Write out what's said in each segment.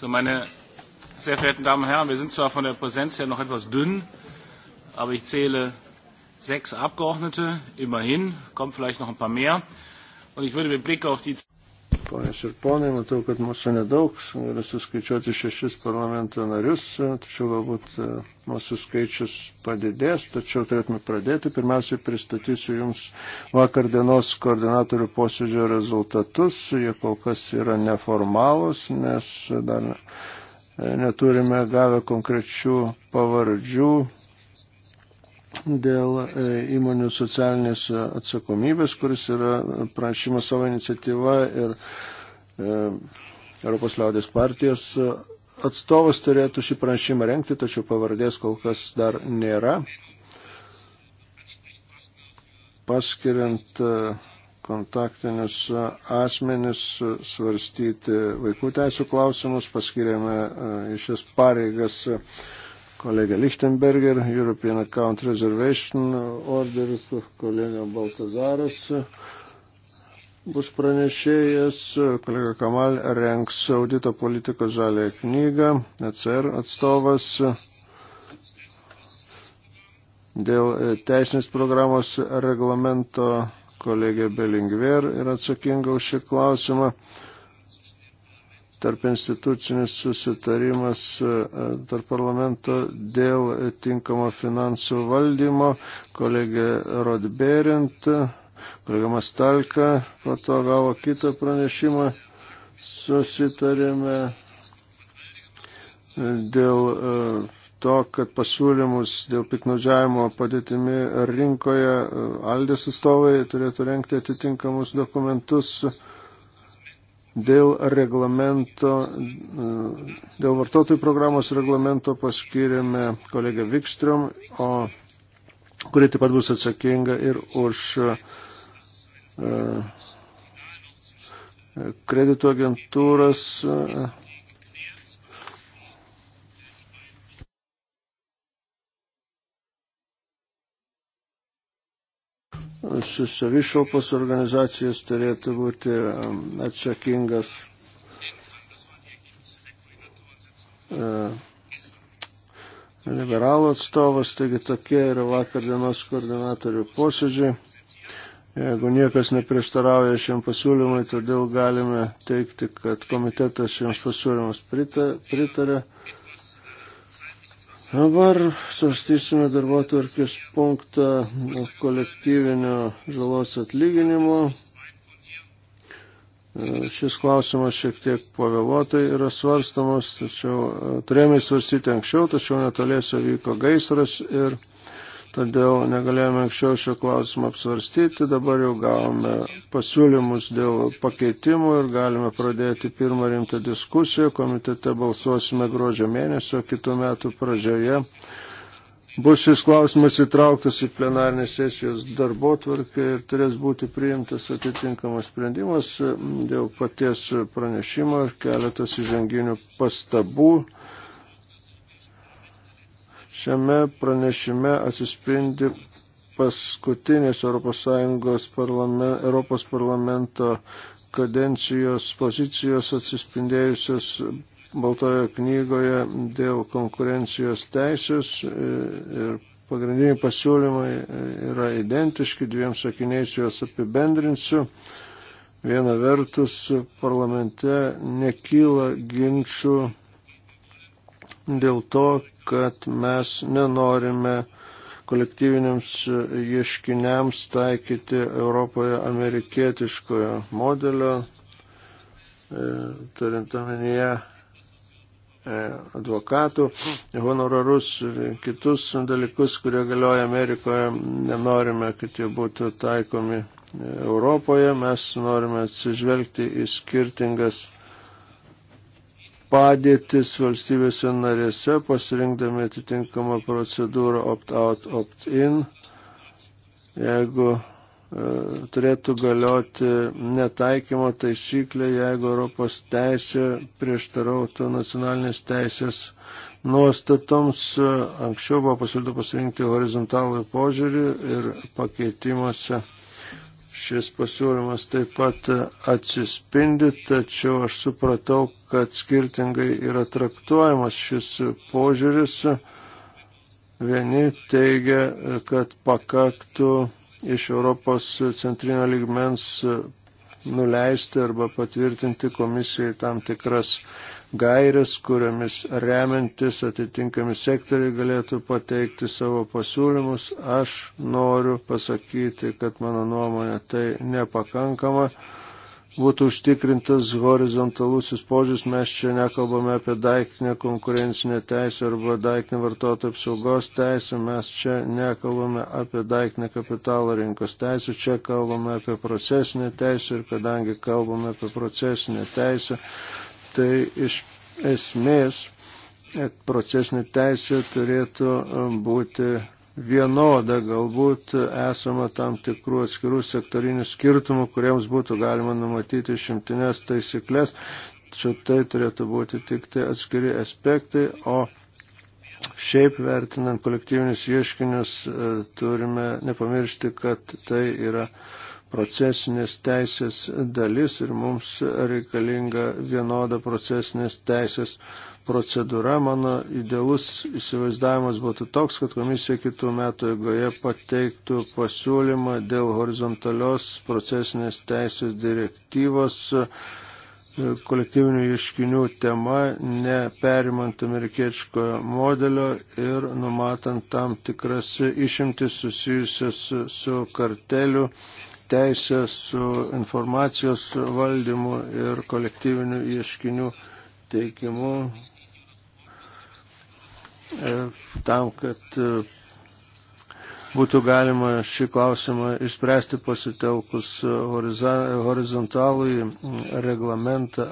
So, meine sehr verehrten Damen und Herren, wir sind zwar von der Präsenz her noch etwas dünn, aber ich zähle sechs Abgeordnete, immerhin, kommen vielleicht noch ein paar mehr. Und ich würde mit Blick auf die Ponės ir ponai, matau, kad mūsų nedaug, galiu suskaičiuoti šešis parlamento narius, tačiau galbūt e, mūsų skaičius padidės, tačiau turėtume pradėti. Pirmiausiai pristatysiu Jums vakar dienos koordinatorių posėdžio rezultatus, jie kol kas yra neformalūs, nes dar e, neturime gavę konkrečių pavardžių dėl e, įmonių socialinės e, atsakomybės, kuris yra prašymas savo iniciatyva ir e, Europos liaudės partijos atstovas turėtų šį prašymą renkti, tačiau pavardės kol kas dar nėra. Paskiriant kontaktinius asmenis svarstyti vaikų teisų klausimus, paskiriame iš šias pareigas uh, kolega Lichtenberger, European Account Reservation Order, kolega Baltazaras bus pranešėjas, kolega Kamal renks audito politiko žalę knygą, ECR atstovas dėl teisinės programos reglamento kolegė Belingver yra atsakinga už šį klausimą tarp institucinis susitarimas e, e, tarp parlamento dėl tinkamo finansų valdymo, kolegė Rodberint, kolega Mastalka, po to gavo kitą pranešimą, susitarėme dėl e, to, kad pasiūlymus dėl piknaudžiavimo padėtimi rinkoje Aldės atstovai turėtų renkti atitinkamus dokumentus dėl reglamento, dėl vartotojų programos reglamento paskiriame kolegą Vikstrom, o kuri taip pat bus atsakinga ir už e, kreditų agentūras e, su savišalpos organizacijas turėtų būti um, atsakingas uh, liberalų atstovas, taigi tokie yra vakar dienos koordinatorių posėdžiai. Jeigu niekas neprieštarauja šiam pasiūlymui, todėl galime teikti, kad komitetas šiems pasiūlymus pritarė. Dabar svarstysime darbotvarkės punktą kolektyvinio žalos atlyginimo. E, šis klausimas šiek tiek pavėluotai yra svarstamas, tačiau e, turėjome svarstyti anksčiau, tačiau netoliese vyko gaisras ir todėl negalėjome anksčiau šio klausimą apsvarstyti, dabar jau gavome pasiūlymus dėl pakeitimų ir galime pradėti pirmą rimtą diskusiją, komitete balsuosime gruodžio mėnesio, kitų metų pradžioje. Bus šis klausimas įtrauktas į plenarnės sesijos darbo tvarkę ir turės būti priimtas atitinkamas sprendimas dėl paties pranešimo ir keletas įžanginių pastabų Šiame pranešime atsispindi paskutinis ES parlament, Europos parlamento kadencijos pozicijos atsispindėjusios Baltojo knygoje dėl konkurencijos teisės e, ir pagrindiniai pasiūlymai yra identiški, dviem sakiniais juos apibendrinsiu. Viena vertus, parlamente nekyla ginčių dėl to, kad mes nenorime kolektyviniams ieškiniams taikyti Europoje amerikietiškojo modelio, e, turint omenyje e, advokatų, honorarus ir kitus dalykus, kurie galioja Amerikoje, nenorime, kad jie būtų taikomi Europoje, mes norime atsižvelgti į skirtingas padėtis valstybėse narėse, pasirinkdami atitinkamą procedūrą opt-out, opt-in, jeigu e, turėtų galioti netaikymo taisyklė, jeigu Europos teisė prieštarautų nacionalinės teisės nuostatoms. E, anksčiau buvo pasiūlyta pasirinkti horizontalų požiūrį ir pakeitimuose šis pasiūlymas taip pat atsispindi, tačiau aš supratau, kad skirtingai yra traktuojamas šis požiūris. Vieni teigia, kad pakaktų iš Europos centrinio ligmens nuleisti arba patvirtinti komisijai tam tikras gairias, kuriamis remiantis atitinkami sektoriai galėtų pateikti savo pasiūlymus. Aš noriu pasakyti, kad mano nuomonė tai nepakankama būtų užtikrintas horizontalusis požiūris, mes čia nekalbame apie daiktinę konkurencinę teisę arba daiktinę vartotojų apsaugos teisę, mes čia nekalbame apie daiktinę kapitalo rinkos teisę, čia kalbame apie procesinę teisę ir kadangi kalbame apie procesinę teisę, tai iš esmės e, procesinė teisė turėtų e, būti vienoda, galbūt esama tam tikrų atskirų sektorinių skirtumų, kuriems būtų galima numatyti šimtinės taisyklės, tačiau tai turėtų būti tik tai atskiri aspektai, o šiaip vertinant kolektyvinius ieškinius e, turime nepamiršti, kad tai yra procesinės teisės dalis ir mums reikalinga vienoda procesinės teisės procedūra. Mano idealus įsivaizdavimas būtų toks, kad komisija kitų metų egoje pateiktų pasiūlymą dėl horizontalios procesinės teisės direktyvos e, kolektyvinių ieškinių tema, neperimant amerikiečio modelio ir numatant tam tikras išimtis susijusias su karteliu. Su teisę su informacijos valdymu ir kolektyviniu ieškiniu teikimu e, tam, kad e, būtų galima šį klausimą išspręsti pasitelkus horizontalui reglamentą ar reglamentą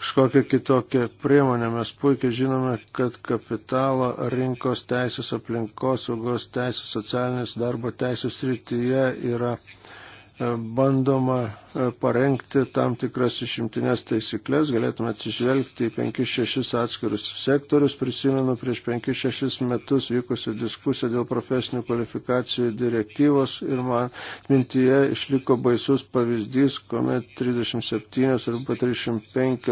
kažkokią kitokią priemonę. Mes puikiai žinome, kad kapitalo rinkos teisės, aplinkos saugos teisės, socialinės darbo teisės rytyje yra E, bandoma e, parengti tam tikras išimtinės taisyklės, galėtume atsižvelgti į 5-6 atskirus sektorius. Prisimenu, prieš 5-6 metus vykusią diskusiją dėl profesinių kvalifikacijų direktyvos ir man mintyje išliko baisus pavyzdys, kuomet 37 arba 35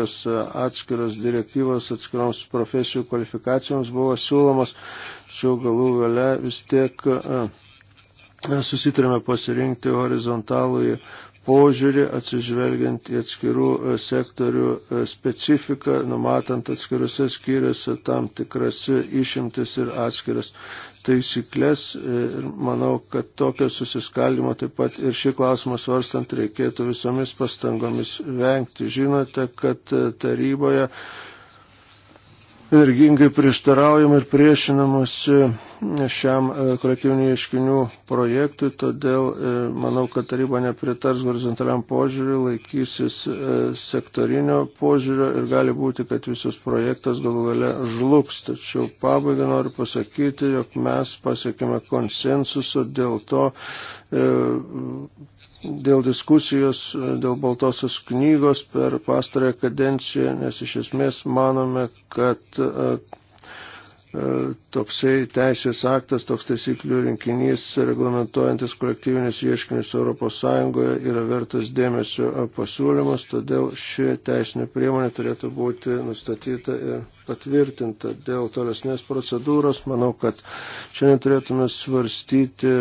atskiros direktyvos atskiroms profesijų kvalifikacijoms buvo siūlomas, tačiau galų gale vis tiek. Uh, susitarėme pasirinkti horizontalųjį požiūrį, atsižvelgiant į atskirų e, sektorių e, specifiką, numatant atskirose skyriuose tam tikras e, išimtis ir atskiras taisyklės. Ir manau, kad tokio susiskaldimo taip pat ir šį klausimą svarstant reikėtų visomis pastangomis vengti. Žinote, kad taryboje energingai prieštaraujama ir priešinamasi šiam e, kolektyvinių ieškinių projektui, todėl e, manau, kad taryba nepritars horizontaliam požiūriui, laikysis e, sektorinio požiūrio ir gali būti, kad visus projektas galų gale žlugs. Tačiau pabaigą noriu pasakyti, jog mes pasiekime konsensusą dėl to dėl diskusijos, e, dėl Baltosios knygos per pastarąją kadenciją, nes iš esmės manome, kad e, e, toksai teisės aktas, toks taisyklių rinkinys reglamentuojantis kolektyvinius ieškinius ES yra vertas dėmesio pasiūlymas, todėl ši teisinė priemonė turėtų būti nustatyta ir patvirtinta. Dėl tolesnės procedūros manau, kad šiandien turėtume svarstyti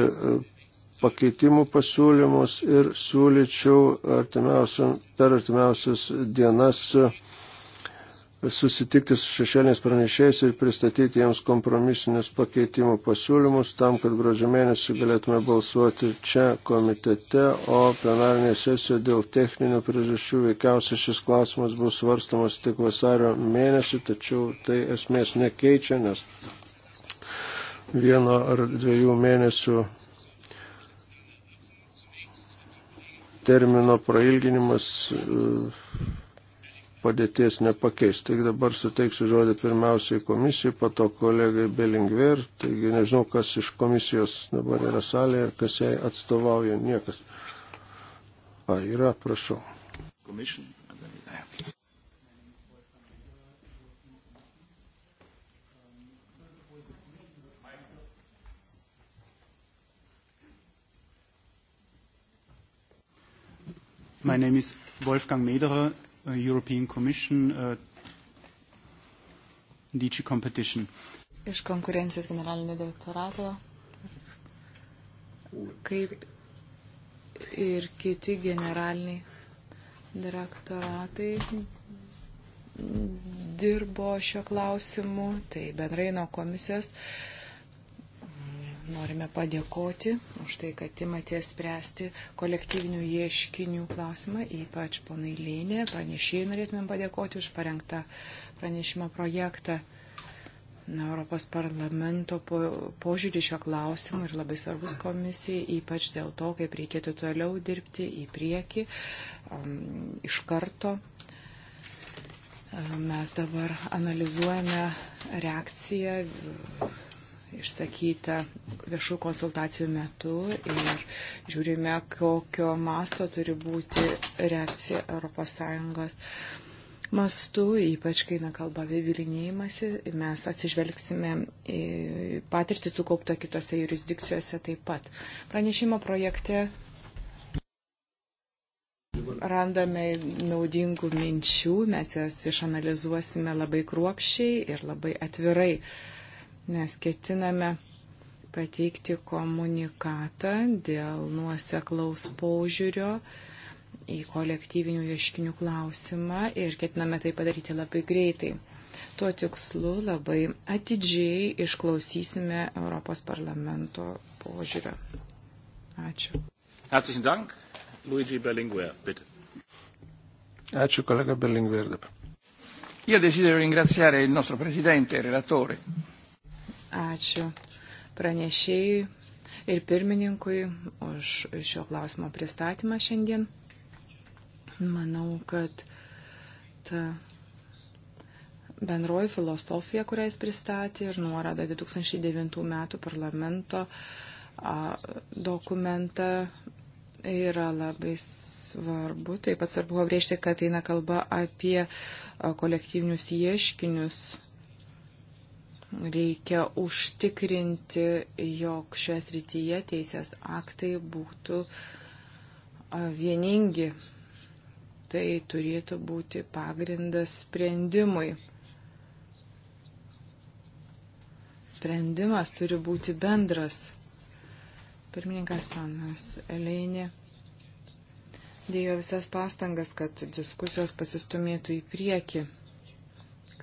pakeitimų pasiūlymus ir siūlyčiau artimiausia, per artimiausias dienas susitikti su šešėliniais pranešėjais ir pristatyti jiems kompromisinius pakeitimų pasiūlymus tam, kad gruodžio mėnesį galėtume balsuoti čia komitete, o plenarinėje sesijoje dėl techninių priežasčių veikiausiai šis klausimas bus svarstamas tik vasario mėnesį, tačiau tai esmės nekeičia, nes vieno ar dviejų mėnesių termino prailginimas e, padėties nepakeis. Tik dabar suteiksiu žodį pirmiausiai komisijai, po to kolegai Belingver. Taigi nežinau, kas iš komisijos dabar yra salėje ir kas jai atstovauja. Niekas. A, yra, prašau. Commission. My name is Wolfgang Mederer, uh, European Commission, uh, DG Competition. Iš konkurencijos generalinio direktorato, kaip ir kiti generaliniai direktoratai dirbo šio klausimu, tai bendrai nuo komisijos. Uh, norime padėkoti už tai, kad imate spręsti kolektyvinių ieškinių klausimą, ypač ponai Lėnė, pranešėjai norėtumėm padėkoti už parengtą pranešimo projektą. Na, Europos parlamento po, požiūrį šio klausimu ir labai svarbus komisijai, ypač dėl to, kaip reikėtų toliau dirbti į priekį um, iš karto. Um, mes dabar analizuojame reakciją išsakyta viešų konsultacijų metu ir žiūrime, kokio masto turi būti reakcija ES mastu, ypač kai nekalba apie vilinėjimąsi, mes atsižvelgsime į patirtį sukauptą kitose jurisdikcijose taip pat. Pranešimo projekte randame naudingų minčių, mes jas išanalizuosime labai kruopščiai ir labai atvirai. Uh, mes ketiname pateikti komunikatą dėl nuoseklaus paužiūrio į kolektyvinių ieškinių klausimą ir ketiname tai padaryti labai greitai. Tuo tikslu labai atidžiai išklausysime Europos parlamento požiūrio. Ačiū. Herzlichen Dank, Luigi Berlinguer, bitte. Ačiū kolega Berlinguer dabar. Io desidero ringraziare il nostro Presidente e il relatore Ačiū pranešėjai ir pirmininkui už šio klausimo pristatymą šiandien. Manau, kad ta bendroji filosofija, kurią jis pristatė ir nuorada 2009 metų parlamento dokumentą yra labai svarbu. Taip pat svarbu pabrėžti, kad eina kalba apie kolektyvinius ieškinius Reikia užtikrinti, jog šioje srityje teisės aktai būtų vieningi. Tai turėtų būti pagrindas sprendimui. Sprendimas turi būti bendras. Pirmininkas Panas Eleinė dėjo visas pastangas, kad diskusijos pasistumėtų į priekį,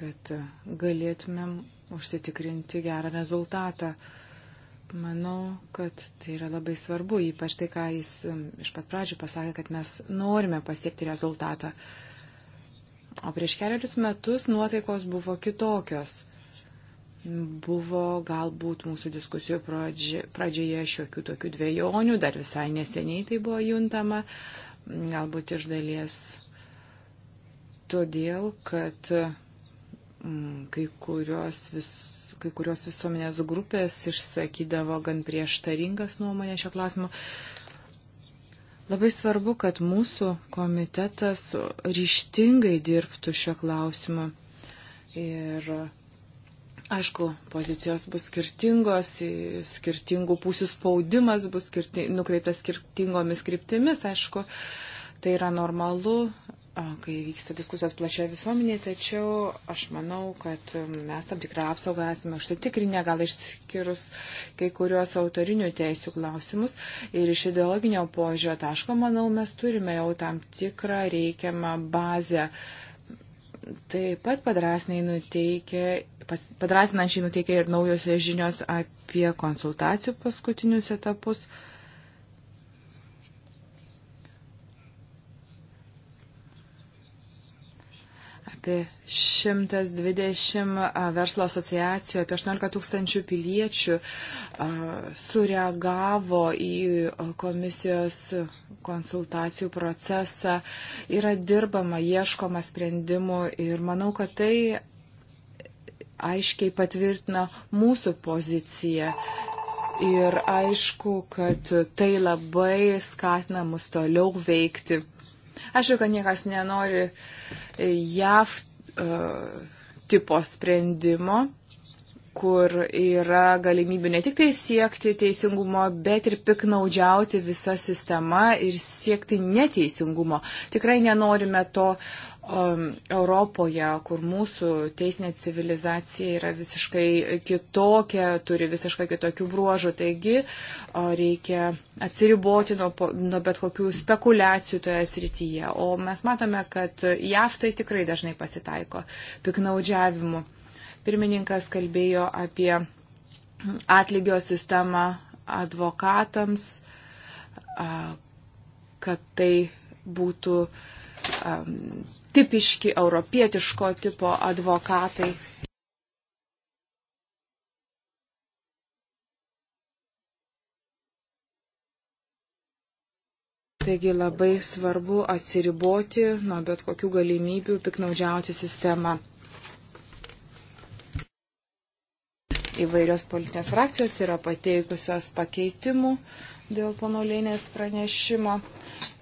kad galėtumėm užsitikrinti gerą rezultatą. Manau, kad tai yra labai svarbu, ypač tai, ką jis um, iš pat pradžių pasakė, kad mes norime pasiekti rezultatą. O prieš keliarius metus nuotaikos buvo kitokios. Buvo galbūt mūsų diskusijų pradžioje šiokių tokių dviejonių, dar visai neseniai tai buvo juntama, galbūt iš dalies todėl, kad Mm, kai kurios, vis, kai kurios visuomenės grupės išsakydavo gan prieštaringas nuomonę šio klausimo. Labai svarbu, kad mūsų komitetas ryštingai dirbtų šio klausimu. Ir aišku, pozicijos bus skirtingos, skirtingų pusių spaudimas bus skirti, nukreiptas skirtingomis kryptimis, aišku, tai yra normalu, kai vyksta diskusijos plačioje visuomenėje, tačiau aš manau, kad mes tam tikrą apsaugą esame užtikrinę, gal išskyrus kai kuriuos autorinių teisų klausimus. Ir iš ideologinio požiūrio taško, manau, mes turime jau tam tikrą reikiamą bazę. Taip pat nuteikia, padrasinančiai nuteikia ir naujosios žinios apie konsultacijų paskutinius etapus. Uh, apie 120 verslo asociacijų, apie 18 tūkstančių piliečių sureagavo į komisijos konsultacijų procesą. Yra dirbama, ieškoma sprendimų ir manau, kad tai aiškiai patvirtina mūsų poziciją. Ir aišku, kad tai labai skatina mus toliau veikti. Aišku, kad niekas nenori e, JAV uh, tipo sprendimo, kur yra galimybių ne tik tai siekti teisingumo, bet ir piknaudžiauti visą sistemą ir siekti neteisingumo. Tikrai nenorime to um, Europoje, kur mūsų teisinė civilizacija yra visiškai kitokia, turi visiškai kitokių bruožų. Taigi reikia atsiriboti nuo, nuo bet kokių spekulacijų toje srityje. O mes matome, kad jav tai tikrai dažnai pasitaiko piknaudžiavimu. Pirmininkas kalbėjo apie atlygio sistemą advokatams, kad tai būtų tipiški europietiško tipo advokatai. Taigi labai svarbu atsiriboti nuo bet kokių galimybių piknaudžiauti sistemą. Įvairios politinės frakcijos yra pateikusios pakeitimų dėl panolėnės pranešimo.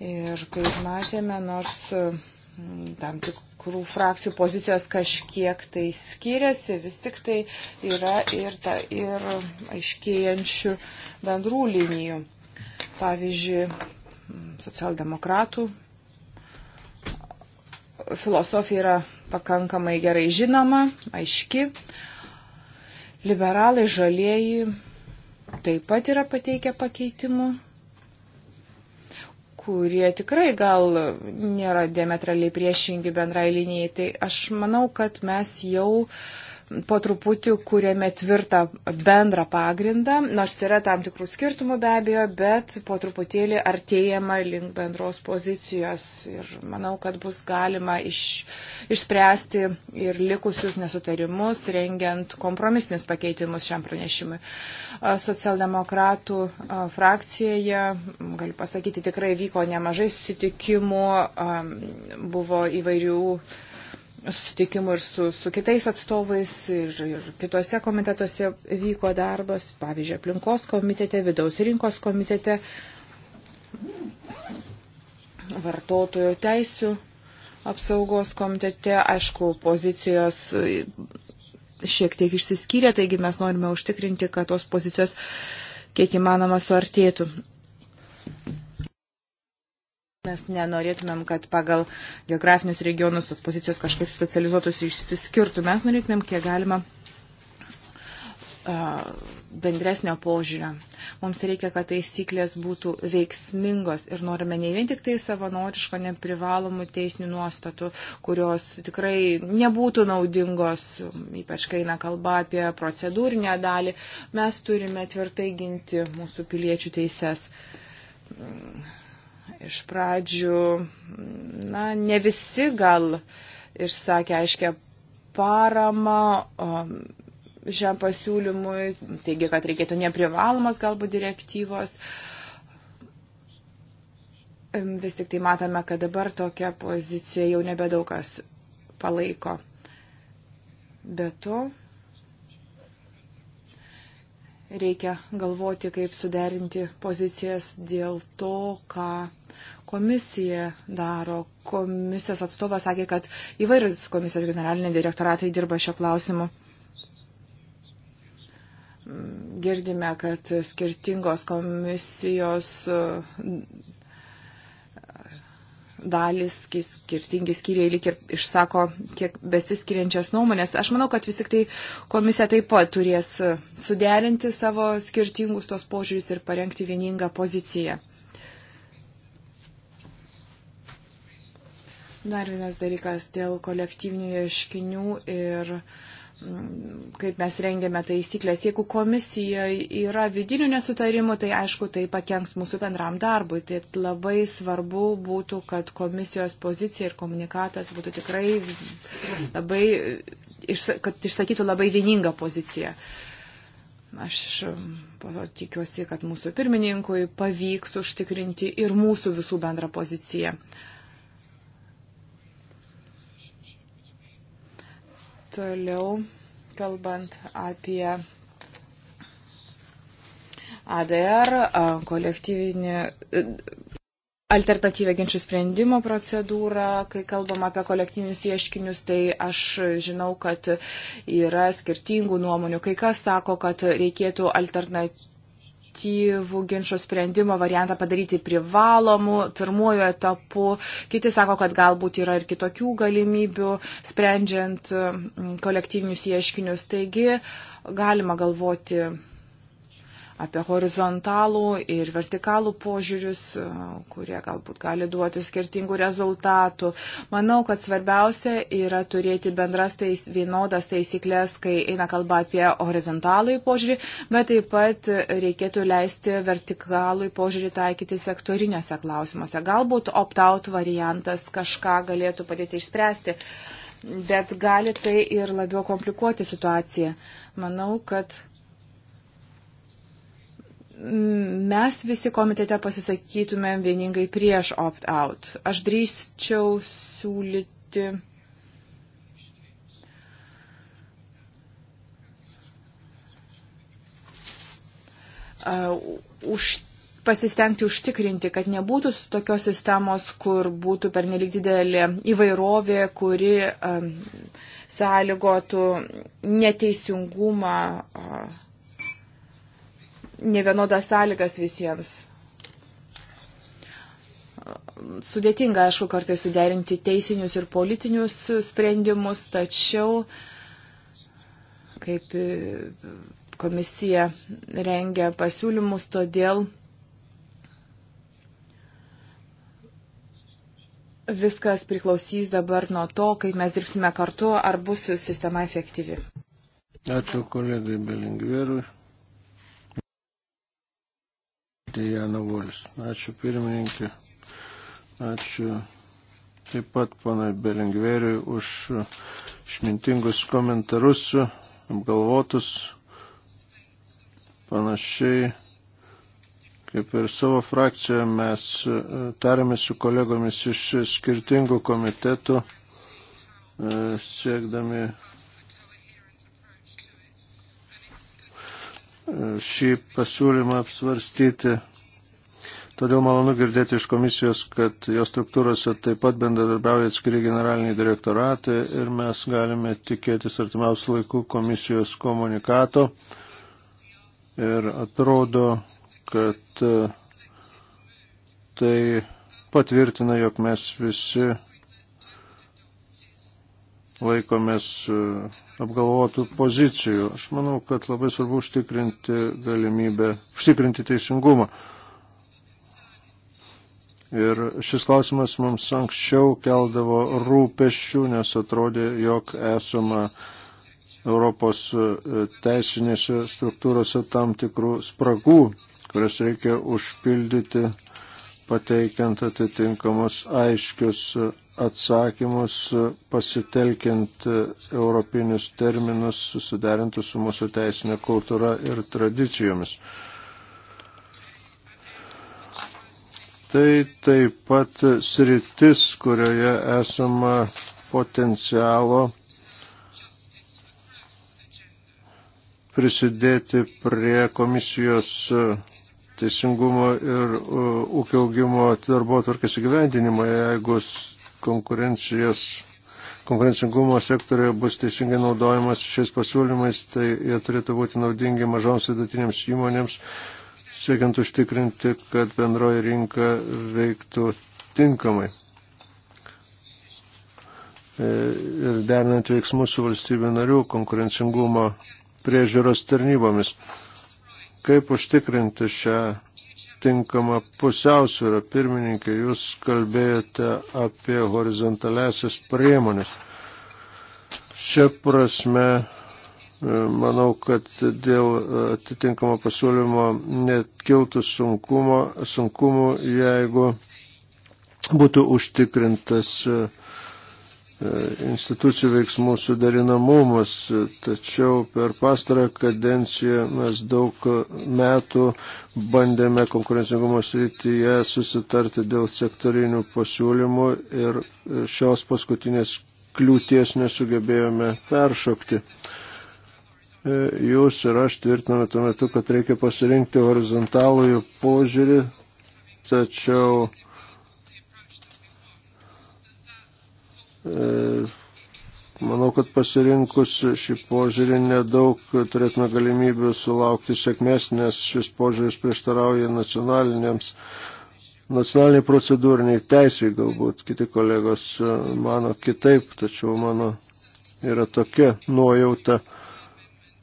Ir kaip matėme, nors mm, tam tikrų frakcijų pozicijos kažkiek tai skiriasi, vis tik tai yra ir, ta, ir aiškėjančių bendrų linijų. Pavyzdžiui, mm, socialdemokratų filosofija yra pakankamai gerai žinoma, aiški. Uh, Liberalai žalieji taip pat yra pateikę pakeitimų, kurie tikrai gal nėra diametraliai priešingi bendrai linijai. Tai aš manau, kad mes jau uh, po truputį kūrėme tvirtą bendrą pagrindą, nors yra tam tikrų skirtumų be abejo, bet po truputėlį artėjama link bendros pozicijos ir manau, kad bus galima iš, išspręsti ir likusius nesutarimus, rengiant kompromisinius pakeitimus šiam pranešimui. Socialdemokratų frakcijoje, galiu pasakyti, tikrai vyko nemažai susitikimų, buvo įvairių susitikimų ir su, su kitais atstovais, ir, ir kitose komitetuose vyko darbas, pavyzdžiui, aplinkos komitete, vidaus rinkos komitete, vartotojo teisų apsaugos komitete, aišku, pozicijos šiek tiek išsiskyrė, taigi mes norime užtikrinti, kad tos pozicijos kiek įmanoma suartėtų. Mes nenorėtumėm, kad pagal geografinius regionus tos pozicijos kažkaip specializuotus išsiskirtų. Mes norėtumėm, kiek galima bendresnio požiūrio. Mums reikia, kad taisyklės būtų veiksmingos ir norime ne vien tik tai savanoriško, neprivalomų teisinių nuostatų, kurios tikrai nebūtų naudingos, ypač kai eina kalba apie procedūrinę dalį. Mes turime tvirtai ginti mūsų piliečių teises Iš pradžių, na, ne visi gal išsakė aiškę paramą šiam pasiūlymui, taigi, kad reikėtų neprivalomas galbūt direktyvos. Vis tik tai matome, kad dabar tokia pozicija jau nebedaug kas palaiko. Be to, reikia galvoti, kaip suderinti pozicijas dėl to, ką komisija daro. Komisijos atstovas sakė, kad įvairius komisijos generaliniai direktoratai dirba šio klausimu. Girdime, kad skirtingos komisijos uh, dalis, skirtingi skyriai lik ir išsako kiek besiskiriančias nuomonės. Aš manau, kad vis tik tai komisija taip pat turės suderinti savo skirtingus tos požiūrius ir parengti vieningą poziciją. Dar vienas dalykas dėl kolektyvinių ieškinių ir mm, kaip mes rengėme taisyklės. Jeigu komisijoje yra vidinių nesutarimų, tai aišku, tai pakenks mūsų bendram darbui. Tai labai svarbu būtų, kad komisijos pozicija ir komunikatas būtų tikrai labai, kad išsakytų labai vieningą poziciją. Aš mm, tikiuosi, kad mūsų pirmininkui pavyks užtikrinti ir mūsų visų bendrą poziciją. Uh, Toliau, kalbant apie ADR, kolektyvinį e, alternatyvę ginčių sprendimo procedūrą, kai kalbam apie kolektyvinius ieškinius, tai aš žinau, kad yra skirtingų nuomonių. Kai kas sako, kad reikėtų alternatyvę alternatyvų ginčio sprendimo variantą padaryti privalomu pirmuoju etapu. Kiti sako, kad galbūt yra ir kitokių galimybių sprendžiant mm, kolektyvinius ieškinius. Taigi galima galvoti apie horizontalų ir vertikalų požiūrius, e, kurie galbūt gali duoti skirtingų rezultatų. Manau, kad svarbiausia yra turėti bendras tais, vienodas taisyklės, kai eina kalba apie horizontalų požiūrį, bet taip pat reikėtų leisti vertikalų požiūrį taikyti sektoriniuose klausimuose. Galbūt opt-out variantas kažką galėtų padėti išspręsti bet gali tai ir labiau komplikuoti situaciją. Manau, kad mes visi komitete pasisakytumėm vieningai prieš opt-out. Aš drįsčiau siūlyti. Uh, už, pasistengti užtikrinti, kad nebūtų tokios sistemos, kur būtų pernelyg didelė įvairovė, kuri um, sąlygotų neteisingumą. Uh, nevienodas sąlygas visiems. Sudėtinga, aišku, kartais suderinti teisinius ir politinius sprendimus, tačiau kaip e, komisija rengia pasiūlymus, todėl viskas priklausys dabar nuo to, kaip mes dirbsime kartu, ar bus sistema efektyvi. Ačiū kolegai Belingverui. Diana Volis. Ačiū pirmininkė. Ačiū taip pat panai Belingveriui už išmintingus komentarus, apgalvotus panašiai. Kaip ir savo frakcijoje mes e, tarėmės su kolegomis iš skirtingų komitetų, e, siekdami šį pasiūlymą apsvarstyti. Todėl malonu girdėti iš komisijos, kad jos struktūrose taip pat bendradarbiauja atskiri generaliniai direktoratai ir mes galime tikėtis artimiausių laikų komisijos komunikato. Ir atrodo, kad e, tai patvirtina, jog mes visi laikomės e, apgalvotų pozicijų. Aš manau, kad labai svarbu užtikrinti galimybę, užtikrinti teisingumą. Ir šis klausimas mums anksčiau keldavo rūpešių, nes atrodė, jog esama Europos e, teisinėse struktūrose tam tikrų spragų, kurias reikia užpildyti pateikiant atitinkamus aiškius atsakymus pasitelkiant europinius terminus susiderintus su mūsų teisinė kultūra ir tradicijomis. Tai taip pat sritis, kurioje esama potencialo prisidėti prie komisijos teisingumo ir uh, ūkio augimo darbo atvarkės įgyvendinimo, jeigu konkurencijos, konkurencingumo sektorioje bus teisingai naudojamas šiais pasiūlymais, tai jie turėtų būti naudingi mažoms vidutinėms įmonėms, siekiant užtikrinti, kad bendroji rinka veiktų tinkamai. Ir derinant veiksmus su valstybių narių konkurencingumo priežiūros tarnybomis. Kaip užtikrinti šią tinkamą pusiausvyrą. Pirmininkė, jūs kalbėjote apie horizontalesias priemonės. Šia prasme, e, manau, kad dėl atitinkamo pasiūlymo net kiltų sunkumo, sunkumų, jeigu būtų užtikrintas uh, E, institucijų veiksmų suderinamumas, tačiau per pastarą kadenciją mes daug metų bandėme konkurencingumo srityje susitarti dėl sektorinių pasiūlymų ir šios paskutinės kliūties nesugebėjome peršokti. E, jūs ir aš tvirtiname tuo metu, kad reikia pasirinkti horizontalųjų požiūrį, tačiau E, manau, kad pasirinkus šį požiūrį nedaug turėtume galimybių sulaukti sėkmės, nes šis požiūris prieštarauja nacionaliniams, nacionaliniai procedūriniai teisiai galbūt. Kiti kolegos e, mano kitaip, tačiau mano yra tokia nuojauta.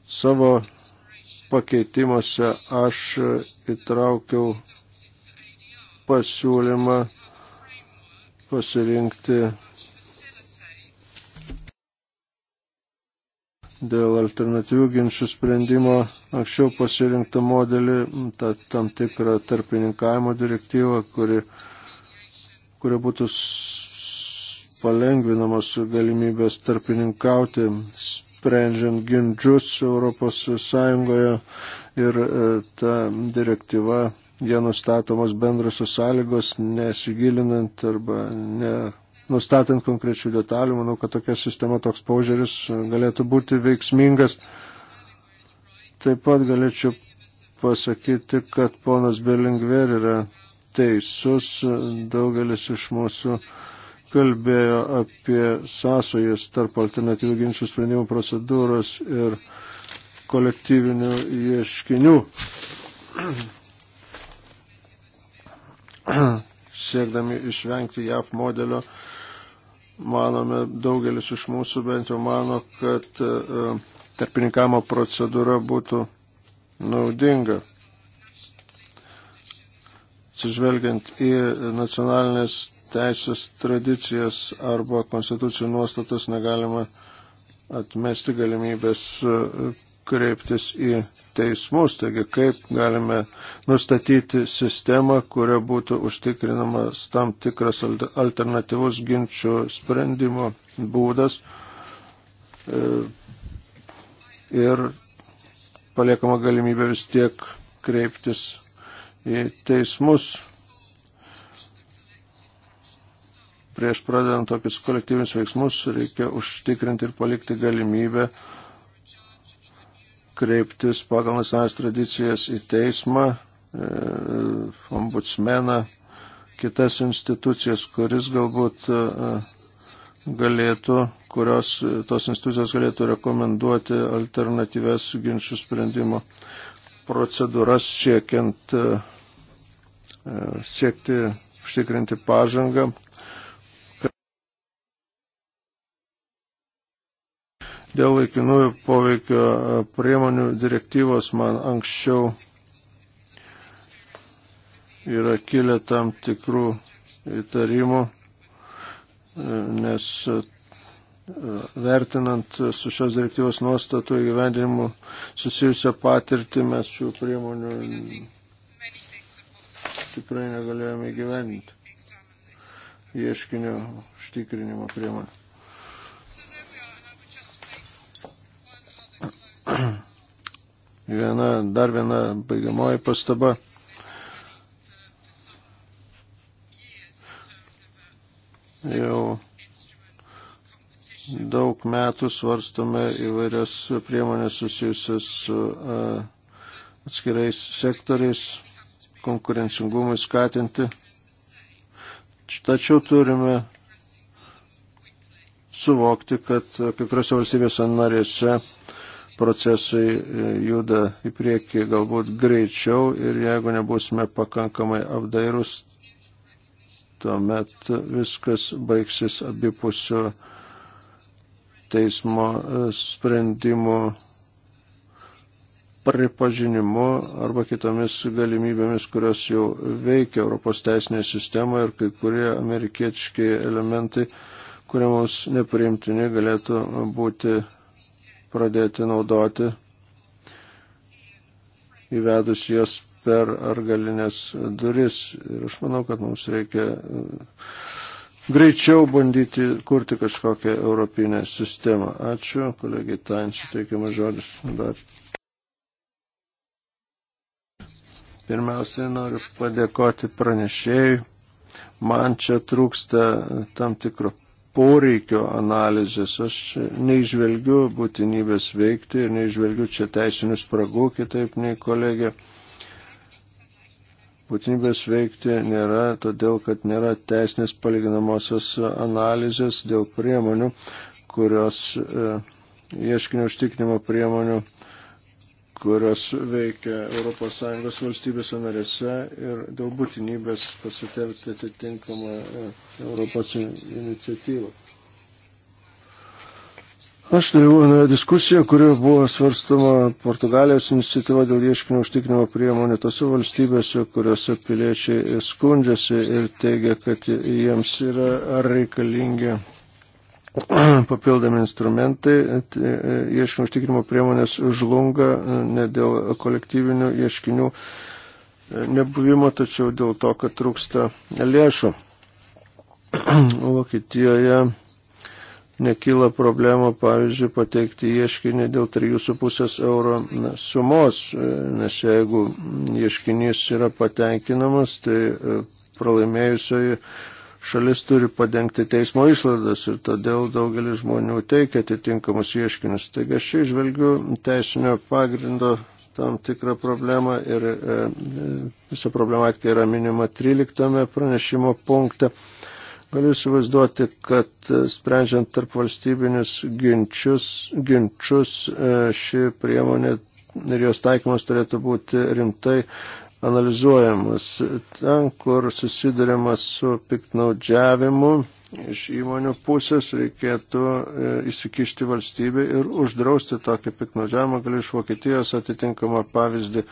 Savo pakeitimuose aš įtraukiau pasiūlymą pasirinkti dėl alternatyvių ginčių sprendimo anksčiau pasirinktą modelį, tą tam tikrą tarpininkavimo direktyvą, kuri, kuri būtų palengvinamos galimybės tarpininkauti, sprendžiant ginčius Europos Sąjungoje ir e, ta direktyva, jie nustatomos bendrasios sąlygos, nesigilinant arba ne nustatant konkrečių detalių. Manau, kad tokia sistema, toks paužiūris galėtų būti veiksmingas. Taip pat galėčiau pasakyti, kad ponas Belingver yra teisus, daugelis iš mūsų kalbėjo apie sąsojas tarp alternatyvių ginčių sprendimų procedūros ir kolektyvinių ieškinių. Siekdami išvengti JAF modelio manome, daugelis iš mūsų bent jau mano, kad e, e, tarpininkamo procedūra būtų naudinga. Atsižvelgiant į nacionalinės teisės tradicijas arba konstitucijų nuostatas negalima atmesti galimybės e, kreiptis į teismus. Taigi kaip galime nustatyti sistemą, kuria būtų užtikrinamas tam tikras alternatyvus ginčių sprendimo būdas e, ir paliekama galimybė vis tiek kreiptis į teismus prieš pradedant tokius kolektyvinius veiksmus reikia užtikrinti ir palikti galimybę uh, kreiptis pagal nacionalinės tradicijas į teismą, e, ombudsmeną, kitas institucijas, kuris galbūt e, galėtų, kurios e, tos institucijos galėtų rekomenduoti alternatyves ginčių sprendimo procedūras siekiant siekti užtikrinti pažangą Dėl laikinųjų poveikio e, priemonių direktyvos man anksčiau yra kilę tam tikrų įtarimų, e, nes e, vertinant su šios direktyvos nuostatų įgyvendinimu susijusią patirtį, mes šių priemonių tikrai negalėjome įgyvendinti. Ieškinio užtikrinimo priemonė. Viena, dar viena baigiamoji pastaba. Jau daug metų svarstome įvairias priemonės susijusias su atskirais sektoriais, konkurencingumui skatinti. Tačiau turime suvokti, kad kai kuriuose valstybėse narėse procesai e, juda į priekį galbūt greičiau ir jeigu nebusime pakankamai apdairūs, tuomet viskas baigsis abipusio teismo e, sprendimų pripažinimu arba kitomis galimybėmis, kurios jau veikia Europos teisinėje sistemoje ir kai kurie amerikiečiai elementai, kurie mums nepriimtini, galėtų būti pradėti naudoti, įvedus jas per argalinės duris. Ir aš manau, kad mums reikia e, greičiau bandyti kurti kažkokią europinę sistemą. Ačiū, kolegiai Tain, suteikiamas žodis. Dar. Pirmiausiai noriu padėkoti pranešėjui. Man čia trūksta tam tikro poreikio analizės. Aš neižvelgiu būtinybės veikti ir neižvelgiu čia teisinių spragų, kitaip nei kolegė. Būtinybės veikti nėra, todėl kad nėra teisinės palyginamosios analizės dėl priemonių, kurios e, ieškinio užtikrinimo priemonių kurios veikia ES valstybėse narėse ir dėl būtinybės pasitelkti atitinkamą e, Europos iniciatyvą. Aš dalyvau e, diskusiją, kurioje buvo svarstama Portugalijos iniciatyva dėl ieškinio užtikrinimo priemonė tose valstybėse, kuriuose piliečiai skundžiasi ir teigia, kad jiems yra reikalingi papildomi instrumentai, e, ieškinių užtikrimo priemonės žlunga e, ne dėl kolektyvinių ieškinių e, nebuvimo, tačiau dėl to, kad trūksta lėšų. Vokietijoje nekyla problema, pavyzdžiui, pateikti ieškinį dėl 3,5 euro sumos, nes jeigu ieškinys yra patenkinamas, tai pralaimėjusioji šalis turi padengti teismo išlaidas ir todėl daugelis žmonių teikia atitinkamus ieškinius. Taigi aš čia išvelgiu teisinio pagrindo tam tikrą problemą ir e, e visa problematika yra minima 13 pranešimo punkte. Galiu įsivaizduoti, kad e, sprendžiant tarp valstybinius ginčius, ginčius e, ši priemonė ir jos taikymas turėtų būti rimtai analizuojamas. Ten, kur susidurima su piknaudžiavimu iš įmonių pusės, reikėtų e, įsikišti valstybė ir uždrausti tokį piknaudžiavimą. Galiu iš Vokietijos atitinkamą pavyzdį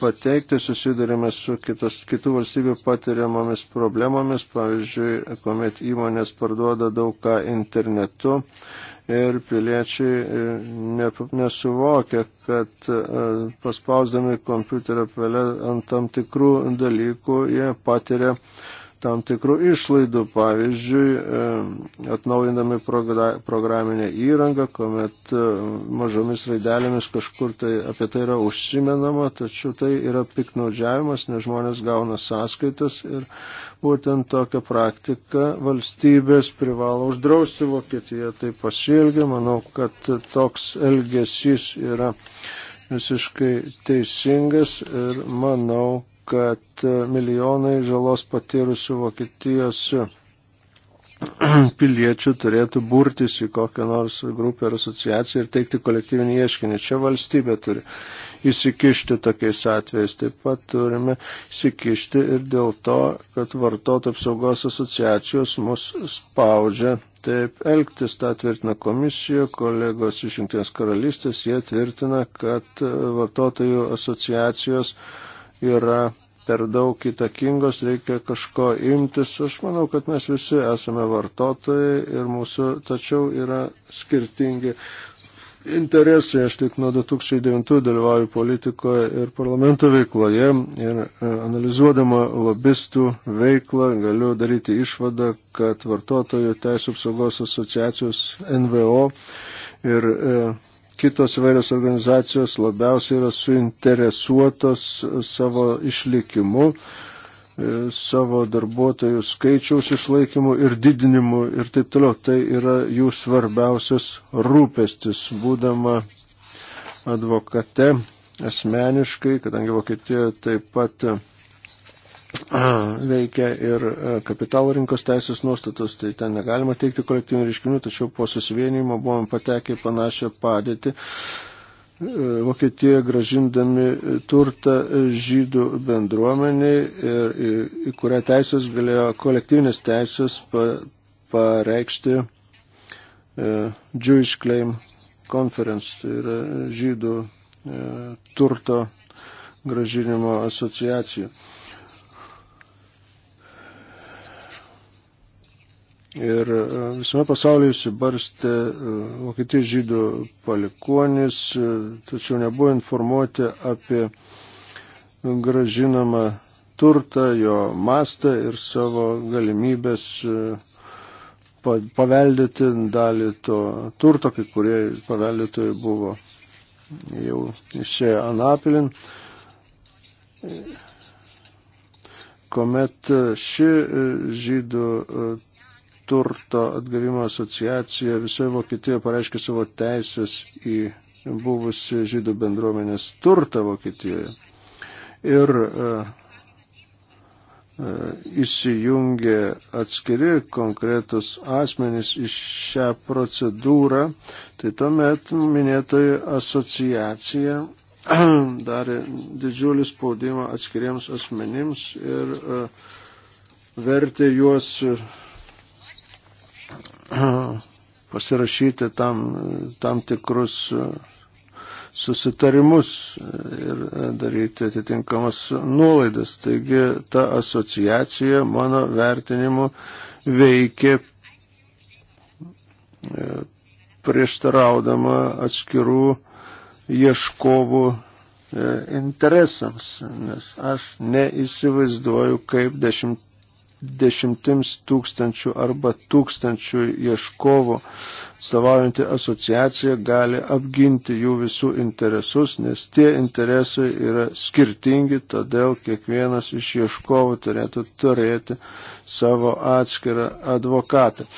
pateikti. Susidurime su kitos, kitų valstybių patiriamomis problemomis, pavyzdžiui, kuomet įmonės parduoda daug ką internetu ir piliečiai e, nesuvokia, kad e, paspausdami kompiuterio pelę ant tam tikrų dalykų jie patiria tam tikrų išlaidų, pavyzdžiui, e, atnaujindami programinę įrangą, kuomet e, mažomis raidelėmis kažkur tai apie tai yra užsimenama, tačiau tai yra piknaudžiavimas, nes žmonės gauna sąskaitas ir būtent tokią praktiką valstybės privalo uždrausti Vokietija, tai pasielgia, manau, kad toks elgesys yra visiškai teisingas ir manau, kad milijonai žalos patyrusių Vokietijos piliečių turėtų burtis į kokią nors grupę ar asociaciją ir teikti kolektyvinį ieškinį. Čia valstybė turi įsikišti tokiais atvejais. Taip pat turime įsikišti ir dėl to, kad vartot apsaugos asociacijos mus spaudžia taip elgtis. Ta tvirtina komisija, kolegos iš Junktinės karalystės, jie tvirtina, kad vartotojų asociacijos uh, yra per daug įtakingos, reikia kažko imtis. Aš manau, kad mes visi esame vartotojai ir mūsų tačiau yra skirtingi interesai. Aš tik nuo 2009 dalyvauju politikoje ir parlamento veikloje ir e, analizuodama lobistų veiklą galiu daryti išvadą, kad vartotojų teisų apsaugos asociacijos NVO ir e, kitos vairios organizacijos labiausiai yra suinteresuotos savo išlikimu, e, savo darbuotojų skaičiaus išlaikymu ir didinimu ir taip toliau. Tai yra jų svarbiausias rūpestis, būdama advokate asmeniškai, kadangi Vokietijoje taip pat veikia ir e, kapitalo rinkos teisės nuostatos, tai ten negalima teikti kolektyvinių reiškinių, tačiau po susivienimo buvom patekę į panašią padėtį. E, Vokietija gražindami turtą žydų bendruomeniai, ir, į, į kurią teisės galėjo kolektyvinės teisės pa, pareikšti e, Jewish Claim Conference, tai yra žydų e, turto gražinimo asociacijų. E, Ir e, visame pasaulyje įsibarstė e, Vokietijos žydų palikonis, e, tačiau nebuvo informuoti apie gražinamą turtą, jo mastą ir savo galimybės paveldėti dalį to turto, kai kurie paveldėtojai buvo jau išėję Anapilin kuomet ši žydų turto atgavimo asociacija visoje Vokietijoje pareiškė savo teisės į buvusi žydų bendruomenės turtą Vokietijoje. Ir e, e, įsijungė atskiri konkretus asmenys į šią procedūrą, tai tuomet minėtoji asociacija darė didžiulį spaudimą atskiriems asmenims ir e, vertė juos pasirašyti tam, tam tikrus e, susitarimus ir e, daryti atitinkamas nuolaidas. Taigi ta asociacija mano vertinimu veikia e, prieštaraudama atskirų ieškovų interesams, nes aš neįsivaizduoju, kaip dešimt dešimtims tūkstančių arba tūkstančių ieškovų atstovaujanti asociacija gali apginti jų visų interesus, nes tie interesai yra skirtingi, todėl kiekvienas iš ieškovų turėtų turėti savo atskirą advokatą.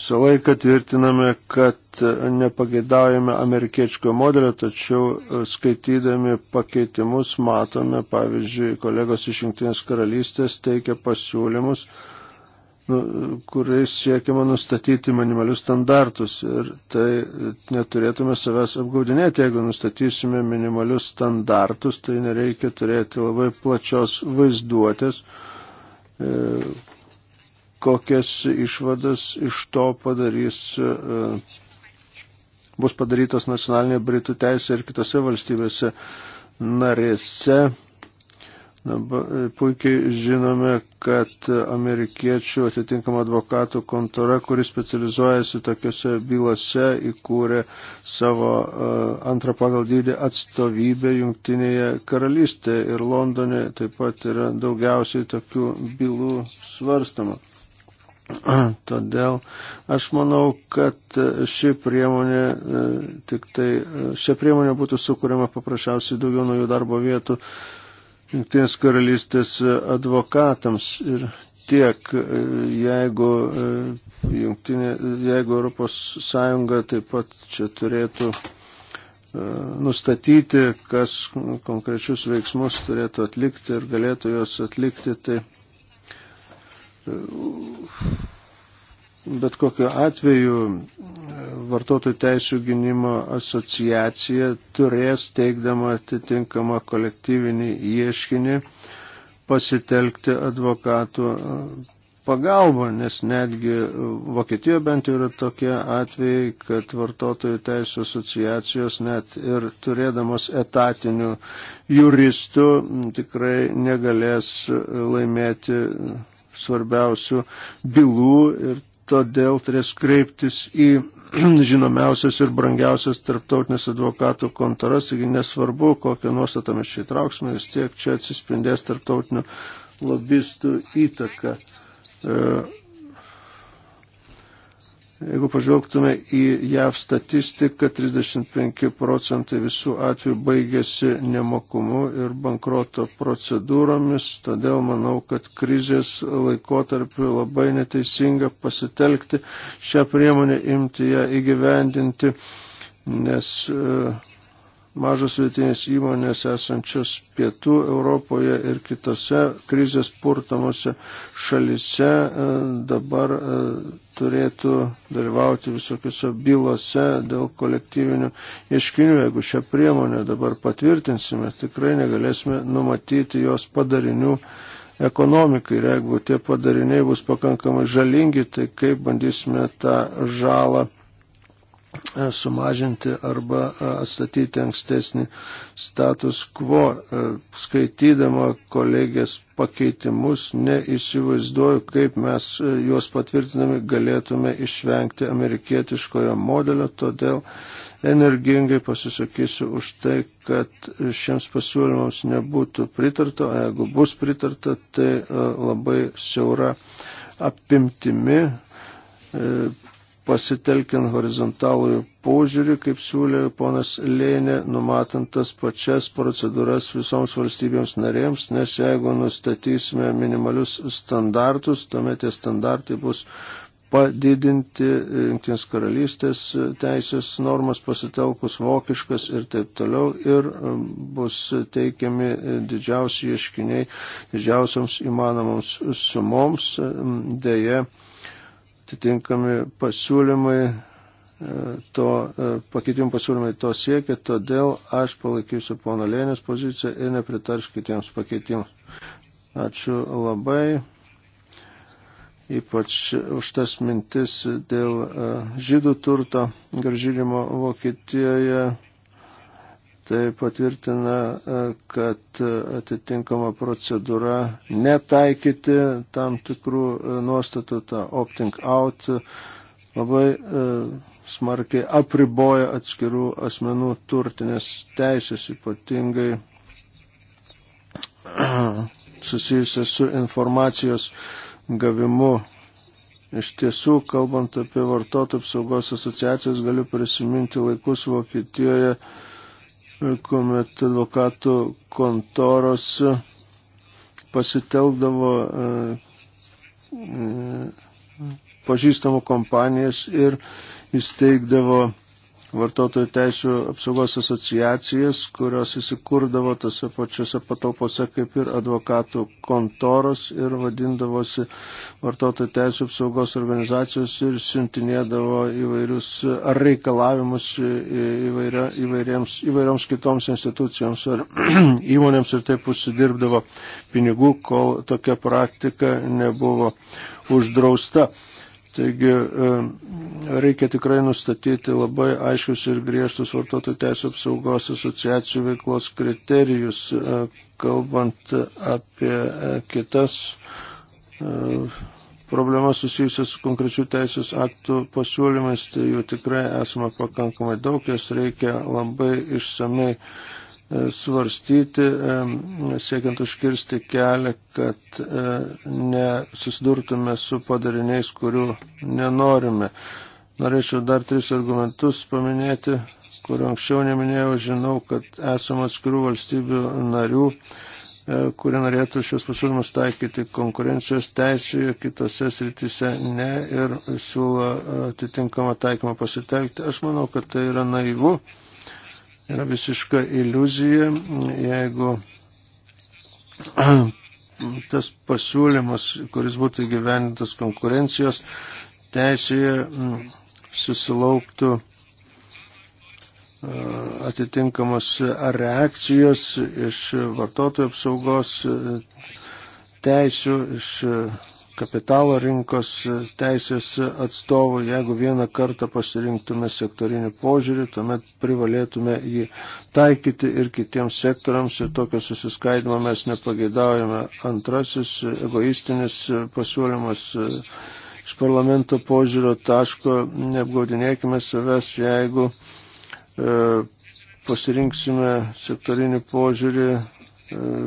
Visą laiką tvirtiname, kad nepageidaujame amerikiečių modelio, tačiau e, skaitydami pakeitimus matome, pavyzdžiui, kolegos iš Junktinės karalystės teikia pasiūlymus, nu, kuriais siekiama nustatyti minimalius standartus. Ir tai neturėtume savęs apgaudinėti, jeigu nustatysime minimalius standartus, tai nereikia turėti labai plačios vaizduotės e, kokias išvadas iš to padarys, e, bus padarytos nacionalinė Britų teisė ir kitose valstybėse narėse. Dabar e, puikiai žinome, kad amerikiečių atitinkama advokatų kontora, kuris specializuojasi tokiuose bylose, įkūrė savo uh, antrą pagal dydį atstovybę Junktinėje karalystėje ir Londone taip pat yra daugiausiai tokių bylų svarstama. Todėl aš manau, kad ši priemonė, e, tik tai e, šią priemonę būtų sukūrima paprasčiausiai daugiau naujų darbo vietų Junktinės karalystės advokatams ir tiek, e, jeigu, jungtinė, jeigu Europos Sąjunga taip pat čia turėtų nustatyti, kas konkrečius veiksmus turėtų atlikti ir galėtų juos atlikti, tai Bet kokiu atveju vartotojų teisų gynimo asociacija turės teikdama atitinkamą kolektyvinį ieškinį pasitelkti advokatų pagalbą, nes netgi Vokietijoje bent jau yra tokie atvejai, kad vartotojų teisų asociacijos net ir turėdamos etatinių juristų tikrai negalės laimėti svarbiausių bylų ir todėl turės kreiptis į žinomiausias ir brangiausias tarptautinės advokatų kontoras, taigi nesvarbu, kokią nuostatą mes čia įtrauksime, vis tiek čia atsispindės tarptautinių lobistų įtaka. E, Jeigu pažvelgtume į JAV statistiką, 35 procentai visų atvejų baigėsi nemokumu ir bankroto procedūromis, todėl manau, kad krizės laikotarpiu labai neteisinga pasitelkti šią priemonę, imti ją įgyvendinti, nes e, mažos vietinės įmonės esančios pietų Europoje ir kitose krizės purtamose šalise e, dabar e, turėtų dalyvauti visokiuose bylose dėl kolektyvinių ieškinių. Jeigu šią priemonę dabar patvirtinsime, tikrai negalėsime numatyti jos padarinių ekonomikai. Ir jeigu tie padariniai bus pakankamai žalingi, tai kaip bandysime tą žalą E, sumažinti arba e, atstatyti ankstesnį status quo. E, skaitydama kolegės pakeitimus neįsivaizduoju, kaip mes juos patvirtinami galėtume išvengti amerikietiškojo modelio, todėl energingai pasisakysiu už tai, kad šiems pasiūlymams nebūtų pritarta, o jeigu bus pritarta, tai labai siaura apimtimi pasitelkiant horizontalųjų požiūrį, kaip siūlė ponas Lėnė, numatant tas pačias procedūras visoms valstybėms narėms, nes jeigu nustatysime minimalius standartus, tuomet tie standartai bus padidinti Junktinės karalystės teisės normas pasitelkus vokiškas ir taip toliau ir um, bus teikiami didžiausi ieškiniai didžiausiams įmanomoms sumoms. Um, deja, atitinkami pasiūlymai, e, to e, pakeitimų pasiūlymai to siekia, todėl aš palaikysiu pono Lėnės poziciją ir nepritaršiu kitiems pakeitimams. Ačiū labai, ypač už tas mintis dėl e, žydų turto gražinimo Vokietijoje tai patvirtina, e, kad e, atitinkama procedūra netaikyti tam tikrų e, nuostatų, tą opting out labai smarkiai apriboja atskirų asmenų turtinės teisės, ypatingai susijusias su informacijos gavimu Iš tiesų, kalbant apie vartotojų apsaugos asociacijas, galiu prisiminti laikus Vokietijoje, kuomet advokatų kontoros pasitelkdavo e, e, pažįstamų kompanijas ir įsteigdavo vartotojų teisų apsaugos asociacijas, kurios įsikurdavo tose pačiose patalpose kaip ir advokatų kontoros ir vadindavosi vartotojų teisų apsaugos organizacijos ir siuntinėdavo įvairius ar reikalavimus įvairia, įvairiems, įvairioms kitoms institucijoms ar įmonėms ir taip užsidirbdavo pinigų, kol tokia praktika nebuvo uždrausta. Taigi e, reikia tikrai nustatyti labai aiškius ir griežtus vartotojų teisų apsaugos asociacijų veiklos kriterijus, e, kalbant apie e, kitas problemas susijusias su konkrečių teisės aktų pasiūlymais, tai jų tikrai esame pakankamai daug, jas reikia labai išsamei svarstyti, siekiant užkirsti kelią, kad e, nesusidurtume su padariniais, kurių nenorime. Norėčiau dar tris argumentus paminėti, kurių anksčiau neminėjau. Žinau, kad esame atskirų valstybių narių, e, kurie norėtų šios pasiūlymus taikyti konkurencijos teisėje, kitose srityse ne ir siūlo e, atitinkamą taikymą pasitelkti. Aš manau, kad tai yra naivu yra visiška iliuzija, jeigu tas pasiūlymas, kuris būtų gyvenintas konkurencijos teisėje, susilauktų e, atitinkamos reakcijos iš vartotojų apsaugos e, teisių, iš kapitalo rinkos e, teisės atstovų, jeigu vieną kartą pasirinktume sektorinį požiūrį, tuomet privalėtume jį taikyti ir kitiems sektoriams ir tokio susiskaidimo mes nepageidaujame. Antrasis egoistinis pasiūlymas e, iš parlamento požiūrio taško, neapgaudinėkime savęs, jeigu e, pasirinksime sektorinį požiūrį. E,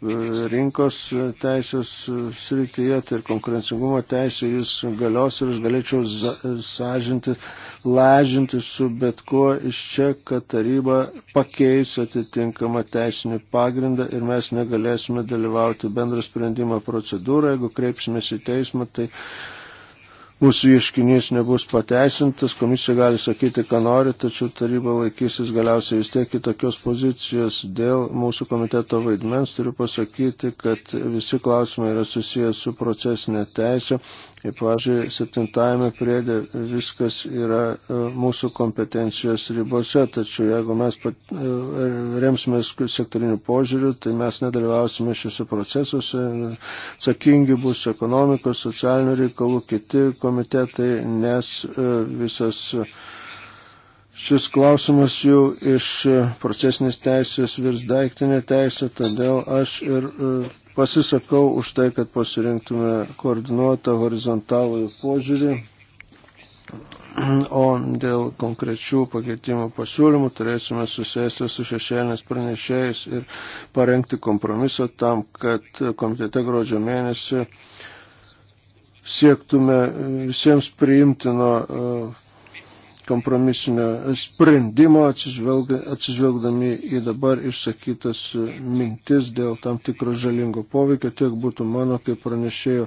rinkos teisės srityje, tai ir konkurencingumo teisė jis galios ir aš galėčiau sąžinti, lažinti su bet kuo iš čia, kad taryba pakeis atitinkamą teisinį pagrindą ir mes negalėsime dalyvauti bendrą sprendimą procedūrą, jeigu kreipsimės į teismą, tai mūsų ieškinys nebus pateisintas, komisija gali sakyti, ką nori, tačiau taryba laikysis galiausiai vis tiek kitokios pozicijos dėl mūsų komiteto vaidmens. Turiu pasakyti, kad visi klausimai yra susijęs su procesinė teisė, Ir, pavyzdžiui, septintajame priedė viskas yra e, mūsų kompetencijos ribose, tačiau jeigu mes e, remsime sektorinių požiūrių, tai mes nedalyvausime šiuose procesuose, atsakingi bus ekonomikos, socialinių reikalų, kiti komitetai, nes e, visas šis klausimas jau iš procesinės teisės virs daiktinė teisė, todėl aš ir Pasisakau už tai, kad pasirinktume koordinuotą horizontalų požiūrį, o dėl konkrečių pakeitimų pasiūlymų turėsime susėsti su šešėlinės pranešėjais ir parengti kompromiso tam, kad komitete gruodžio mėnesį siektume visiems priimtino kompromisinio sprendimo, atsižvelgdami į dabar išsakytas mintis dėl tam tikro žalingo poveikio. Tiek būtų mano kaip pranešėjo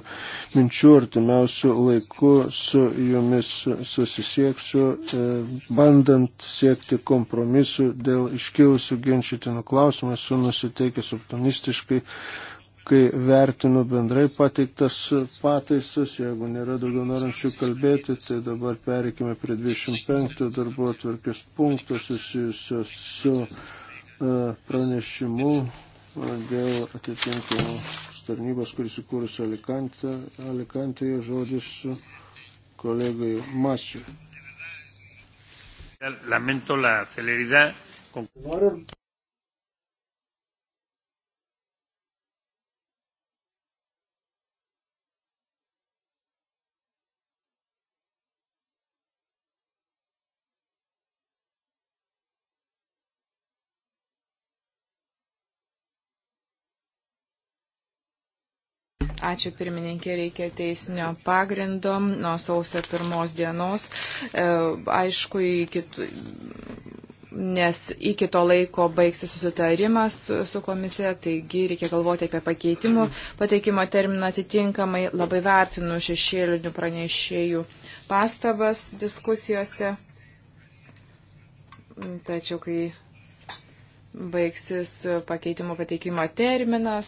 minčių artimiausių laikų su jumis susisieksiu, e, bandant siekti kompromisų dėl iškilusių ginčytinų klausimų, esu nusiteikęs optimistiškai kai vertinu bendrai pateiktas pataisas, jeigu nėra daugiau norančių kalbėti, tai dabar pereikime prie 25 darbo atvarkės punkto susijusio su uh, pranešimu uh, dėl atitinkamų tarnybos, kuris įkūrus Alikantė, Alikantėje žodis su kolegai Masiu. Lamento la celeridad. Noriu Ačiū pirmininkė, reikia teisinio pagrindo nuo sausio pirmos dienos. E, aišku, iki, nes iki to laiko baigsi susitarimas su, su komisija, taigi reikia galvoti apie pakeitimų pateikimo terminą atitinkamai. Labai vertinu šešėlinių pranešėjų pastabas diskusijose. Tačiau, kai baigsis pakeitimo pateikimo terminas,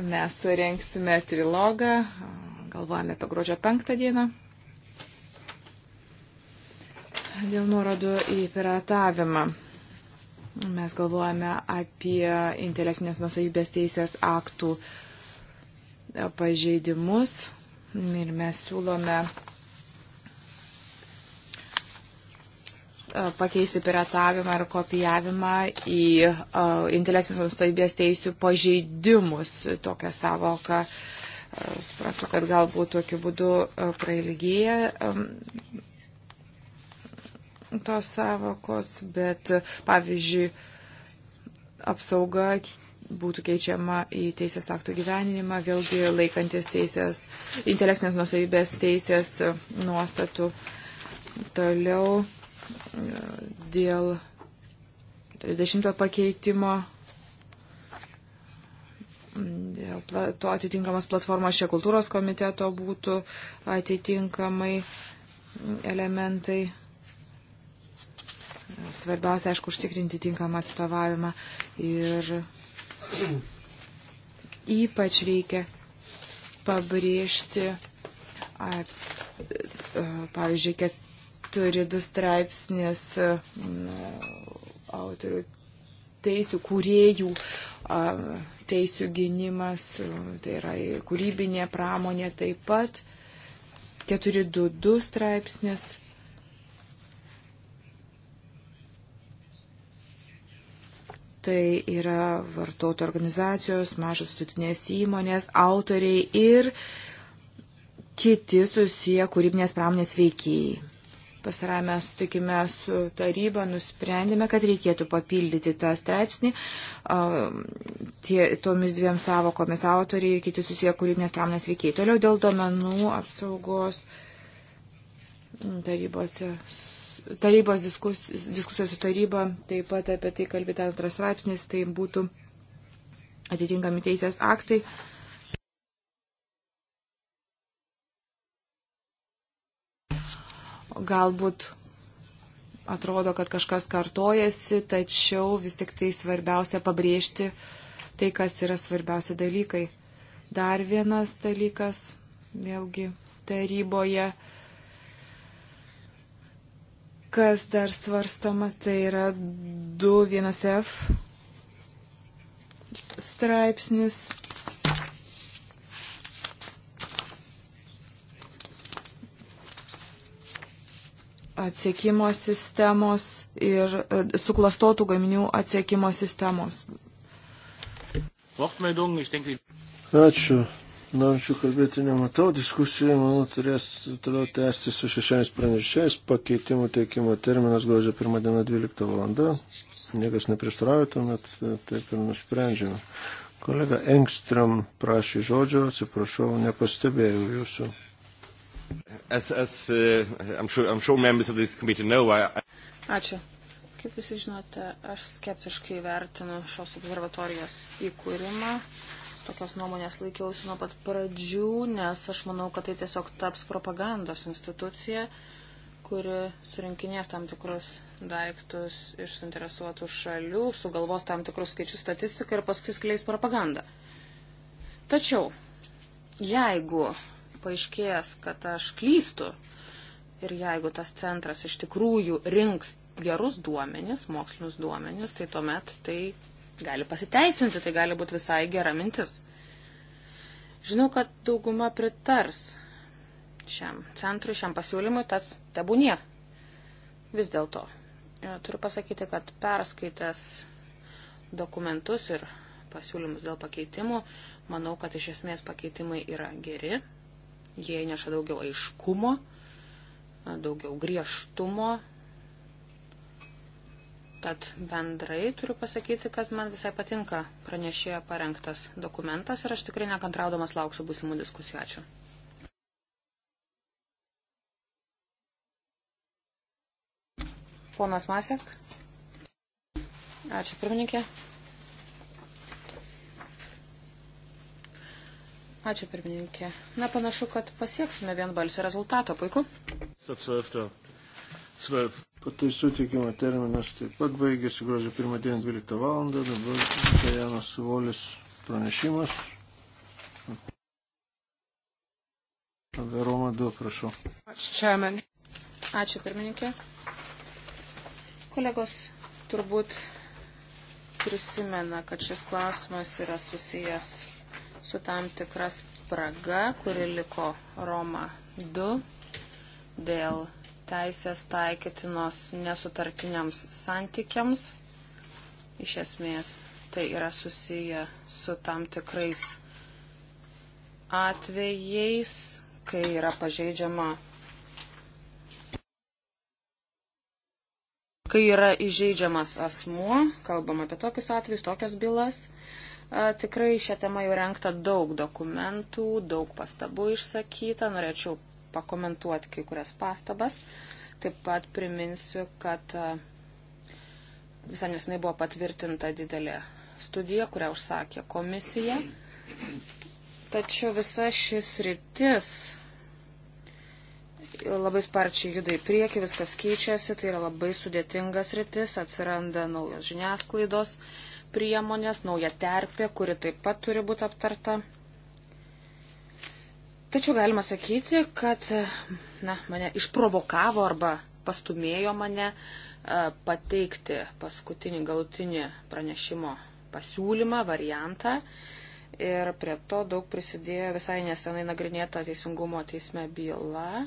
mes rengsime trilogą, galvojame apie gruodžio penktą dieną. Dėl nuorodų į piratavimą. Mes galvojame apie intelektinės nusavybės teisės aktų pažeidimus ir mes siūlome E, pakeisti piratavimą ir kopijavimą į e, intelektinės nusavybės teisių pažeidimus, tokią savoką. E, suprantu, kad galbūt tokiu būdu prailgėja tos savokos, bet pavyzdžiui, apsauga būtų keičiama į teisės aktų gyveninimą, vėlgi laikantis teisės, intelektinės nusavybės teisės nuostatų. Toliau dėl 30 pakeitimo dėl to atitinkamas platformas čia kultūros komiteto būtų atitinkamai elementai. Svarbiausia, aišku, užtikrinti tinkamą atstovavimą ir ypač reikia pabrėžti, pavyzdžiui, turi du straipsnis autorių teisų, kuriejų teisų gynimas, tai yra kūrybinė pramonė taip pat. 422 straipsnis. Tai yra vartotojų organizacijos, mažos sutinės įmonės, autoriai ir kiti susiję kūrybinės pramonės veikėjai pasarame sutikime su taryba, nusprendėme, kad reikėtų papildyti tą straipsnį tie, tomis dviem savokomis autoriai ir kiti susiję kūrybinės pramonės veikiai. Toliau dėl domenų apsaugos tarybos, tarybos diskus, diskusijos su taryba, taip pat apie tai kalbėti antras straipsnis, tai būtų atitinkami teisės aktai. Uh, Galbūt atrodo, kad kažkas kartojasi, tačiau vis tik tai svarbiausia pabrėžti tai, kas yra svarbiausi dalykai. Dar vienas dalykas, vėlgi taryboje, kas dar svarstoma, tai yra 2.1f straipsnis atsiekimo sistemos ir e, suklastotų gaminių atsiekimo sistemos. Ačiū. Norinčių kalbėti nematau. Diskusija, manau, turės toliau tęsti su šešiais pranešėjais. Pakeitimų teikimo terminas gruodžio 1 diena 12 val. Niekas neprieštarauja, tuomet e, taip ir nusprendžiame. Kolega Engstram prašė žodžio, atsiprašau, nepastebėjau jūsų. As, as, uh, I'm sure, I'm sure know, I, I... Ačiū. Kaip visi žinote, aš skeptiškai vertinu šios observatorijos įkūrimą. Tokios nuomonės laikiausi nuo pat pradžių, nes aš manau, kad tai tiesiog taps propagandos institucija, kuri surinkinės tam tikrus daiktus iš suinteresuotų šalių, sugalvos tam tikrus skaičius statistiką ir paskui skleis propagandą. Tačiau, jeigu paaiškės, kad aš klystu ir jeigu tas centras iš tikrųjų rinks gerus duomenis, mokslinius duomenis, tai tuomet tai gali pasiteisinti, tai gali būti visai gera mintis. Žinau, kad dauguma pritars šiam centrui, šiam pasiūlymui, tad tebūnie. Vis dėlto, e, turiu pasakyti, kad perskaitęs dokumentus ir pasiūlymus dėl pakeitimų, manau, kad iš esmės pakeitimai yra geri, Jie įneša daugiau aiškumo, daugiau griežtumo. Tad bendrai turiu pasakyti, kad man visai patinka pranešėjo parengtas dokumentas ir aš tikrai nekantraudamas lauksiu būsimų diskusijų. Ačiū. Ponas Masek. Ačiū pirmininkė. Ačiū pirmininkė. Na, panašu, kad pasieksime vienbalsio rezultato. Puiku. Pataisų teikimo terminas taip pat baigėsi gruodžio 1 dieną 12 val. Dabar Kajanas Volis pranešimas. Veroma 2, prašau. Ačiū pirmininkė. Kolegos, turbūt prisimena, kad šis klausimas yra susijęs su tam tikras spraga, kuri liko Roma 2 dėl teisės taikytinos nesutartiniams santykiams. Iš esmės tai yra susiję su tam tikrais atvejais, kai yra pažeidžiama kai yra įžeidžiamas asmuo, kalbam apie tokius atvejus, tokias bylas, Tikrai šią temą jau renkta daug dokumentų, daug pastabų išsakyta. Norėčiau pakomentuoti kai kurias pastabas. Taip pat priminsiu, kad visai nesnai buvo patvirtinta didelė studija, kurią užsakė komisija. Tačiau visa šis rytis labai sparčiai juda į priekį, viskas keičiasi, tai yra labai sudėtingas rytis, atsiranda naujos žiniasklaidos priemonės, nauja terpė, kuri taip pat turi būti aptarta. Tačiau galima sakyti, kad na, mane išprovokavo arba pastumėjo mane e, pateikti paskutinį galutinį pranešimo pasiūlymą, variantą. Ir prie to daug prisidėjo visai nesenai nagrinėta teisingumo teisme byla, uh,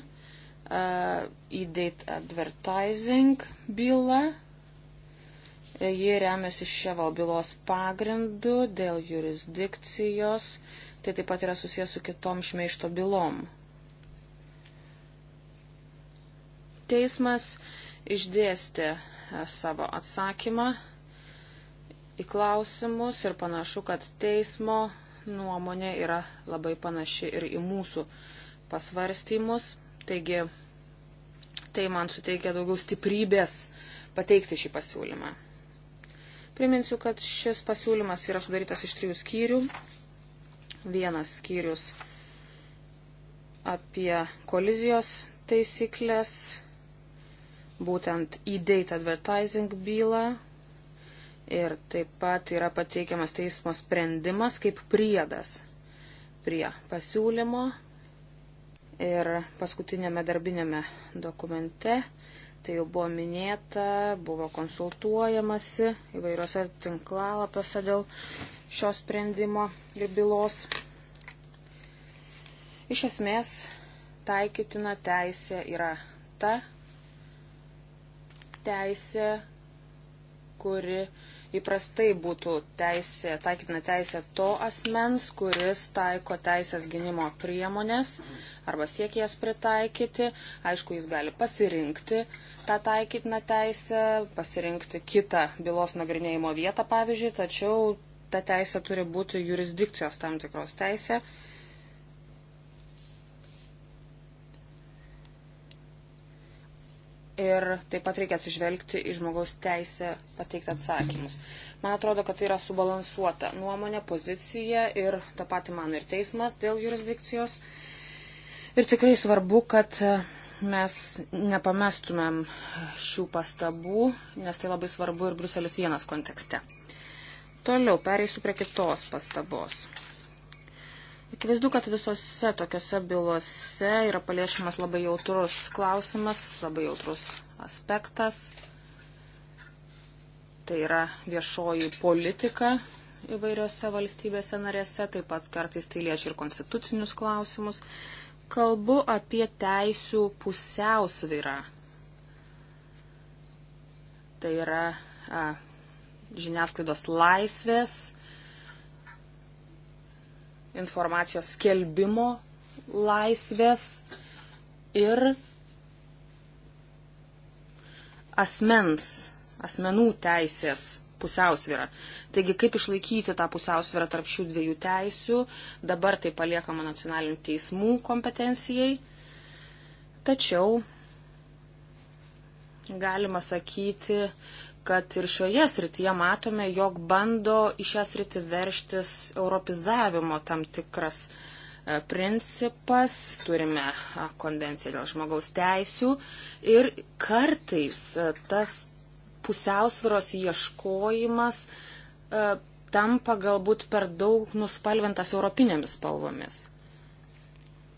e, e, e-date advertising byla, Ji remiasi šievo bylos pagrindu dėl jurisdikcijos, tai taip pat yra susijęs su kitom šmeišto bylom. Teismas išdėstė e, savo atsakymą į klausimus ir panašu, kad teismo nuomonė yra labai panaši ir į mūsų pasvarstymus. Taigi, tai man suteikia daugiau stiprybės pateikti šį pasiūlymą. Priminsiu, kad šis pasiūlymas yra sudarytas iš trijų skyrių. Vienas skyrius apie kolizijos taisyklės, būtent e-date advertising bylą. Ir taip pat yra pateikiamas teismo sprendimas kaip priedas prie pasiūlymo. Ir paskutinėme darbinėme dokumente tai jau buvo minėta, buvo konsultuojamasi įvairiuose tinklalapiuose dėl šio sprendimo ir bylos. Iš esmės, taikytina teisė yra ta teisė, kuri įprastai būtų teisė, taikytina teisė to asmens, kuris taiko teisės gynimo priemonės arba siekia jas pritaikyti. Aišku, jis gali pasirinkti tą taikytiną teisę, pasirinkti kitą bylos nagrinėjimo vietą, pavyzdžiui, tačiau ta teisė turi būti jurisdikcijos tam tikros teisė ir taip pat reikia atsižvelgti į žmogaus teisę pateikti atsakymus. Man atrodo, kad tai yra subalansuota nuomonė, pozicija ir tą patį mano ir teismas dėl jurisdikcijos. Ir tikrai svarbu, kad mes nepamestumėm šių pastabų, nes tai labai svarbu ir Bruselis vienas kontekste. Toliau pereisiu prie kitos pastabos. Akivaizdu, kad visose tokiose bylose yra paliešimas labai jautrus klausimas, labai jautrus aspektas. Tai yra viešoji politika įvairiose valstybėse narėse, taip pat kartais tai liečia ir konstitucinius klausimus. Kalbu apie teisių pusiausvyrą. Tai yra a, žiniasklaidos laisvės informacijos skelbimo laisvės ir asmens, asmenų teisės pusiausvyrą. Taigi, kaip išlaikyti tą pusiausvyrą tarp šių dviejų teisių, dabar tai paliekama nacionalinių teismų kompetencijai. Tačiau, galima sakyti, kad ir šioje srityje matome, jog bando į šią sritį verštis europizavimo tam tikras e, principas, turime e, konvenciją dėl žmogaus teisių ir kartais e, tas pusiausviros ieškojimas tampa galbūt per daug nuspalvintas europinėmis spalvomis.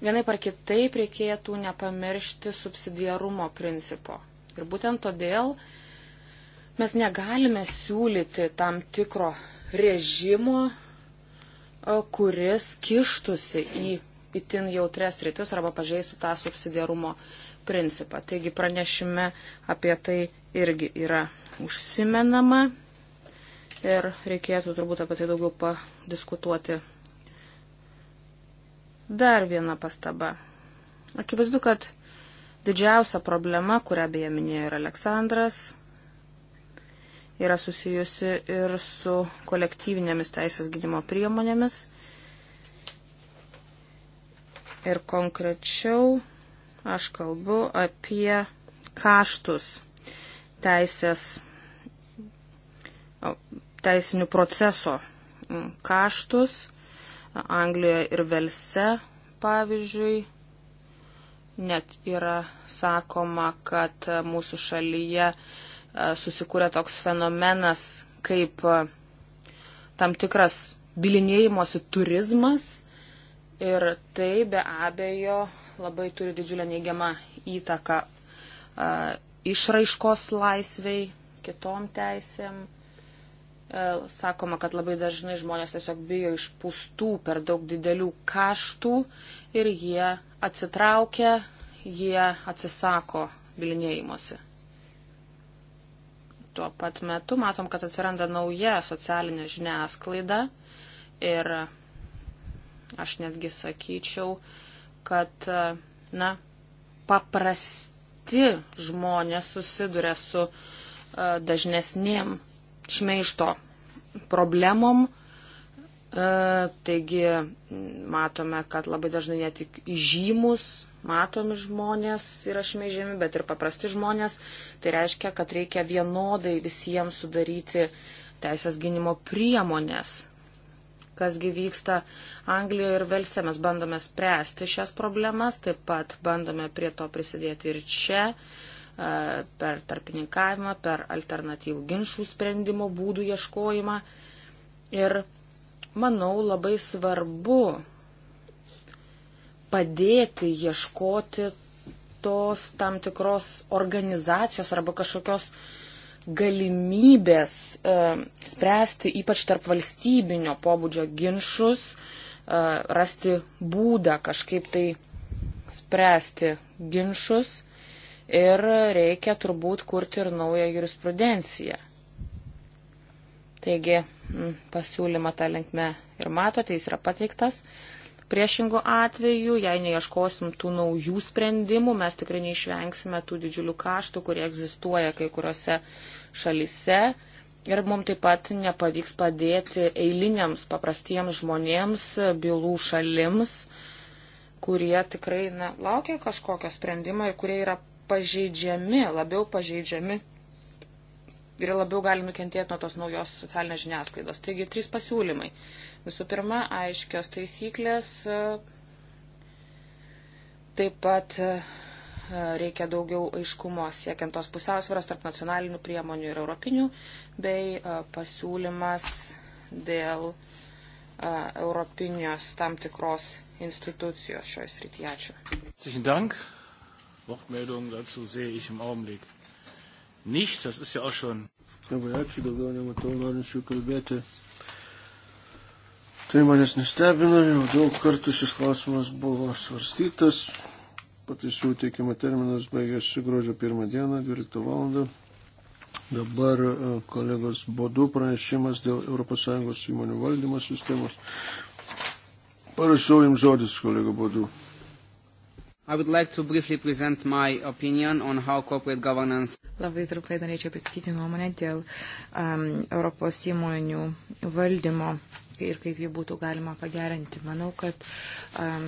Vienai par kitaip reikėtų nepamiršti subsidiarumo principo. Ir būtent todėl uh, Mes negalime siūlyti tam tikro režimo, e, kuris kištusi į itin jautres rytis arba pažeistų tą subsidiarumo principą. Taigi pranešime apie tai irgi yra užsimenama ir reikėtų turbūt apie tai daugiau padiskutuoti. Dar viena pastaba. Akivaizdu, kad didžiausia problema, kurią beje minėjo ir Aleksandras, yra susijusi ir su kolektyvinėmis teisės gydimo priemonėmis. Ir konkrečiau aš kalbu apie kaštus teisės, teisinių proceso mm, kaštus Anglijoje ir Velse, pavyzdžiui, net yra sakoma, kad mūsų šalyje susikūrė toks fenomenas kaip tam tikras bilinėjimosi turizmas ir tai be abejo labai turi didžiulę neigiamą įtaką išraiškos laisviai, kitom teisėm. Sakoma, kad labai dažnai žmonės tiesiog bijo išpūstų per daug didelių kaštų ir jie atsitraukia, jie atsisako bilinėjimuose. Tuo pat metu matom, kad atsiranda nauja socialinė žiniasklaida ir aš netgi sakyčiau, kad, na, paprasti žmonės susiduria su e, dažnesnėm šmeišto problemom. E, taigi matome, kad labai dažnai net tik žymus matomi žmonės yra šmeižiami, bet ir paprasti žmonės. Tai reiškia, kad reikia vienodai visiems sudaryti teisės gynimo priemonės. Kasgi vyksta Anglijoje ir Velse, mes bandome spręsti šias problemas, taip pat bandome prie to prisidėti ir čia e, per tarpininkavimą, per alternatyvų ginčių sprendimo būdų ieškojimą. Ir manau labai svarbu padėti ieškoti tos tam tikros organizacijos arba kažkokios galimybės e, spręsti ypač tarp valstybinio pobūdžio ginčius, e, rasti būdą kažkaip tai spręsti ginčius ir reikia turbūt kurti ir naują jurisprudenciją. Taigi pasiūlymą tą linkmę ir matote, jis yra pateiktas. Priešingų atveju, jei neieškosim tų naujų sprendimų, mes tikrai neišvengsime tų didžiulių kaštų, kurie egzistuoja kai kuriuose šalise. Ir mums taip pat nepavyks padėti eiliniams, paprastiems žmonėms, bylų šalims, kurie tikrai na, laukia kažkokio sprendimo ir kurie yra pažeidžiami, labiau pažeidžiami ir labiau gali nukentėti nuo tos naujos socialinės žiniasklaidos. Taigi, trys pasiūlymai. Visų pirma, aiškios taisyklės, taip pat reikia daugiau aiškumo siekiant tos pusiausvėros tarp nacionalinių priemonių ir europinių, bei pasiūlymas dėl europinės tam tikros institucijos šioje srityje. Ačiū. Wortmeldungen dazu sehe ich im Augenblick nicht. Das ist ja auch schon. Labai ačiū, daugiau nematau norinčių kalbėti. Tai manęs nestebina, jau daug kartų šis klausimas buvo svarstytas. Pataisų teikimo terminas baigėsi gruodžio 1 dieną, 12 val. Dabar e, kolegos Bodu pranešimas dėl ES įmonių valdymo sistemos. Parašiau jums žodis, kolega Bodu. I would like to briefly present my opinion on how corporate governance. Labai trumpai norėčiau pasakyti nuomonę dėl um, Europos įmonių valdymo ir kaip jį būtų galima pagerinti. Manau, kad um,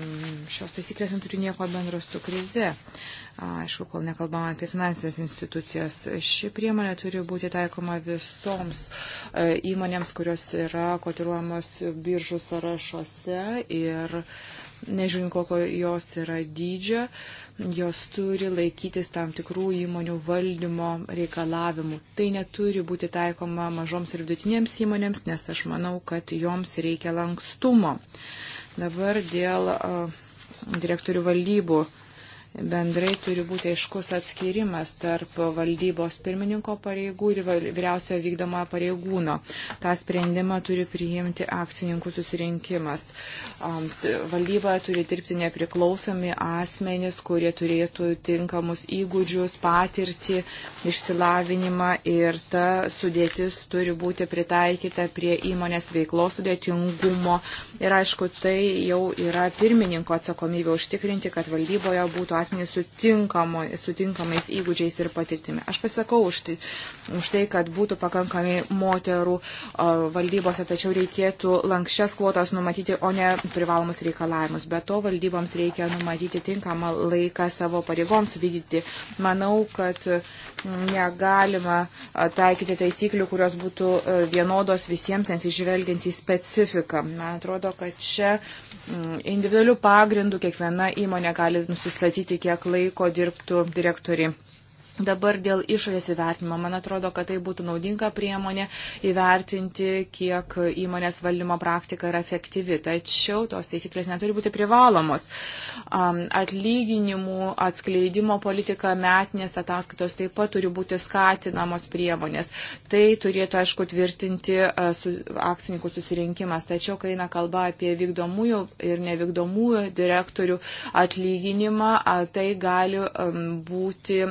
šios taisyklės neturi nieko bendro su krize. Aišku, kol nekalbam apie finansinės institucijas, ši priemonė turi būti taikoma visoms uh, įmonėms, kurios yra kotiruojamos biržų sąrašuose ir uh, nežiūrint kokio jos yra dydžio, jos turi laikytis tam tikrų įmonių valdymo reikalavimų. Tai neturi būti taikoma mažoms ir vidutinėms įmonėms, nes aš manau, kad joms reikia lankstumo. Dabar dėl direktorių valdybų bendrai turi būti aiškus atskirimas tarp valdybos pirmininko pareigų ir vyriausiojo vykdomojo pareigūno. Ta sprendimą turi priimti akcininkų susirinkimas. Valdyboje turi dirbti nepriklausomi asmenys, kurie turėtų tinkamus įgūdžius, patirtį, išsilavinimą ir ta sudėtis turi būti pritaikyta prie įmonės veiklos sudėtingumo Ir aišku, tai jau yra pirmininko atsakomybė užtikrinti, kad valdyboje būtų asmenys sutinkamais įgūdžiais ir patirtimi. Aš pasakau už tai, už tai kad būtų pakankamai moterų o, valdybose, tačiau reikėtų lankščias kvotas numatyti, o ne privalomus reikalavimus. Be to valdyboms reikia numatyti tinkamą laiką savo pareigoms vykdyti. Manau, kad negalima taikyti taisyklių, kurios būtų vienodos visiems, nes išvelgiant į specifiką. Man atrodo, atrodo, kad čia mm, individualių pagrindų kiekviena įmonė gali nusistatyti, kiek laiko dirbtų direktoriai. Dabar dėl išorės įvertinimo. Man atrodo, kad tai būtų naudinga priemonė įvertinti, kiek įmonės valdymo praktika yra efektyvi. Tačiau tos taisyklės neturi būti privalomos. Atlyginimų atskleidimo politika metinės ataskaitos taip pat turi būti skatinamos priemonės. Tai turėtų, aišku, tvirtinti su akcininkų susirinkimas. Tačiau, kai eina kalba apie vykdomųjų ir nevykdomųjų direktorių atlyginimą, tai gali būti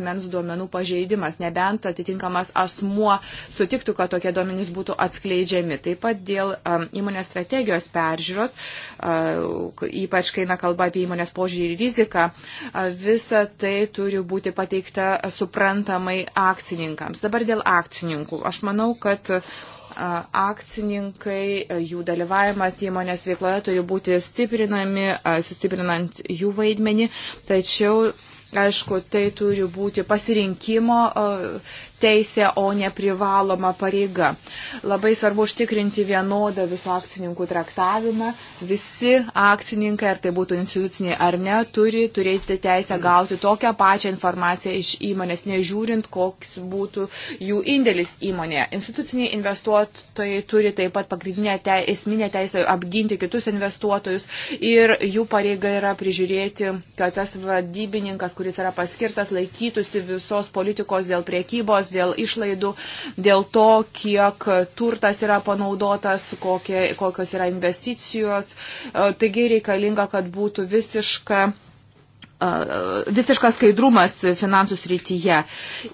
asmens duomenų pažeidimas, nebent atitinkamas asmuo sutiktų, kad tokie duomenys būtų atskleidžiami. Taip pat dėl um, įmonės strategijos peržiūros, uh, ypač kai eina kalba apie įmonės požiūrį ir riziką, uh, visa tai turi būti pateikta suprantamai akcininkams. Dabar dėl akcininkų. Aš manau, kad uh, akcininkai, jų dalyvavimas įmonės veikloje turi būti stiprinami, sustiprinant jų vaidmenį, tačiau Aišku, tai turi būti pasirinkimo teisė, o ne privaloma pareiga. Labai svarbu užtikrinti vienodą visų akcininkų traktavimą. Visi akcininkai, ar tai būtų instituciniai ar ne, turi turėti teisę gauti tokią pačią informaciją iš įmonės, nežiūrint, koks būtų jų indėlis įmonėje. Instituciniai investuotojai turi taip pat pagrindinę te, esminę teisę apginti kitus investuotojus ir jų pareiga yra prižiūrėti, kad tas vadybininkas, kuris yra paskirtas, laikytųsi visos politikos dėl priekybos, informacijos dėl išlaidų, dėl to, kiek turtas yra panaudotas, kokie, kokios yra investicijos. E, taigi reikalinga, kad būtų visiška visiškas skaidrumas finansų srityje.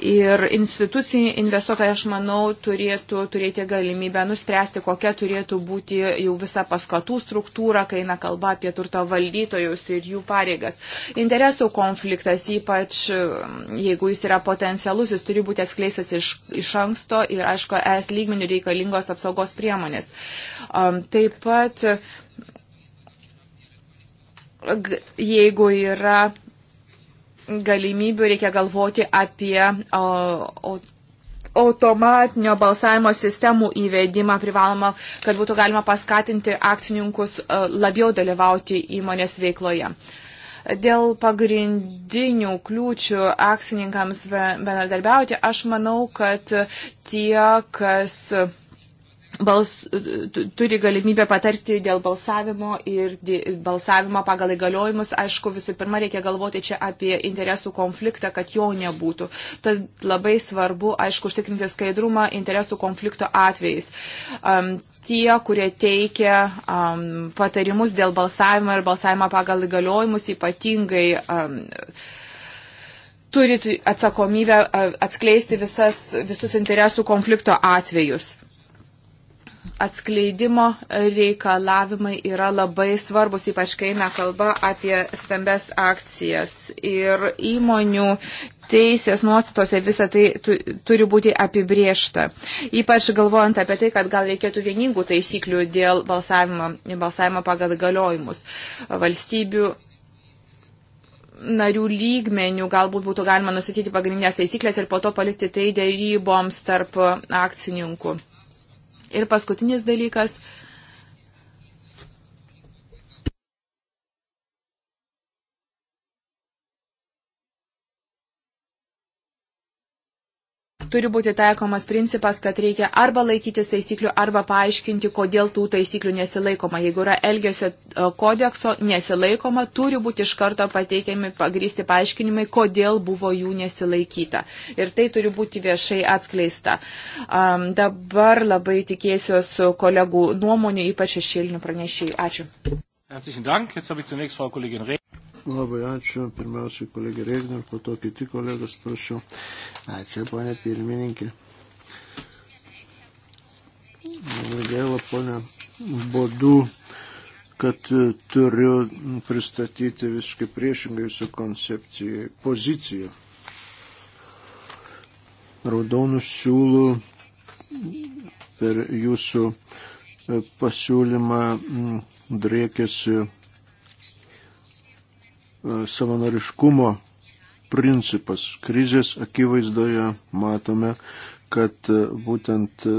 Ir institucijų investuotojai, aš manau, turėtų turėti galimybę nuspręsti, kokia turėtų būti jau visa paskatų struktūra, kai eina kalba apie turto valdytojus ir jų pareigas. Interesų konfliktas, ypač jeigu jis yra potencialus, jis turi būti atskleistas iš, iš anksto ir, aišku, es lygmenių reikalingos apsaugos priemonės. Um, taip pat jeigu yra galimybių, reikia galvoti apie o, o, automatinio balsavimo sistemų įvedimą privaloma, kad būtų galima paskatinti akcininkus e, labiau dalyvauti įmonės veikloje. Dėl pagrindinių kliūčių akcininkams bendradarbiauti, aš manau, kad tie, kas bals, turi galimybę patarti dėl balsavimo ir balsavimo pagal įgaliojimus. Aišku, visų pirma, reikia galvoti čia apie interesų konfliktą, kad jo nebūtų. Tad labai svarbu, aišku, užtikrinti skaidrumą interesų konflikto atvejais. Um, tie, kurie teikia um, patarimus dėl balsavimo ir balsavimo pagal įgaliojimus, ypatingai. Um, turit atsakomybę atskleisti visas, visus interesų konflikto atvejus atskleidimo reikalavimai yra labai svarbus, ypač kai eina kalba apie stambes akcijas. Ir įmonių teisės nuostatose visą tai tu, turi būti apibriešta. Ypač galvojant apie tai, kad gal reikėtų vieningų taisyklių dėl balsavimo, balsavimo pagal galiojimus valstybių narių lygmenių galbūt būtų galima nusatyti pagrindinės taisyklės ir po to palikti tai dėryboms tarp akcininkų. Ir paskutinis dalykas – turi būti taikomas principas, kad reikia arba laikytis taisyklių, arba paaiškinti, kodėl tų taisyklių nesilaikoma. Jeigu yra elgesio e, kodekso nesilaikoma, turi būti iš karto pateikiami pagrysti paaiškinimai, kodėl buvo jų nesilaikyta. Ir tai turi būti viešai atskleista. Um, dabar labai tikėsiuos kolegų nuomonių, ypač šešėlinių pranešėjų. Ačiū. Herzlichen Dank. Jetzt habe ich zunächst Frau Kollegin Reh. Labai ačiū. Pirmiausiai kolegė Regner, po to kiti kolegos, prašau. Ačiū, ponė pirmininkė. Gaila, ponė Bodu, kad e, turiu pristatyti visiškai priešingai jūsų koncepcijai poziciją. Raudonų siūlų per jūsų e, pasiūlymą drėkėsi E, savanoriškumo principas. Krizės akivaizdoje matome, kad e, būtent e,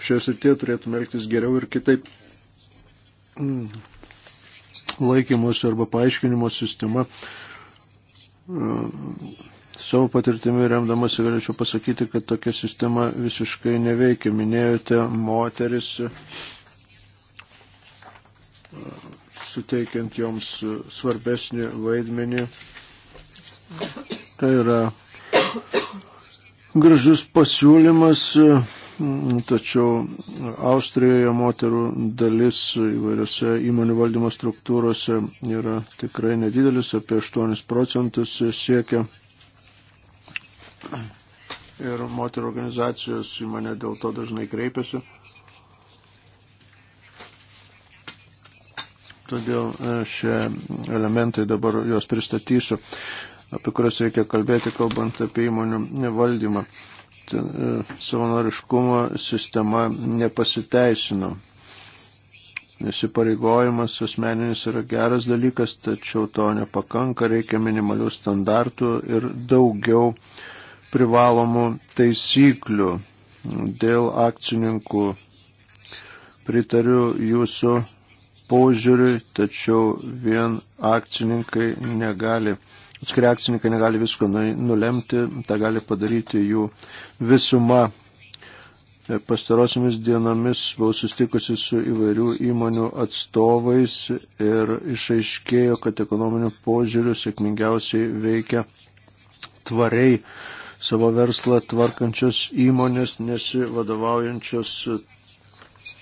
šioje srityje turėtume elgtis geriau ir kitaip. Mm. Laikymosi arba paaiškinimo sistema. Savo patirtimi remdamas galėčiau pasakyti, kad tokia sistema visiškai neveikia. Minėjote moteris suteikiant joms svarbesnį vaidmenį. Tai yra gražus pasiūlymas, tačiau Austrijoje moterų dalis įvairiose įmonių valdymo struktūrose yra tikrai nedidelis, apie 8 procentus siekia. Ir moterų organizacijos į mane dėl to dažnai kreipiasi. todėl e, šie elementai dabar juos pristatysiu, apie kurias reikia kalbėti, kalbant apie įmonių valdymą. E, savanoriškumo sistema nepasiteisino. Įsipareigojimas asmeninis yra geras dalykas, tačiau to nepakanka, reikia minimalių standartų ir daugiau privalomų taisyklių dėl akcininkų. Pritariu jūsų požiūriui, tačiau vien akcininkai negali, atskiri akcininkai negali visko nu, nulemti, tą gali padaryti jų visuma. E, Pastarosiamis dienomis buvau sustikusi su įvairių įmonių atstovais ir išaiškėjo, kad ekonominiu požiūriu sėkmingiausiai veikia tvariai savo verslą tvarkančios įmonės, nesivadovaujančios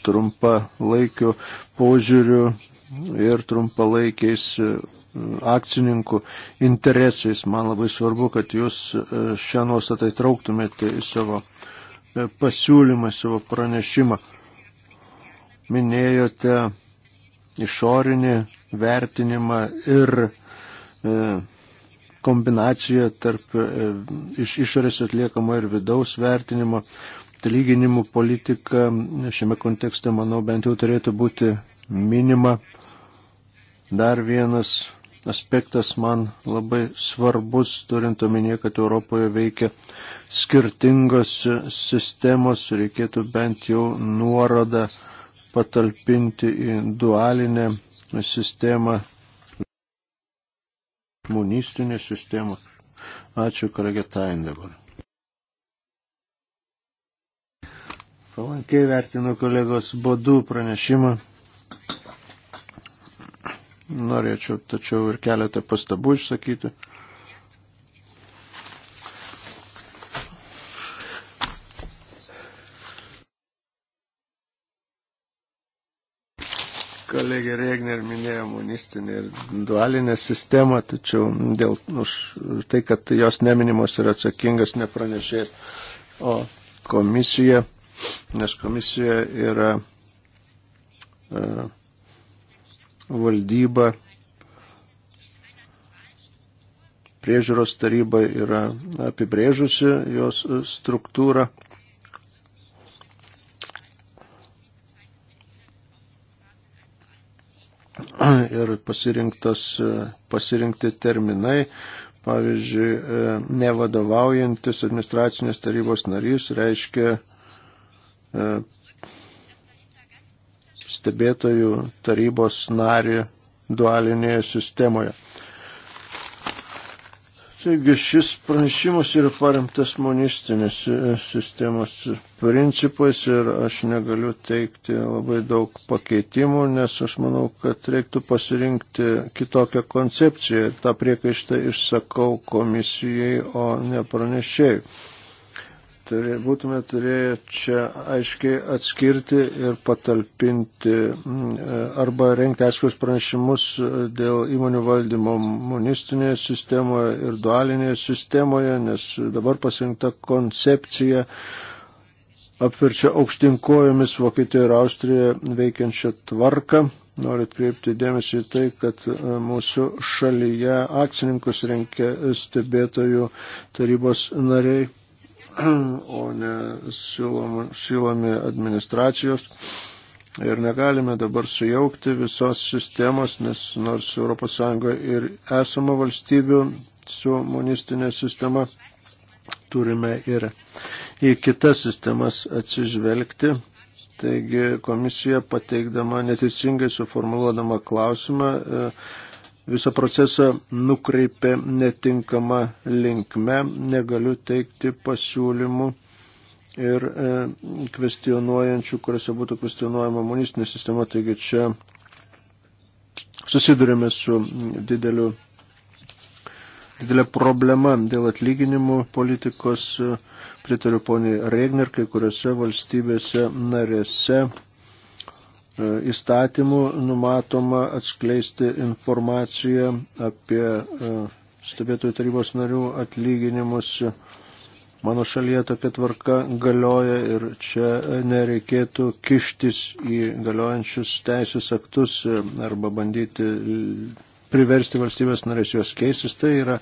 trumpa laikiu požiūriu ir trumpalaikiais e, akcininkų interesais. Man labai svarbu, kad jūs e, šią nuostatą įtrauktumėte į savo e, pasiūlymą, į savo pranešimą. Minėjote išorinį vertinimą ir kombinacija tarp iš išorės atliekamo ir vidaus vertinimo atlyginimų politika šiame kontekste, manau, bent jau turėtų būti minima. Dar vienas aspektas man labai svarbus, turint omenyje, kad Europoje veikia skirtingos sistemos, reikėtų bent jau nuorodą patalpinti į dualinę sistemą, komunistinę sistemą. Ačiū, kolegė Tain dabar. Palankiai vertinu kolegos bodų pranešimą. Norėčiau tačiau ir keletą pastabų išsakyti. kolegė Regner minėjo monistinę ir dualinę sistemą, tačiau dėl už tai, kad jos neminimos yra atsakingas nepranešėjas, o komisija nes komisija yra e, valdyba, priežiūros taryba yra apibrėžusi jos struktūrą. Ir pasirinkti terminai, pavyzdžiui, e, nevadovaujantis administracinės tarybos narys reiškia E, stebėtojų tarybos narį dualinėje sistemoje. Taigi šis pranešimas yra paremtas monistinės e, sistemos principais ir aš negaliu teikti labai daug pakeitimų, nes aš manau, kad reiktų pasirinkti kitokią koncepciją. Ta priekaištą išsakau komisijai, o ne pranešėjai turė, būtume turėję čia aiškiai atskirti ir patalpinti e, arba renkti aiškius pranešimus e, dėl įmonių valdymo monistinėje sistemoje ir dualinėje sistemoje, nes dabar pasirinkta koncepcija apverčia aukštinkojomis Vokietijoje ir Austrijoje veikiančią tvarką. Noriu atkreipti dėmesį į tai, kad e, mūsų šalyje akcininkus renkia stebėtojų tarybos nariai o ne siūlomi administracijos. Ir negalime dabar sujaukti visos sistemos, nes nors ES ir esama valstybių su monistinė sistema, turime ir į kitas sistemas atsižvelgti. Taigi komisija pateikdama neteisingai suformuluodama klausimą, e, visą procesą nukreipė netinkama linkme, negaliu teikti pasiūlymų ir e, kvestionuojančių, kuriuose būtų kvestionuojama monistinė sistema, taigi čia susidurėme su dideliu, didelė problema dėl atlyginimų politikos, pritariu poniai Regner, kai kuriuose valstybėse narėse E, įstatymų numatoma atskleisti informaciją apie e, stebėtojų tarybos narių atlyginimus. Mano šalyje tokia tvarka galioja ir čia nereikėtų kištis į galiojančius teisės aktus arba bandyti priversti valstybės narės juos keistis. Tai yra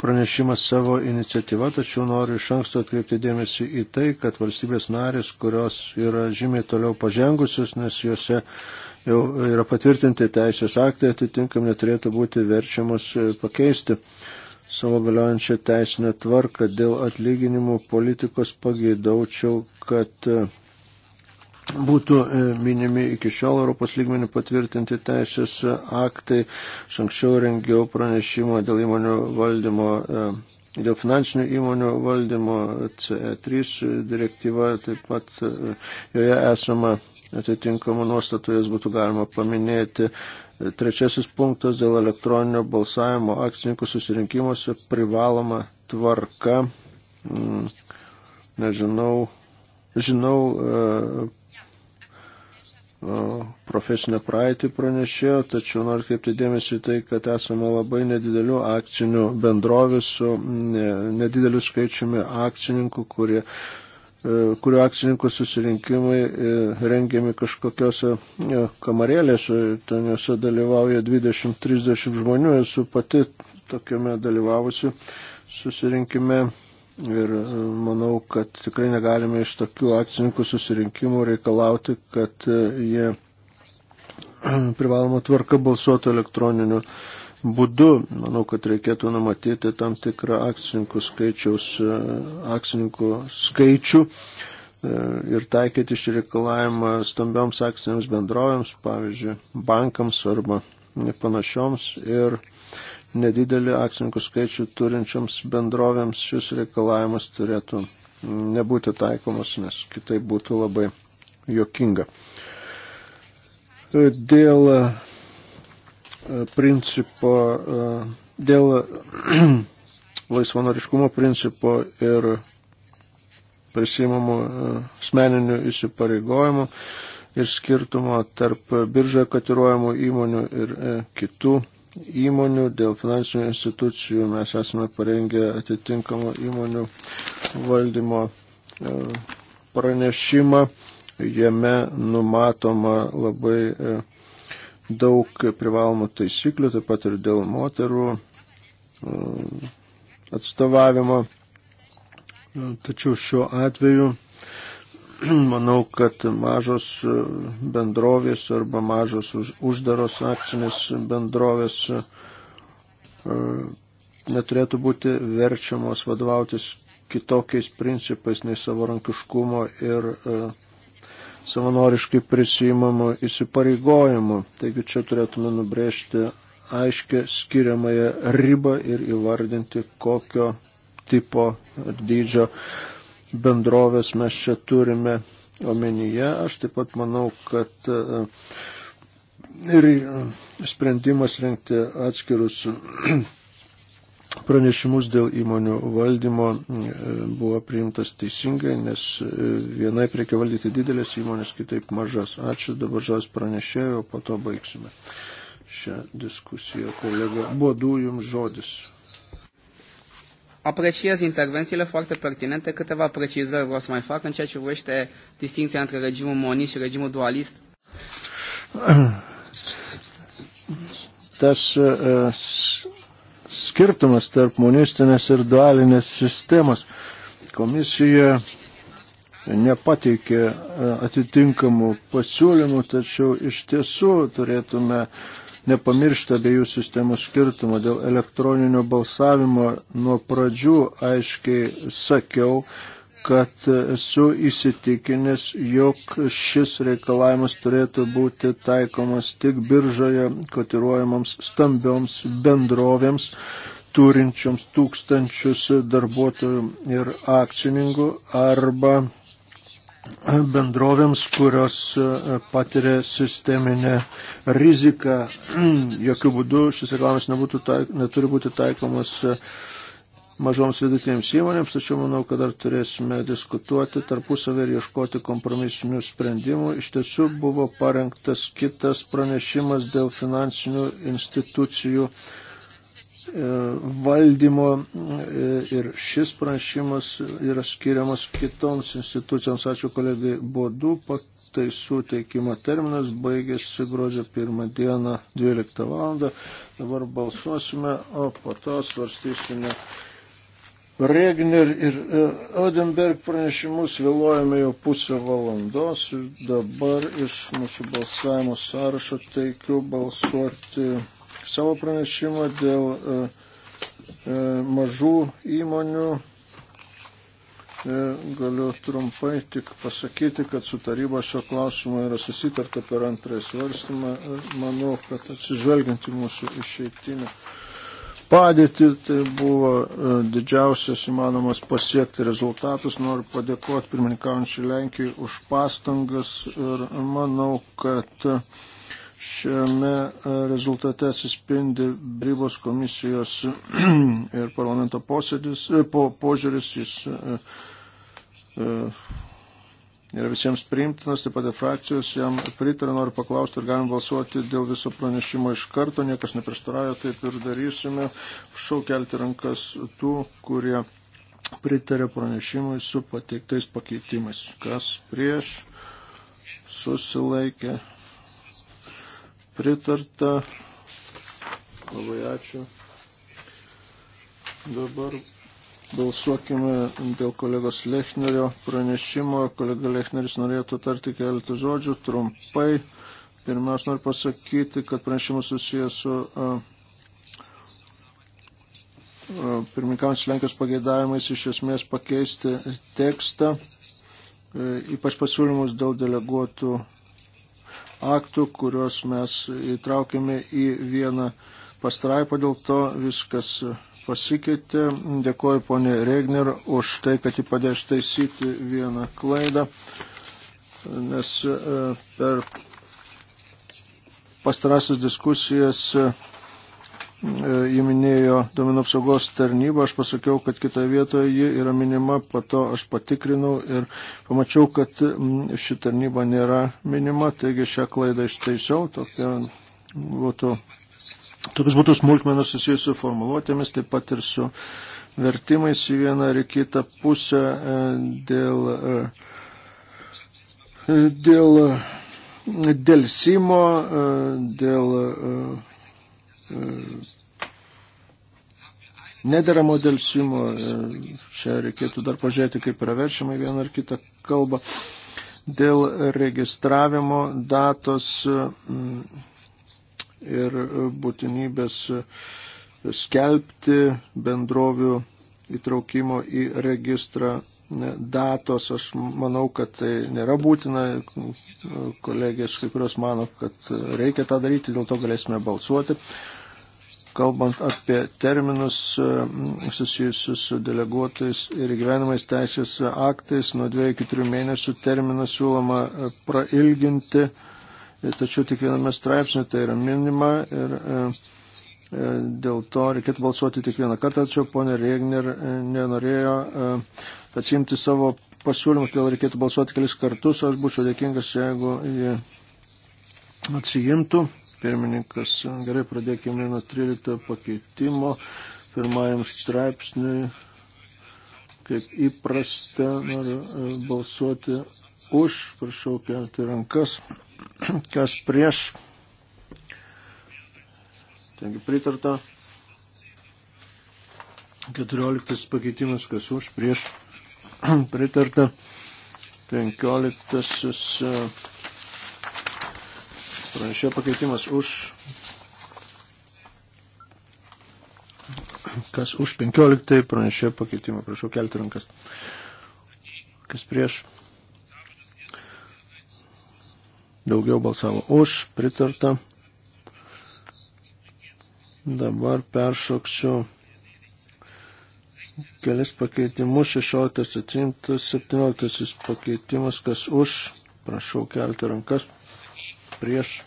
pranešimas savo iniciatyva, tačiau noriu iš anksto atkreipti dėmesį į tai, kad valstybės narės, kurios yra žymiai toliau pažengusios, nes juose jau yra patvirtinti teisės aktai, atitinkam neturėtų būti verčiamos e, pakeisti savo galiojančią teisinę tvarką dėl atlyginimų politikos pageidaučiau, kad e, būtų e, minimi iki šiol Europos lygmenių patvirtinti teisės e, aktai. Aš anksčiau rengiau pranešimą dėl įmonių valdymo, e, dėl finansinių įmonių valdymo CE3 direktyva, taip pat joje esama atitinkamų nuostatų, jas būtų galima paminėti. Trečiasis punktas dėl elektroninio balsavimo akcininkų susirinkimuose privaloma tvarka. Mm, nežinau, žinau profesinę praeitį pranešėjo, tačiau noriu kreipti dėmesį tai, kad esame labai nedidelių akcinių bendrovių su nedideliu skaičiumi akcininkų, kurie e, kurio akcininkų susirinkimai e, rengiami kažkokiose e, kamarėlėse, ten juose dalyvauja 20-30 žmonių, esu pati tokiame dalyvavusi susirinkime Ir e, manau, kad tikrai negalime iš tokių akcininkų susirinkimų reikalauti, kad e, jie privaloma tvarka balsuotų elektroniniu būdu. Manau, kad reikėtų numatyti tam tikrą akcininkų, skaičiaus, e, akcininkų skaičių ir taikyti šį reikalavimą stambioms akcinėms bendrovėms, pavyzdžiui, bankams arba panašioms. Ir nedidelį akcininkų skaičių turinčioms bendrovėms šis reikalavimas turėtų nebūti taikomas, nes kitai būtų labai jokinga. Dėl e, principo, e, dėl laisvanoriškumo principo ir prisimamų e, asmeninių įsipareigojimų ir skirtumo tarp biržoje katiruojamų įmonių ir kitų įmonių, dėl finansinių institucijų mes esame parengę atitinkamą įmonių valdymo e, pranešimą. Jame numatoma labai e, daug privalomų taisyklių, taip pat ir dėl moterų e, atstovavimo. Tačiau šiuo atveju manau, kad mažos bendrovės arba mažos už, uždaros akcinės bendrovės e, neturėtų būti verčiamos vadovautis kitokiais principais nei savarankiškumo ir e, savanoriškai prisimamo įsipareigojimo. Taigi čia turėtume nubrėžti aiškę skiriamąją ribą ir įvardinti, kokio tipo ar dydžio bendrovės mes čia turime omenyje. Aš taip pat manau, kad e, ir e, sprendimas rinkti atskirus pranešimus dėl įmonių valdymo e, buvo priimtas teisingai, nes vienaip reikia valdyti didelės įmonės, kitaip mažas. Ačiū, dabar žodis pranešėjo, po to baigsime šią diskusiją. Kolega, buvo du jums žodis. Apreciez intervențiile foarte pertinente. Câteva precizări vreau să mai fac în ceea ce privește distinția între regimul monist și regimul dualist. Tas uh, skirtumas tarp monistinės ir dualinės sistemos. Komisija uh, nepateikė uh, atitinkamų pasiūlymų, tačiau iš tiesų turėtume uh, nepamiršti abiejų sistemų skirtumą. Dėl elektroninio balsavimo nuo pradžių aiškiai sakiau, kad esu įsitikinęs, jog šis reikalavimas turėtų būti taikomas tik biržoje kotiruojamams stambioms bendrovėms turinčioms tūkstančius darbuotojų ir akcininkų arba bendrovėms, kurios e, patiria sisteminę riziką. Jokių būdų šis reglamentas nebūtų taik, neturi būti taikomas e, mažoms vidutinėms įmonėms, tačiau manau, kad dar turėsime diskutuoti tarpusavį ir ieškoti kompromisinių sprendimų. Iš tiesų buvo parengtas kitas pranešimas dėl finansinių institucijų E, valdymo e, ir šis pranešimas yra skiriamas kitoms institucijoms. Ačiū kolegai Bodu, pataisų teikimo terminas baigėsi gruodžio 1 dieną 12 val. Dabar balsuosime, o po to svarstysime. Regner ir e, Odenberg pranešimus vėluojame jau pusę valandos ir dabar iš mūsų balsavimo sąrašo teikiu balsuoti savo pranešimą dėl e, e, mažų įmonių. E, galiu trumpai tik pasakyti, kad su taryba šio klausimo yra susitarta per antrąjį svarstymą. Manau, kad atsižvelgiant į mūsų išeitinę padėtį, tai buvo didžiausias įmanomas pasiekti rezultatus. Noriu padėkoti pirmininkaujančiai Lenkijai už pastangas ir manau, kad Šiame e, rezultate atsispindi Brybos komisijos ir parlamento posėdis, e, po, požiūris, jis e, yra visiems priimtinas, taip pat ir frakcijos jam pritarė, noriu paklausti, ar galim balsuoti dėl viso pranešimo iš karto, niekas neprieštarauja, taip ir darysime. Šau kelti rankas tų, kurie pritarė pranešimui su pateiktais pakeitimais. Kas prieš susilaikė pritarta. Labai ačiū. Dabar balsuokime dėl kolegos Lechnerio pranešimo. Kolega Lechneris norėtų tarti keletą žodžių trumpai. Pirmiausia, noriu pasakyti, kad pranešimas susijęs su. Uh, pirmininkams Lenkijos pageidavimais iš esmės pakeisti tekstą, e, ypač pasiūlymus dėl deleguotų aktų, kuriuos mes įtraukėme į vieną pastraipą, dėl to viskas pasikeitė. Dėkoju ponė Regner už tai, kad jį padėjo ištaisyti vieną klaidą, nes e, per pastarasis diskusijas E, jį minėjo duomenų apsaugos tarnyba, aš pasakiau, kad kitoje vietoje ji yra minima, po to aš patikrinau ir pamačiau, kad ši tarnyba nėra minima, taigi šią klaidą ištaisiau, tokia būtų, tokios būtų smulkmenos susijusių formuluotėmis, taip pat ir su vertimais į vieną ar į kitą pusę e, dėl, e, dėl dėl simo, dėl Mm. nederamo dėlsimo. E, čia reikėtų dar pažiūrėti, kaip yra verčiama į vieną ar kitą kalbą. Dėl registravimo datos e, mm, ir būtinybės e, skelbti bendrovių įtraukimo į registrą datos, aš manau, kad tai nėra būtina, kolegės kai kurios mano, kad reikia tą daryti, dėl to galėsime balsuoti kalbant apie terminus e, susijusius su deleguotais ir gyvenimais teisės aktais, nuo 2 iki 3 mėnesių terminą siūloma e, prailginti, e, tačiau tik viename straipsnė tai yra minima ir dėl to reikėtų balsuoti tik vieną kartą, tačiau ponė Regner nenorėjo atsimti savo pasiūlymų, todėl reikėtų balsuoti kelis kartus, aš būčiau dėkingas, jeigu jie atsijimtų. Pirmininkas, gerai pradėkime nuo 13 pakeitimo. Pirmajam straipsniui, kaip įprasta, noriu e, balsuoti už, prašau kelti rankas, kas prieš. Taigi pritarta. 14 pakeitimas, kas už, prieš. Pritarta. 15 Pranešėjo pakeitimas už. Kas už 15 pranešėjo pakeitimą. Prašau kelti rankas. Kas prieš? Daugiau balsavo už, pritarta. Dabar peršoksiu kelis pakeitimus, 16 atsimtas, 17 pakeitimas, kas už, prašau kelti rankas prieš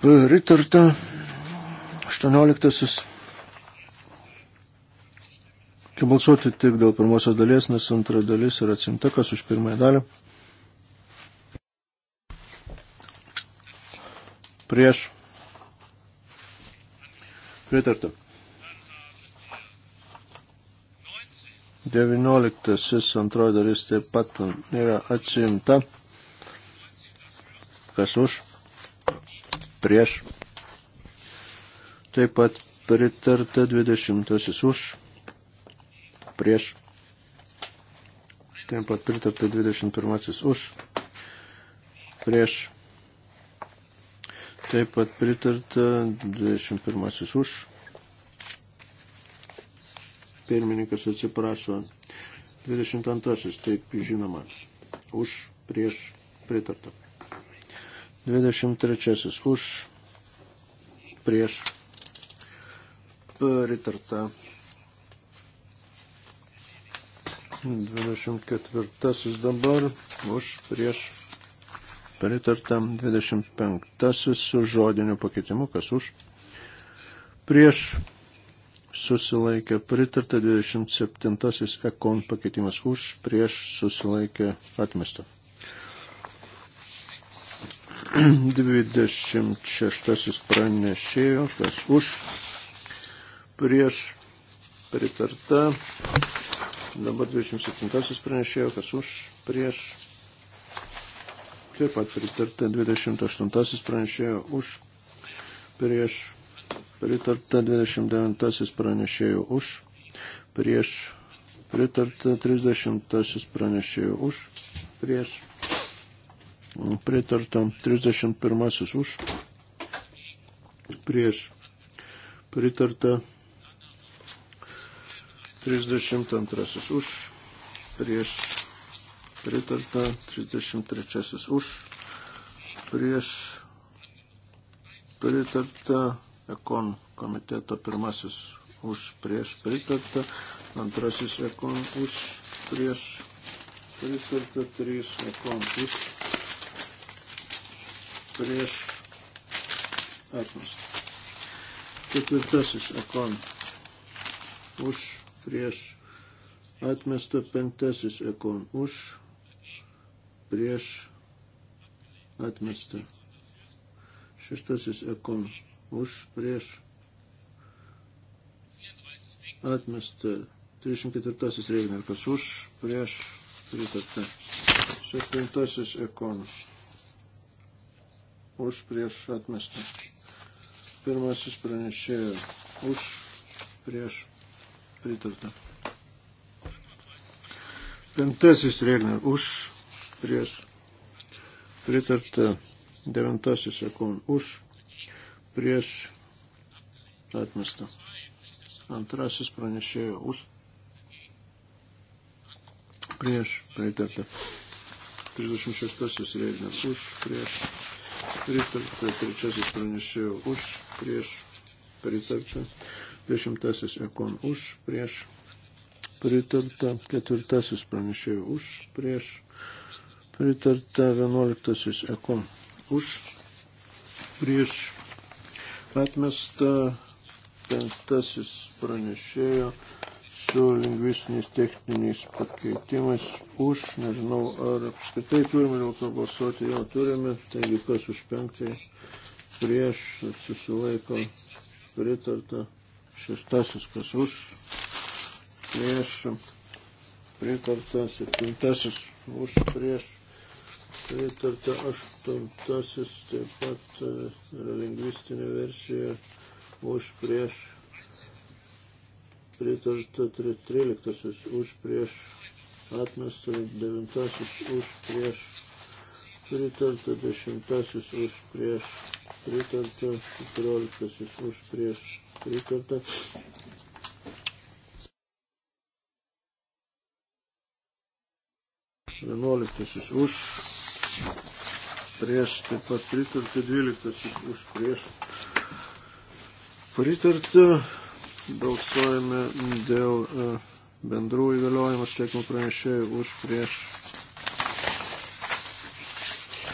pritarta 18. Kai balsuoti tik dėl pirmosios dalies, nes antra dalis yra atsimta, kas už pirmąją dalį. Prieš. Pritarta. 19. Antroji dalis taip pat yra atsimta. Kas už? Prieš. Taip pat pritarta 20 už. Prieš. Taip pat pritarta 21 už. Prieš. Taip pat pritarta 21 už. Pirmininkas atsiprašo. 22. Taip, žinoma. Už prieš pritartą. 23 už prieš pritarta. 24 dabar už prieš pritarta. 25 su žodiniu pakeitimu, kas už prieš susilaikė pritarta 27 ekon pakeitimas už, prieš susilaikė atmestą. 26 pranešėjo, kas už, prieš, pritarta. Dabar 27 pranešėjo, kas už, prieš, taip pat pritarta. 28 pranešėjo, už, prieš, pritarta. 29 pranešėjo, už, prieš, pritarta. 30 pranešėjo, už, prieš pritarta 31 už, prieš pritarta 32 už, prieš pritarta 33 už, prieš pritarta ekon komiteto pirmasis už, prieš pritarta antrasis ekon už, prieš pritarta 3 ekon už prieš atmestą. Ketvirtasis ekon už prieš atmestą. Penktasis ekon už prieš atmestą. Šeštasis ekon už prieš atmestą. 34 Reignerkas už prieš pritartą. 7 ekonas už prieš atmestą. Pirmasis pranešėjo už prieš pritartą. Penktasis Regner už prieš pritartą. Devintasis Ekon už prieš atmestą. Antrasis pranešėjo už prieš pritartą. 36 Regner už prieš pritartą pritarta, tai trečiasis pranešėjo už, prieš, pritarta, dešimtasis ekon už, prieš, pritarta, ketvirtasis pranešėjo už, prieš, pritarta, vienuoliktasis ekon už, prieš, atmesta, penktasis pranešėjo už su lingvistiniais techniniais pakeitimais už, nežinau, ar apskritai turime dėl to balsuoti, jo turime, taigi kas už penktai prieš susilaiko pritarta, šeštasis kas už, prieš pritarta, septintasis už prieš pritarta, aštuntasis taip pat e, yra lingvistinė versija už prieš pritarta 13 už prieš atmestą, 9 už prieš pritarta, 10 už prieš pritarta, 14 už prieš pritarta. Vienuoliktasis už, prieš taip pat pritarta, dvyliktasis už prieš pritarta, balsuojame dėl e, bendrų įgaliojimų suteikimų pranešėjų už prieš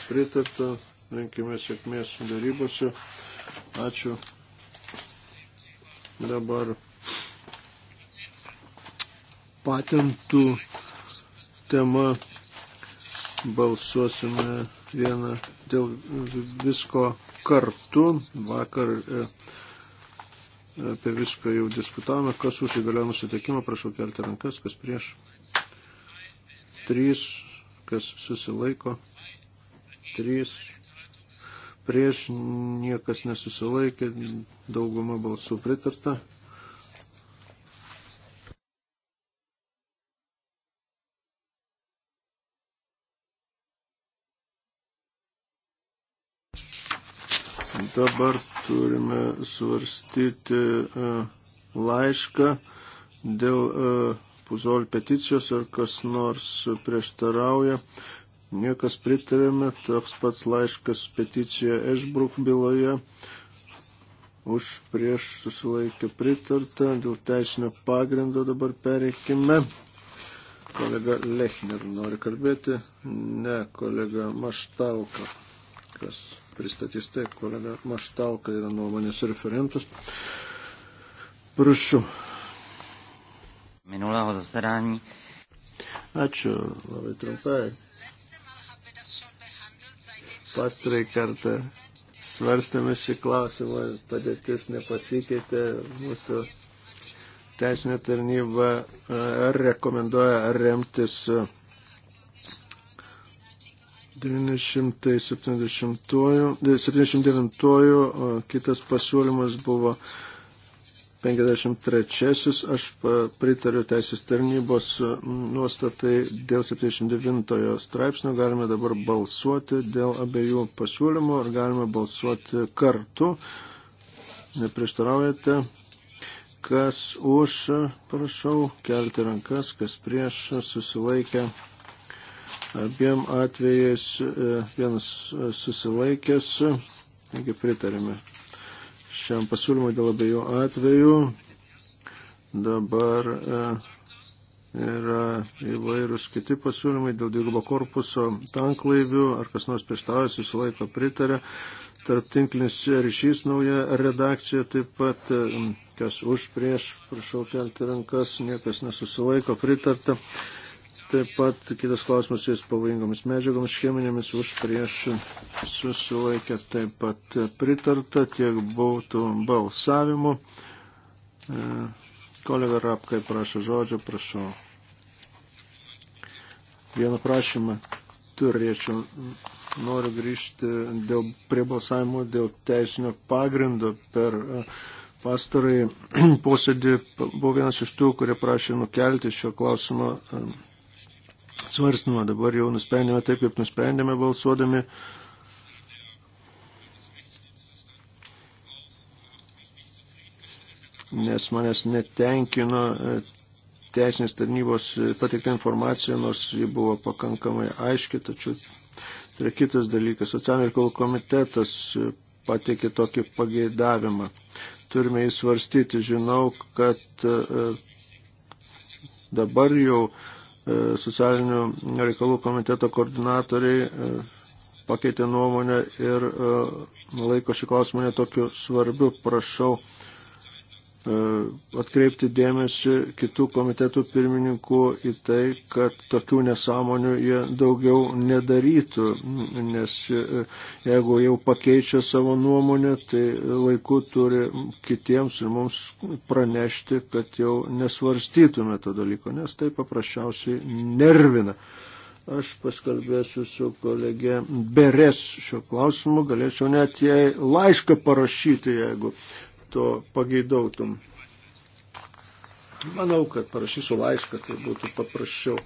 pritartą. Linkime sėkmės darybose. Ačiū. Dabar patentų tema balsuosime vieną dėl visko kartu. Vakar e, apie viską jau diskutavome. Kas už įgaliojimų sutikimą, prašau kelti rankas, kas prieš. Trys, kas susilaiko. Trys. Prieš niekas nesusilaikė, dauguma balsų pritarta. Dabar turime svarstyti e, laišką dėl e, puzol peticijos ir kas nors prieštarauja. Niekas pritarėme, toks pats laiškas peticija Ešbruk byloje. Už prieš susilaikė pritarta, dėl teisinio pagrindo dabar pereikime. Kolega Lechner nori kalbėti, ne kolega Maštalka. Kas? pristatys taip, kolega Maštalka yra nuomonės referentas. Prašau. Minulého zasedání. Ačiū, labai trumpai. Pastarai kartą svarstėme šį klausimą, padėtis nepasikeitė, mūsų teisinė tarnyba ar rekomenduoja remtis 979, o kitas pasiūlymas buvo 53. Aš pritariu teisės tarnybos nuostatai dėl 79 straipsnio. Galime dabar balsuoti dėl abiejų pasiūlymų ir galime balsuoti kartu. Neprieštaraujate. Kas už, prašau, kelti rankas, kas prieš, susilaikę Abiem atvejais e, vienas e, susilaikęs, taigi pritarėme šiam pasiūlymui dėl abiejų atvejų. Dabar e, yra įvairūs kiti pasiūlymai dėl dvigubo korpuso tanklaivių, ar kas nors prieštarauja, susilaiko pritarė. Tarp tinklinis ryšys nauja redakcija taip pat, kas už prieš, prašau kelti rankas, niekas nesusilaiko pritarta. Taip pat kitas klausimas jis pavojingomis medžiagomis, cheminėmis už prieš susilaikę taip pat pritarta, tiek būtų balsavimu. E, kolega Rapkai prašo žodžio, prašau. Vieną prašymą turėčiau. Noriu grįžti dėl, prie balsavimo dėl teisinio pagrindo per uh, e, pastarai posėdį buvo vienas iš tų, kurie prašė nukelti šio klausimo e, svarstymą. Dabar jau nusprendėme taip, kaip nusprendėme balsuodami. Nes manęs netenkino e, teisinės tarnybos e, pateikta informacija, nors ji buvo pakankamai aiški, tačiau tai yra kitas dalykas. Socialinių reikalų komitetas e, pateikė tokį pageidavimą. Turime įsvarstyti. Žinau, kad dabar jau E, socialinių reikalų komiteto koordinatoriai e, pakeitė nuomonę ir e, laiko šį klausimą netokiu svarbiu. Prašau E, atkreipti dėmesį kitų komitetų pirmininkų į tai, kad tokių nesąmonių jie daugiau nedarytų, nes e, jeigu jau pakeičia savo nuomonę, tai laiku turi kitiems ir mums pranešti, kad jau nesvarstytume to dalyko, nes tai paprasčiausiai nervina. Aš paskalbėsiu su kolegė Beres šio klausimu, galėčiau net jai laišką parašyti, jeigu uh, to pageidautum. Manau, kad parašysiu laišką, tai būtų paprasčiau.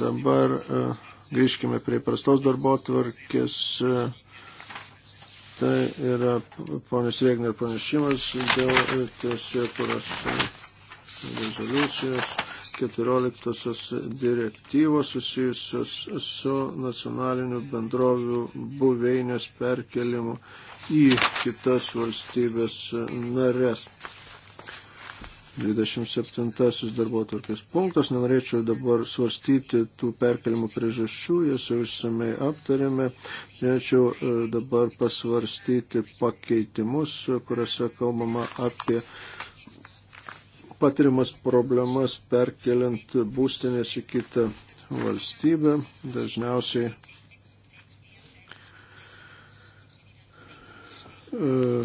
Dabar uh, grįžkime prie prastos darbo tvarkės. E, tai yra ponis Regner pranešimas dėl tiesiekuros rezoliucijos 14 direktyvos susijusios su nacionaliniu bendrovių buveinės perkelimu į kitas valstybės narės. 27 darbo tvarkės punktas. Nenorėčiau dabar svarstyti tų perkelimų priežasčių, jas jau išsamei aptarėme. Norėčiau e, dabar pasvarstyti pakeitimus, kuriuose kalbama apie patiriamas problemas perkeliant būstinės į kitą valstybę. Dažniausiai E,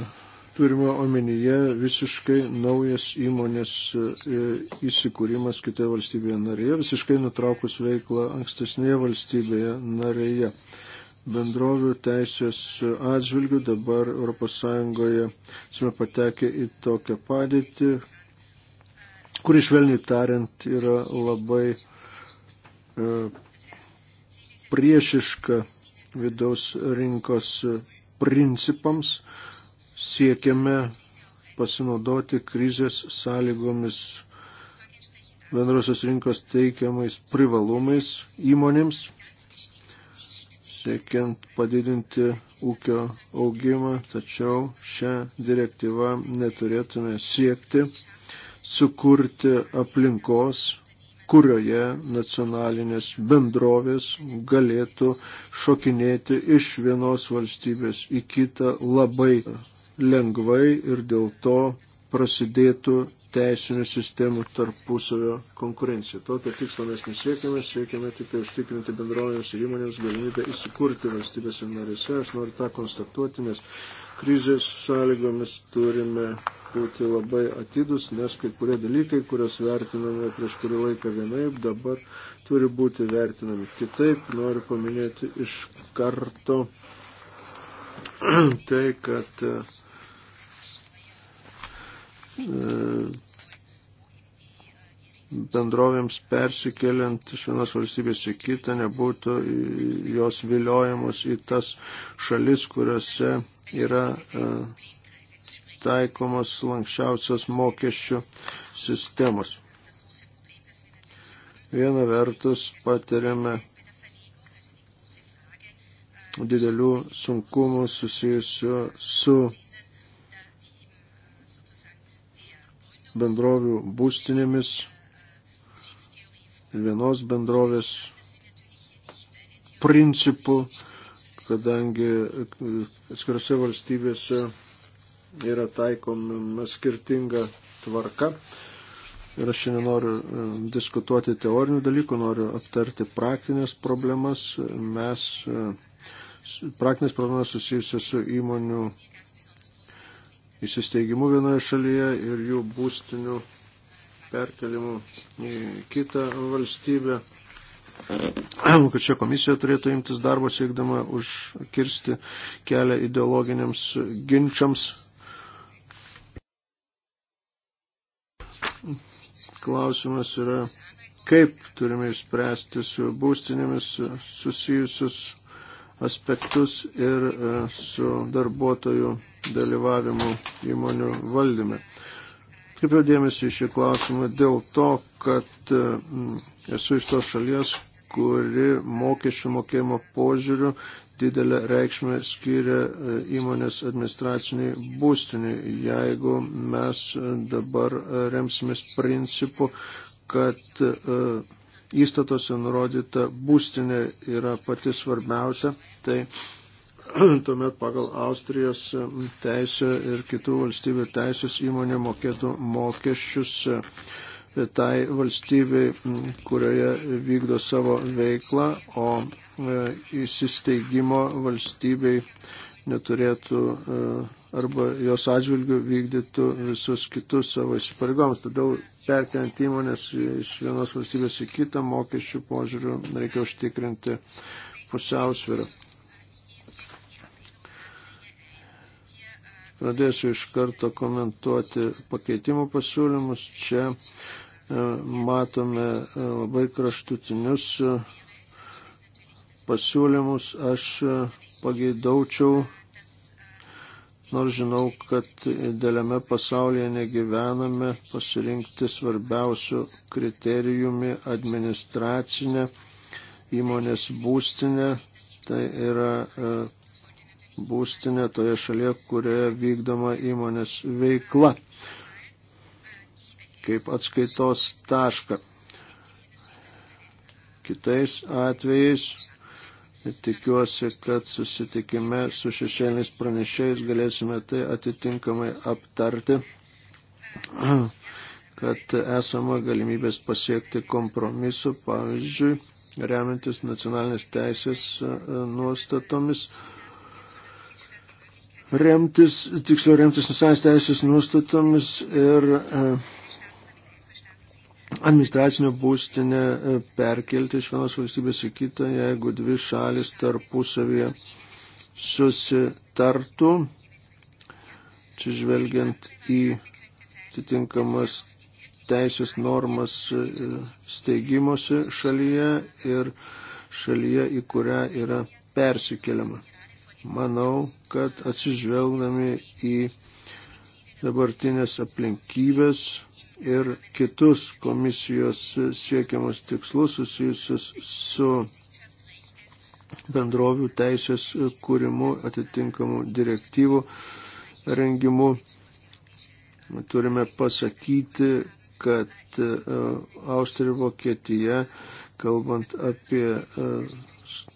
turime omenyje visiškai naujas įmonės e, įsikūrimas kitoje valstybėje narėje, visiškai nutraukus veiklą ankstesnėje valstybėje narėje. Bendrovių teisės atžvilgių dabar ES esame patekę į tokią padėtį, kuri švelniai tariant yra labai e, priešiška vidaus rinkos principams siekiame pasinaudoti krizės sąlygomis bendrosios rinkos teikiamais privalumais įmonėms, siekiant padidinti ūkio augimą, tačiau šią direktyvą neturėtume siekti sukurti aplinkos, kurioje nacionalinės bendrovės galėtų šokinėti iš vienos valstybės į kitą labai lengvai ir dėl to prasidėtų teisinių sistemų tarpusavio konkurencija. Tokio tikslo mes nesiekime, siekime tik tai užtikrinti bendrovėms ir įmonėms galimybę įsikurti valstybėse narėse. Aš noriu tą konstatuoti, nes krizės sąlygomis turime būti labai atidus, nes kai kurie dalykai, kuriuos vertiname prieš kurį laiką vienaip, dabar turi būti vertinami kitaip. Noriu paminėti iš karto tai, kad e, bendrovėms persikeliant iš vienos valstybės į kitą nebūtų jos viliojamos į tas šalis, kuriuose yra e, taikomos lankščiausios mokesčių sistemos. Viena vertus patiriame didelių sunkumų susijusių su bendrovių būstinėmis ir vienos bendrovės principų kadangi e, atskirose valstybėse yra taikoma skirtinga tvarka. Ir aš šiandien noriu e, diskutuoti teorinių dalykų, noriu aptarti praktinės problemas. Mes e, praktinės problemas susijusios su įmonių įsisteigimu vienoje šalyje ir jų būstinių perkelimu į kitą valstybę kad čia komisija turėtų imtis darbo siekdama užkirsti kelią ideologiniams ginčiams. Klausimas yra, kaip turime išspręsti su būstinėmis susijusius aspektus ir e, su darbuotojų dalyvavimu įmonių valdyme. Kaip jau dėmesį šį klausimą dėl to, kad mm, Esu iš tos šalies, kuri mokesčių mokėjimo požiūriu didelę reikšmę skiria e, įmonės administraciniai būstiniai. Jeigu mes e, dabar e, remsimės principu, kad įstatose nurodyta būstinė yra pati svarbiausia, tai tuomet pagal Austrijos teisę ir kitų valstybių teisės įmonė mokėtų mokesčius tai valstybei, kurioje vykdo savo veiklą, o e, įsisteigimo valstybei neturėtų e, arba jos atžvilgių vykdytų visus kitus savo įsipareigomus. Todėl perkeliant įmonės iš vienos valstybės į kitą mokesčių požiūrių reikia užtikrinti pusiausvyrą. Pradėsiu iš karto komentuoti pakeitimų pasiūlymus. Čia E, matome e, labai kraštutinius e, pasiūlymus. Aš pageidaučiau, nors žinau, kad dėliame pasaulyje negyvename, pasirinkti svarbiausių kriterijumi administracinę įmonės būstinę. Tai yra būstinė toje šalyje, kurioje vykdoma įmonės veikla kaip atskaitos tašką. Kitais atvejais tikiuosi, kad susitikime su šešėliniais pranešėjais galėsime tai atitinkamai aptarti, kad esama galimybės pasiekti kompromisu, pavyzdžiui, remiantis nacionalinės teisės e, nuostatomis remtis, tiksliau remtis visais teisės nuostatomis ir e, administracinę būstinę e, perkelti iš vienos valstybės į kitą, jeigu dvi šalis tarpusavėje susitartų, čia žvelgiant į atitinkamas teisės normas e, steigimosi šalyje ir šalyje, į kurią yra persikeliama. Manau, kad atsižvelgdami į dabartinės aplinkybės ir kitus komisijos siekiamus tikslus susijusius su bendrovių teisės kūrimu, atitinkamų direktyvų rengimu. Turime pasakyti, kad e, Austrija ir Vokietija, kalbant apie e,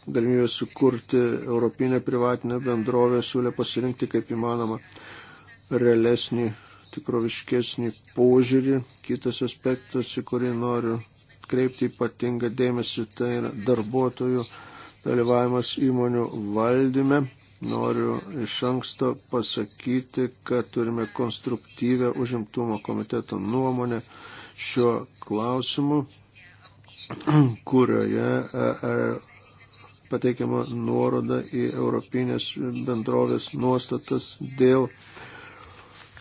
galimybę sukurti Europinę privatinę bendrovę, siūlė pasirinkti kaip įmanoma realesnį tikroviškesnį požiūrį. Kitas aspektas, į kurį noriu kreipti ypatingą dėmesį, tai yra darbuotojų dalyvavimas įmonių valdyme. Noriu iš anksto pasakyti, kad turime konstruktyvę užimtumo komiteto nuomonę šiuo klausimu, kurioje e, e, pateikiama nuoroda į Europinės bendrovės nuostatas dėl uh,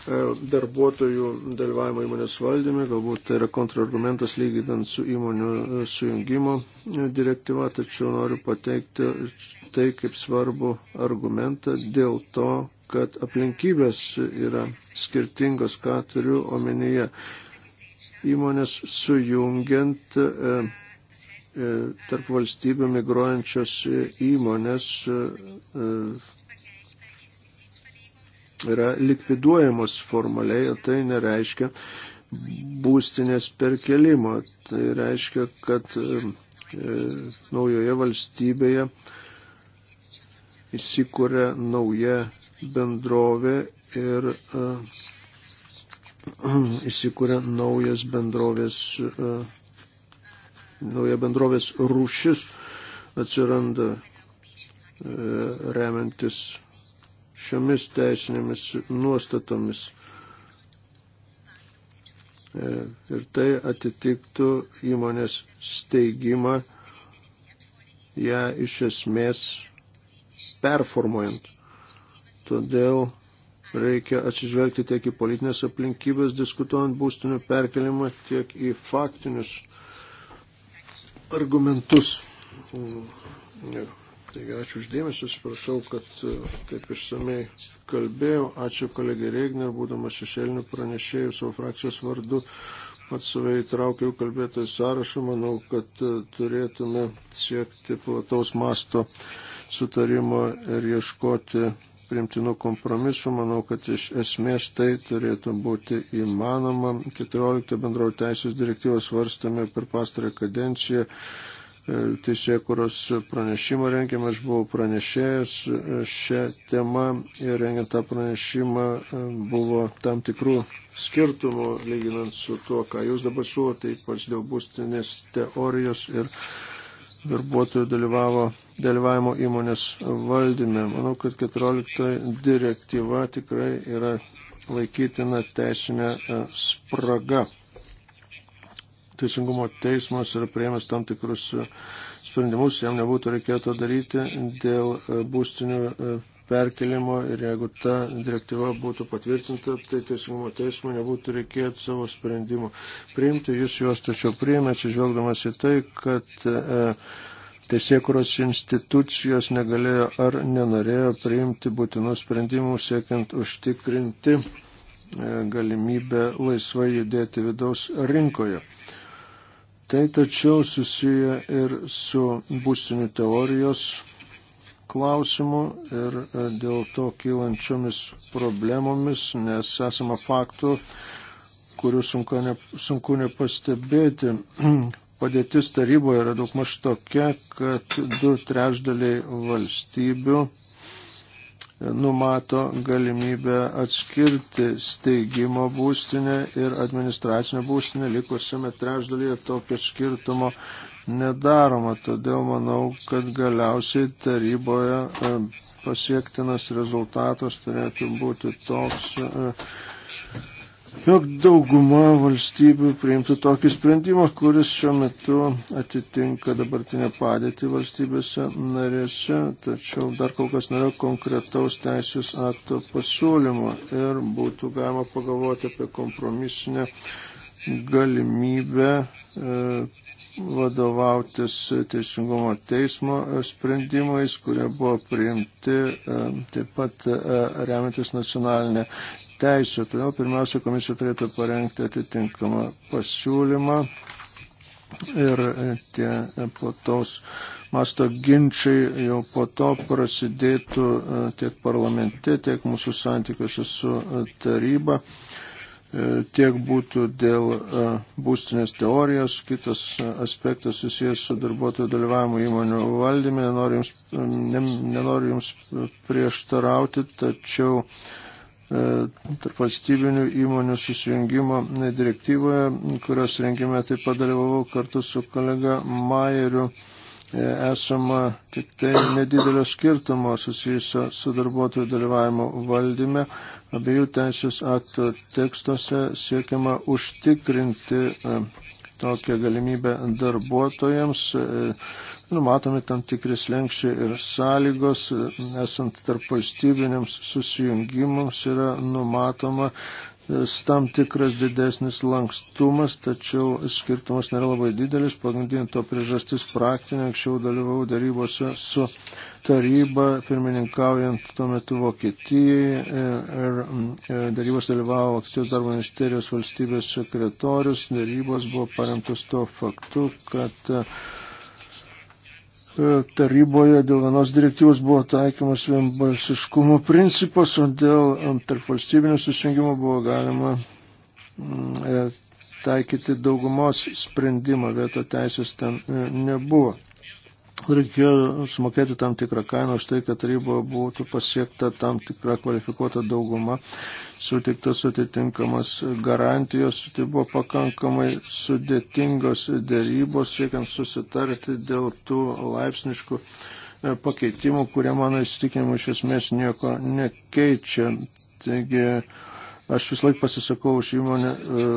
E, darbuotojų dalyvavimo įmonės valdyme, galbūt tai yra kontrargumentas lyginant su įmonių e, sujungimo e, direktyva, tačiau noriu pateikti tai kaip svarbu argumentą dėl to, kad aplinkybės yra skirtingos, ką turiu omenyje. Įmonės sujungiant tarp valstybių migruojančios įmonės yra likviduojamos formaliai, o tai nereiškia būstinės perkelimo. Tai reiškia, kad e, naujoje valstybėje įsikūrė nauja bendrovė ir e, įsikūrė naujas bendrovės, e, nauja bendrovės rūšis atsiranda e, remiantis šiomis teisinėmis nuostatomis. E, ir tai atitiktų įmonės steigimą, ją iš esmės performuojant. Todėl reikia atsižvelgti tiek į politinės aplinkybės diskutuojant būstinių perkelimą, tiek į faktinius argumentus. Yeah. Taigi ačiū uždėmesi, atsiprašau, kad e, taip išsamei kalbėjau. Ačiū kolegė Regner, būdamas šešėlinių pranešėjų savo frakcijos vardu. Pats save įtraukiau kalbėtojų sąrašą, manau, kad e, turėtume siekti plataus masto sutarimo ir ieškoti primtinų kompromisų. Manau, kad iš esmės tai turėtų būti įmanoma. 14 bendrau teisės direktyvos varstame per pastarę kadenciją E, teisėkuros pranešimą rengiam, aš buvau pranešėjęs e, šią temą ir rengiant tą pranešimą e, buvo tam tikrų skirtumų lyginant su tuo, ką jūs dabar siūlote, ypač dėl būstinės teorijos ir darbuotojų dalyvavo, dalyvavimo įmonės valdyme. Manau, kad 14 direktyva tikrai yra laikytina teisinė spraga teisingumo teismas yra prieimęs tam tikrus e, sprendimus, jam nebūtų reikėjo to daryti dėl e, būstinių e, perkelimo ir jeigu ta direktyva būtų patvirtinta, tai teisingumo teismo nebūtų reikėję savo sprendimų priimti, jis juos tačiau priėmė, atsižvelgdamas į tai, kad e, teisėkuros institucijos negalėjo ar nenorėjo priimti būtinų sprendimų siekiant užtikrinti e, galimybę laisvai judėti vidaus rinkoje. E, Tai tačiau susiję ir su būstinių teorijos klausimu ir e, dėl to kylančiomis problemomis, nes esama faktų, kurių sunku, ne, sunku nepastebėti. Padėtis taryboje yra daug maž tokia, kad du trešdaliai valstybių numato galimybę atskirti steigimo būstinę ir administracinę būstinę, likusiame trečdalyje tokio skirtumo nedaroma. Todėl manau, kad galiausiai taryboje e, pasiektinas rezultatas turėtų būti toks, e, jog dauguma valstybių priimtų tokį sprendimą, kuris šiuo metu atitinka dabartinę padėtį valstybėse narėse, tačiau dar kol kas nėra konkretaus teisės akto pasiūlymo ir būtų galima pagalvoti apie kompromisinę galimybę e, vadovautis teisingumo teismo sprendimais, kurie buvo priimti e, taip pat e, remiantis nacionalinė teisų. Todėl pirmiausia, komisija turėtų parengti atitinkamą pasiūlymą ir e, tie e, plataus masto ginčiai jau po to prasidėtų e, tiek parlamente, tiek mūsų santykiuose su taryba tiek būtų dėl būstinės teorijos, kitas aspektas susijęs su darbuotojų dalyvavimu įmonių valdyme, nenoriu jums, ne, nenoriu jums prieštarauti, tačiau uh, E, tarp valstybinių įmonių susijungimo direktyvoje, kurios rengime taip padalyvavau kartu su kolega Majeriu. E, esama tik tai nedidelio skirtumo susijusio su darbuotojų dalyvavimu valdyme. Abiejų teisės akto tekstuose siekiama užtikrinti e, tokią galimybę darbuotojams numatomi tam tikris lenkščiai ir sąlygos, esant tarp valstybinėms susijungimams yra numatoma tam tikras didesnis lankstumas, tačiau skirtumas nėra labai didelis. Pagrindinė to priežastis praktinė, anksčiau dalyvau darybose su taryba, pirmininkaujant tuo metu Vokietijai ir, ir darybos dalyvavo Vokietijos darbo ministerijos valstybės sekretorius. Darybos buvo paremtos tuo faktu, kad uh, E, taryboje dėl vienos direktyvos buvo taikymas vienbalsiškumo principas, o dėl e, tarp valstybinio susijungimo buvo galima mm, e, taikyti daugumos sprendimą, vieto teisės ten nebuvo reikėjo sumokėti tam tikrą kainą už tai, kad taryboje būtų pasiekta tam tikra kvalifikuota dauguma, suteiktas atitinkamas garantijos, tai buvo pakankamai sudėtingos dėrybos, siekiant susitarti dėl tų laipsniškų e, pakeitimų, kurie mano įsitikinimu iš esmės nieko nekeičia. Taigi, aš vis laik pasisakau už įmonę e,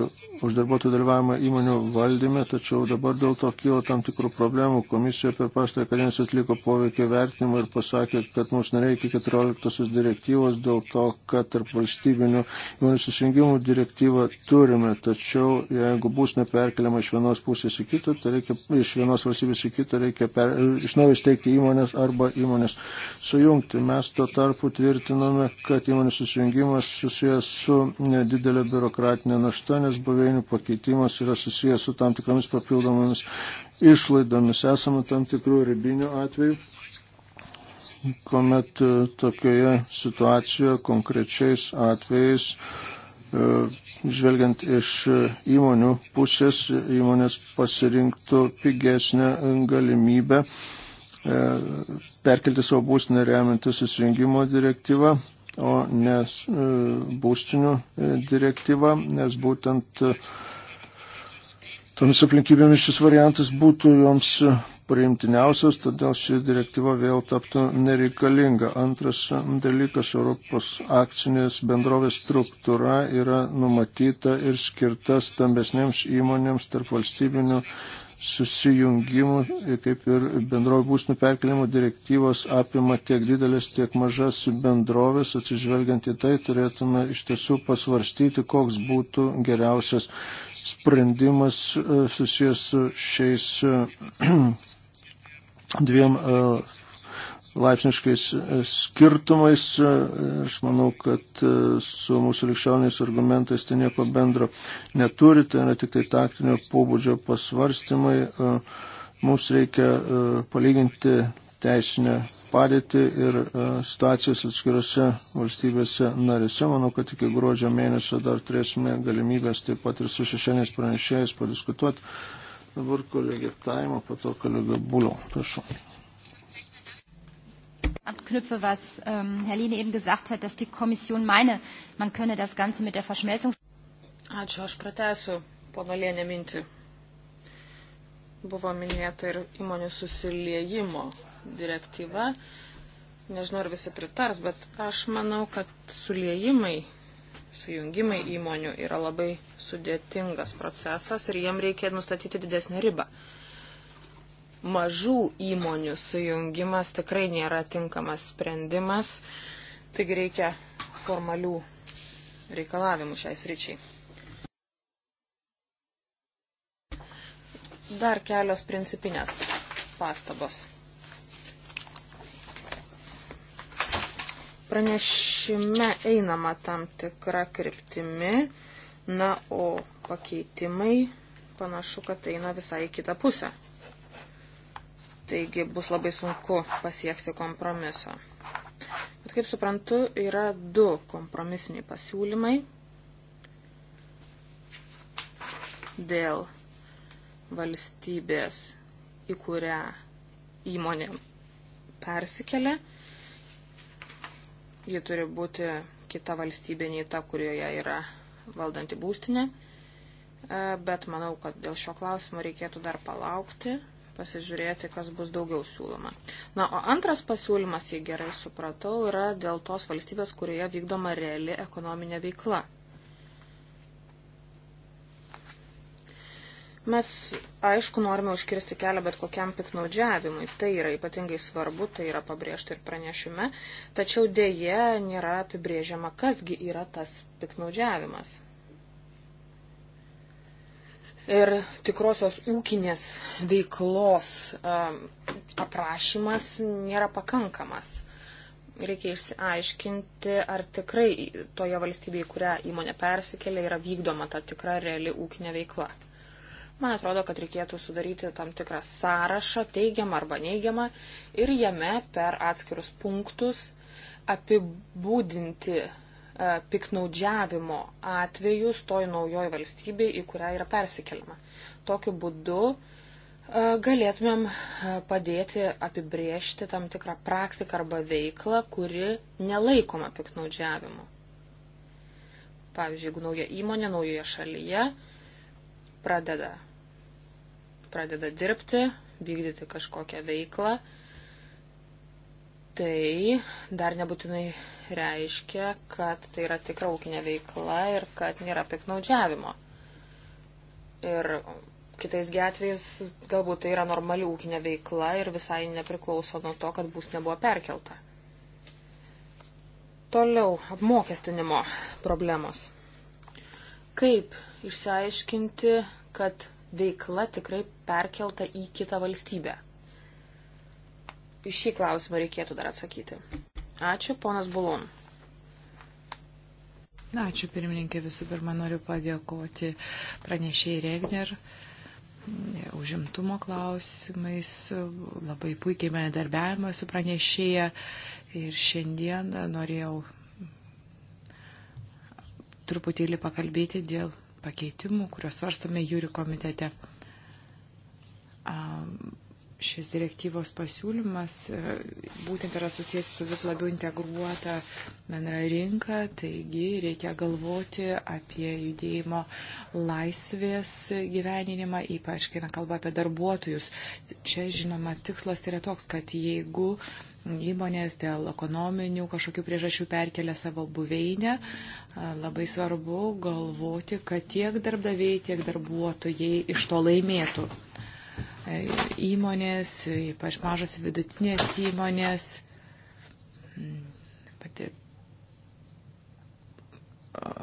už darbuotojų dalyvavimą įmonių valdyme, tačiau dabar dėl to kilo tam tikrų problemų. Komisija per pastarą kadenciją atliko poveikio vertinimą ir pasakė, kad mums nereikia 14 direktyvos dėl to, kad tarp valstybinių įmonių susijungimų direktyvą turime. Tačiau jeigu bus neperkeliama iš vienos pusės į kitą, tai reikia, iš vienos valstybės į kitą reikia per, iš naujo steigti įmonės arba įmonės sujungti. Mes tuo tarpu tvirtiname, kad įmonių susijungimas susijęs su didelė biurokratinė našta, nes buvėjai buveinių pakeitimas yra susijęs su tam tikromis papildomomis išlaidomis. Esama tam tikrų ribinių atvejų, kuomet e, tokioje situacijoje konkrečiais atvejais e, žvelgiant iš e, įmonių pusės, įmonės pasirinktų pigesnę galimybę perkelti savo būstinę remiantį susijungimo direktyvą o ne e, būstinių e, direktyva, nes būtent e, tomis aplinkybėmis šis variantas būtų joms priimtiniausias, todėl ši direktyva vėl taptų nereikalinga. Antras dalykas, Europos akcinės bendrovės struktūra yra numatyta ir skirta stambesnėms įmonėms tarp valstybinių susijungimų, e, kaip ir bendrovų būsnų perkelimų direktyvos apima tiek didelės, tiek mažas bendrovės. Atsižvelgiant į tai, turėtume iš tiesų pasvarstyti, koks būtų geriausias sprendimas e, susijęs su šiais e, dviem laipsniškais e, skirtumais. E, aš manau, kad e, su mūsų likščioniais argumentais tai nieko bendro neturi, tai yra tik tai taktinio pobūdžio pasvarstymai. Mums reikia palyginti teisinę padėtį ir situacijas atskirose valstybėse narėse. Manau, kad iki gruodžio mėnesio dar turėsime galimybės taip pat ir su šešėniais pranešėjais padiskutuoti. Dabar kolegė Taimo, po to kolega Bulio. Prašau anknüpfe, was ähm, Herr Lehne eben gesagt hat, dass die Kommission meine, man könne das Ganze mit der Verschmelzung. Ačiū, aš pratęsiu pono Lėnė mintį. Buvo minėta ir įmonių susiliejimo direktyva. Nežinau, ar visi pritars, bet aš manau, kad suliejimai, sujungimai įmonių yra labai sudėtingas procesas ir jiem reikia nustatyti didesnį ribą. Uh, mažų įmonių sujungimas tikrai nėra tinkamas sprendimas, taigi reikia formalių reikalavimų šiais ryčiai. Dar kelios principinės pastabos. Pranešime einama tam tikra kryptimi, na, o pakeitimai panašu, kad eina visai į kitą pusę. Taigi bus labai sunku pasiekti kompromiso. Bet kaip suprantu, yra du kompromisiniai pasiūlymai dėl valstybės, į kurią įmonė persikelia. Ji turi būti kita valstybė nei ta, kurioje yra valdanti būstinė. E, bet manau, kad dėl šio klausimo reikėtų dar palaukti pasižiūrėti, kas bus daugiau siūloma. Na, o antras pasiūlymas, jei gerai supratau, yra dėl tos valstybės, kurioje vykdoma reali ekonominė veikla. Mes, aišku, norime užkirsti kelią bet kokiam piknaudžiavimui. Tai yra ypatingai svarbu, tai yra pabrėžta ir pranešime, tačiau dėje nėra apibrėžiama, kasgi yra tas piknaudžiavimas ir tikrosios ūkinės veiklos aprašymas nėra pakankamas. Reikia išsiaiškinti, ar tikrai toje valstybėje, kurią įmonė persikelia, yra vykdoma ta tikra reali ūkinė veikla. Man atrodo, kad reikėtų sudaryti tam tikrą sąrašą, teigiamą arba neigiamą, ir jame per atskirus punktus apibūdinti E, piknaudžiavimo atvejus toj naujoj valstybei, į kurią yra persikeliama. Tokiu būdu e, galėtumėm e, padėti apibriežti tam tikrą praktiką arba veiklą, kuri nelaikoma piknaudžiavimu. Pavyzdžiui, jeigu nauja įmonė naujoje šalyje pradeda, pradeda dirbti, vykdyti kažkokią veiklą, tai dar nebūtinai reiškia, kad tai yra tikra ūkinė veikla ir kad nėra piknaudžiavimo. Ir kitais atvejais galbūt tai yra normali ūkinė veikla ir visai nepriklauso nuo to, kad bus nebuvo perkelta. Toliau apmokestinimo problemos. Kaip išsiaiškinti, kad veikla tikrai perkelta į kitą valstybę? šį klausimą reikėtų dar atsakyti. Ačiū, ponas Bulon. Na, ačiū pirmininkė, visų pirma noriu padėkoti pranešėjai Regner e, užimtumo klausimais, labai puikiai bendarbiavimą su pranešėja ir šiandien norėjau truputėlį pakalbėti dėl pakeitimų, kuriuos svarstome jūrių komitete. Um, šis direktyvos pasiūlymas e, būtent yra susijęs su vis labiau integruota bendra rinka, taigi reikia galvoti apie judėjimo laisvės gyveninimą, ypač kai kalba apie darbuotojus. Čia, žinoma, tikslas yra toks, kad jeigu įmonės dėl ekonominių kažkokių priežasčių perkelia savo buveinę. E, labai svarbu galvoti, kad tiek darbdaviai, tiek darbuotojai iš to laimėtų įmonės, ypač mažos vidutinės įmonės. Mm, Pat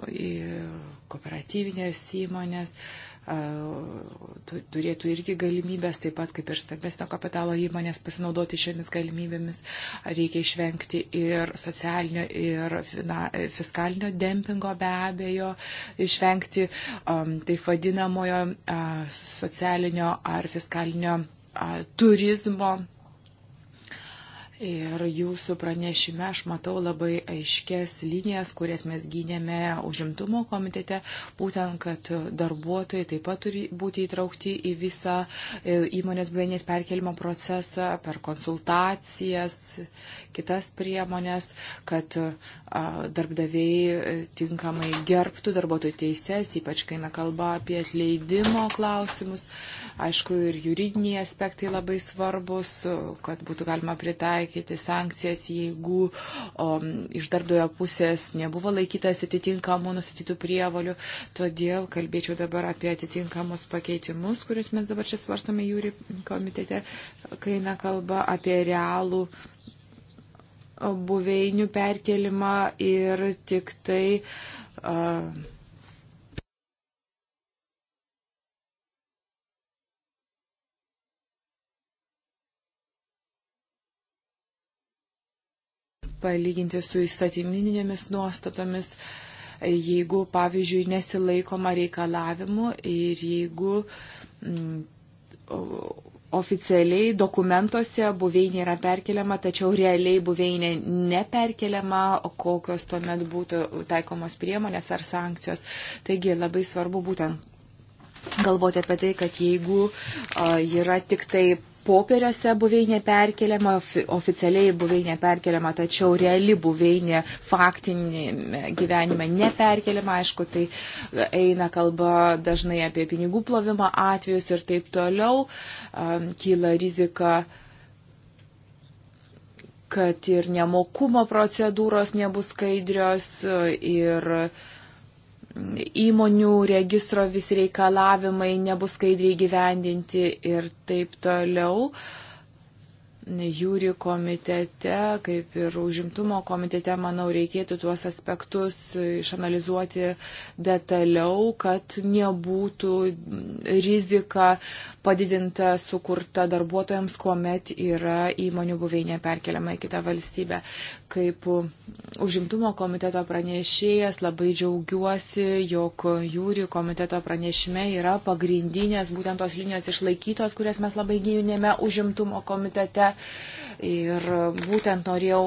ir kooperatyvinės įmonės, turėtų irgi galimybės, taip pat kaip ir stambesnio kapitalo įmonės pasinaudoti šiomis galimybėmis. Reikia išvengti ir socialinio, ir fina, fiskalinio dempingo be abejo, išvengti um, taip vadinamojo uh, socialinio ar fiskalinio uh, turizmo Ir jūsų pranešime aš matau labai aiškės linijas, kurias mes gynėme užimtumo komitete, būtent, kad darbuotojai taip pat turi būti įtraukti į visą e, įmonės buveinės perkelimo procesą per konsultacijas, kitas priemonės, kad e, darbdaviai e, tinkamai gerbtų darbuotojų teises, ypač kai nekalba apie atleidimo klausimus. Aišku, ir juridiniai aspektai labai svarbus, kad būtų galima pritaikyti sankcijas, jeigu o, um, iš darbdojo pusės nebuvo laikytas atitinkamų nusitytų prievalių. Todėl kalbėčiau dabar apie atitinkamus pakeitimus, kuriuos mes dabar čia svarstome jūri komitete, kai eina kalba apie realų buveinių perkelimą ir tik tai uh, palyginti su įstatymininėmis nuostatomis, jeigu, pavyzdžiui, nesilaikoma reikalavimu ir jeigu m, mm, oficialiai dokumentuose buveinė yra perkeliama, tačiau realiai buveinė neperkeliama, kokios tuomet būtų taikomos priemonės ar sankcijos. Taigi labai svarbu būtent galvoti apie tai, kad jeigu yra tik tai popieriuose buveinė perkeliama, oficialiai buveinė perkeliama, tačiau reali buveinė faktinė gyvenime neperkeliama. Aišku, tai eina kalba dažnai apie pinigų plovimo atvejus ir taip toliau. Kyla rizika kad ir nemokumo procedūros nebus skaidrios ir uh, įmonių registro visi reikalavimai nebus skaidriai gyvendinti ir taip toliau. Jūri komitete, kaip ir užimtumo komitete, manau, reikėtų tuos aspektus išanalizuoti detaliau, kad nebūtų rizika padidinta sukurta darbuotojams, kuomet yra įmonių buveinė perkeliama į kitą valstybę. Kaip užimtumo komiteto pranešėjas labai džiaugiuosi, jog jūrių komiteto pranešime yra pagrindinės būtent tos linijos išlaikytos, kurias mes labai gynėme užimtumo komitete. Ir būtent norėjau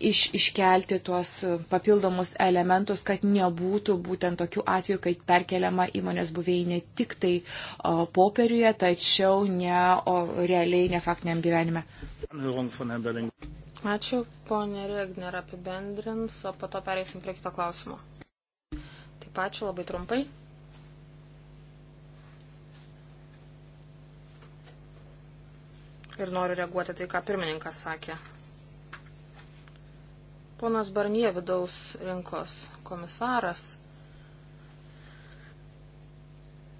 iš, iškelti tuos papildomus elementus, kad nebūtų būtent tokių atvejų, kai perkeliama įmonės buveinė tik tai o, popieriuje, tačiau ne o, realiai, ne faktiniam gyvenime. Ačiū, ponė Regner, apibendrins, o po to pereisim prie kito klausimo. Taip ačiū labai trumpai. Ir noriu reaguoti tai, ką pirmininkas sakė. Ponas Barnie vidaus rinkos komisaras,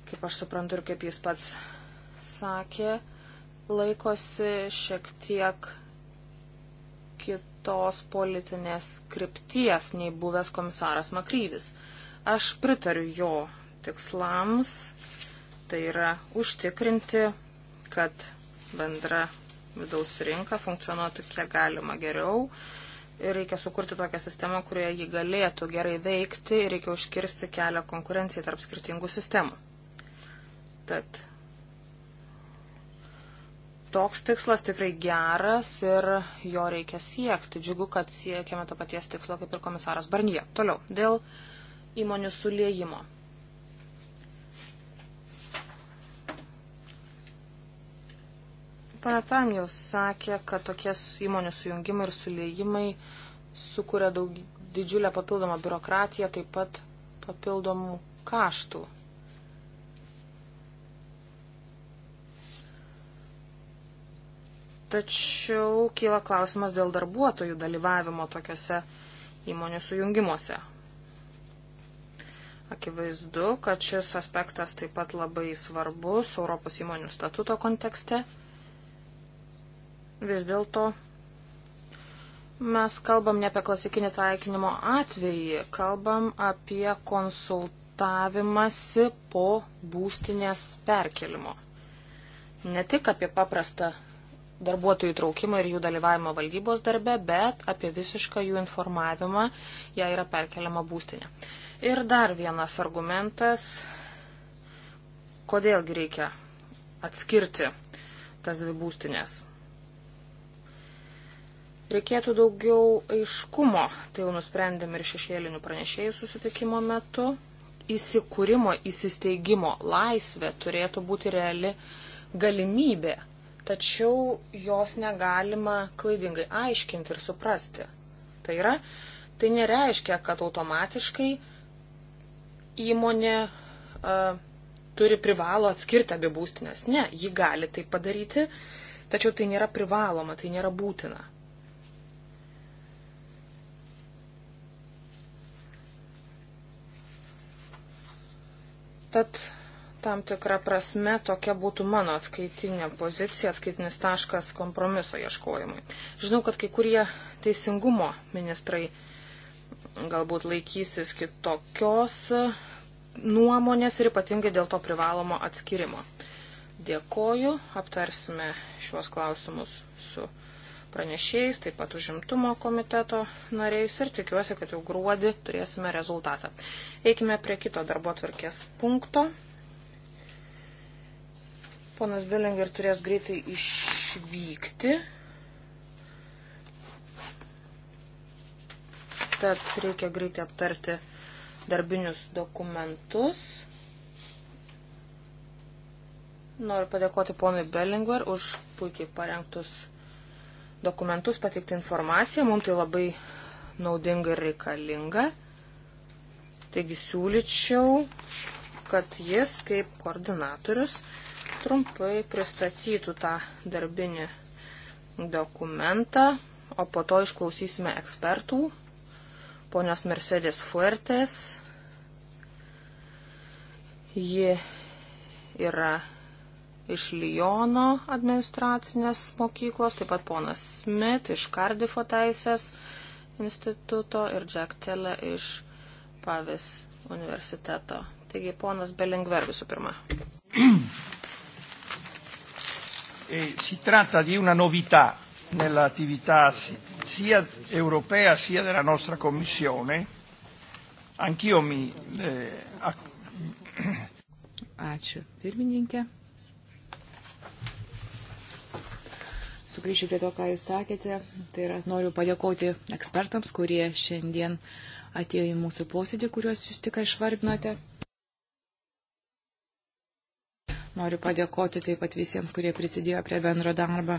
kaip aš suprantu ir kaip jis pats sakė, laikosi šiek tiek kitos politinės krypties nei buvęs komisaras Makryvis. Aš pritariu jo tikslams, tai yra užtikrinti, kad bendra vidaus rinka funkcionuotų kiek galima geriau, ir reikia sukurti tokią sistemą, kurioje ji galėtų gerai veikti ir reikia užkirsti kelią konkurencijai tarp skirtingų sistemų. Tad toks tikslas tikrai geras ir jo reikia siekti. Džiugu, kad siekiame to paties tikslo kaip ir komisaras Barnie. Toliau, dėl įmonių suliejimo. Pana Tam jau sakė, kad tokie įmonių sujungimai ir sulėjimai sukuria daug didžiulę papildomą biurokratiją, taip pat papildomų kaštų. Tačiau kyla klausimas dėl darbuotojų dalyvavimo tokiuose įmonių sujungimuose. Akivaizdu, kad šis aspektas taip pat labai svarbus Europos įmonių statuto kontekste vis dėlto mes kalbam ne apie klasikinį taikinimo atvejį, kalbam apie konsultavimąsi po būstinės perkelimo. Ne tik apie paprastą darbuotojų traukimą ir jų dalyvavimą valdybos darbe, bet apie visišką jų informavimą, jei yra perkeliama būstinė. Ir dar vienas argumentas, kodėlgi reikia atskirti tas dvi būstinės. Reikėtų daugiau aiškumo, tai jau nusprendėm ir šešėlinių pranešėjų susitikimo metu. Įsikūrimo, įsisteigimo laisvė turėtų būti reali galimybė, tačiau jos negalima klaidingai aiškinti ir suprasti. Tai yra, tai nereiškia, kad automatiškai įmonė uh, turi privalo atskirti abi būstinės. Ne, ji gali tai padaryti, tačiau tai nėra privaloma, tai nėra būtina. Tad tam tikrą prasme tokia būtų mano atskaitinė pozicija, atskaitinis taškas kompromiso ieškojimui. Žinau, kad kai kurie teisingumo ministrai galbūt laikysis kitokios nuomonės ir ypatingai dėl to privalomo atskirimo. Dėkoju, aptarsime šiuos klausimus su pranešėjais, taip pat užimtumo komiteto nariais ir tikiuosi, kad jau gruodį turėsime rezultatą. Eikime prie kito darbo tvarkės punkto. Ponas Bilinger turės greitai išvykti. Tad reikia greitai aptarti darbinius dokumentus. Noriu padėkoti ponui Bellinger už puikiai parengtus dokumentus, pateikti informaciją, mums tai labai naudinga ir reikalinga. Taigi siūlyčiau, kad jis kaip koordinatorius trumpai pristatytų tą darbinį dokumentą, o po to išklausysime ekspertų, ponios Mercedes Fuertes. Ji yra iš Lyono administracinės mokyklos, taip pat ponas Smith iš Kardifo teisės instituto ir Jack Tele iš Pavis universiteto. Taigi ponas Belingver visų pirma. Eh, si tratta di una novità nell'attività sia europea sia della nostra Commissione. Anch'io mi. Eh, Ačiū, pirmininkė. sugrįšiu prie to, ką jūs sakėte. Tai yra, noriu padėkoti ekspertams, kurie šiandien atėjo į mūsų posėdį, kuriuos jūs tik išvardinote. Noriu padėkoti taip pat visiems, kurie prisidėjo prie bendro darbo.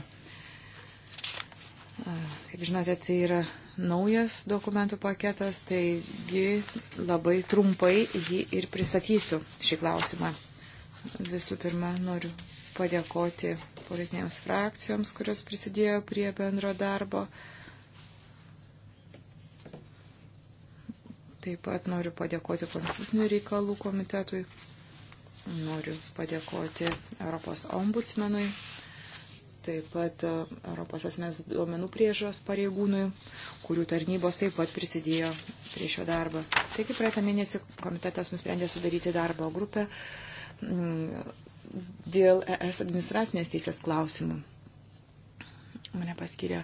Kaip žinote, tai yra naujas dokumentų paketas, taigi labai trumpai jį ir pristatysiu šį klausimą. Visų pirma, noriu padėkoti politinėms frakcijoms, kurios prisidėjo prie bendro darbo. Taip pat noriu padėkoti konstitucinių reikalų komitetui, noriu padėkoti Europos ombudsmenui, taip pat e, Europos asmens duomenų priežos pareigūnui, kurių tarnybos taip pat prisidėjo prie šio darbo. Taigi praeitą mėnesį komitetas nusprendė sudaryti darbo grupę dėl ES administracinės teisės klausimų. Mane paskiria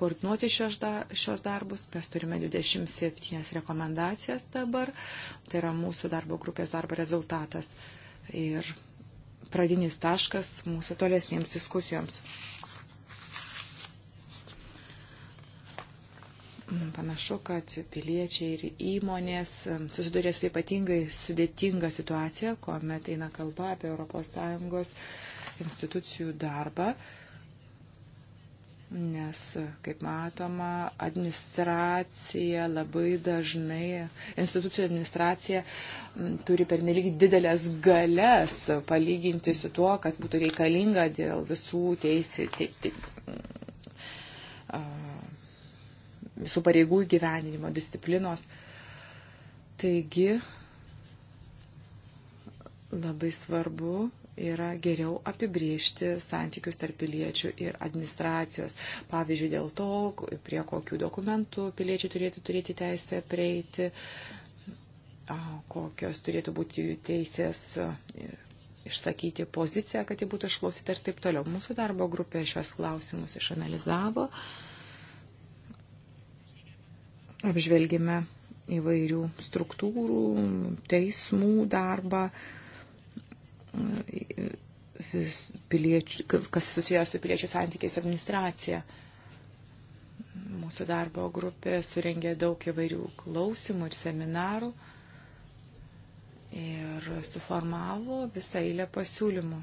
koordinuoti šios, da, šios darbus. Mes turime 27 rekomendacijas dabar. Tai yra mūsų darbo grupės darbo rezultatas ir pradinis taškas mūsų tolesnėms diskusijoms. Mm, panašu, kad piliečiai ir įmonės mm, susiduria su ypatingai sudėtinga situacija, kuomet eina kalba apie ES institucijų darbą, nes, kaip matoma, administracija labai dažnai, institucijų administracija mm, turi pernelyg didelės galės palyginti su tuo, kas būtų reikalinga dėl visų teisų. Te, te, uh, visų pareigų įgyveninimo, disciplinos. Taigi labai svarbu yra geriau apibriežti santykius tarp piliečių ir administracijos. Pavyzdžiui, dėl to, prie kokių dokumentų piliečiai turėtų turėti teisę prieiti, kokios turėtų būti jų teisės išsakyti poziciją, kad ji būtų išklausyta ir taip toliau. Mūsų darbo grupė šios klausimus išanalizavo. Uh, apžvelgėme įvairių struktūrų, teismų darbą, piliečių, kas susijęs su piliečių santykiais su administracija. Mūsų darbo grupė surengė daug įvairių klausimų ir seminarų ir suformavo visą eilę pasiūlymų.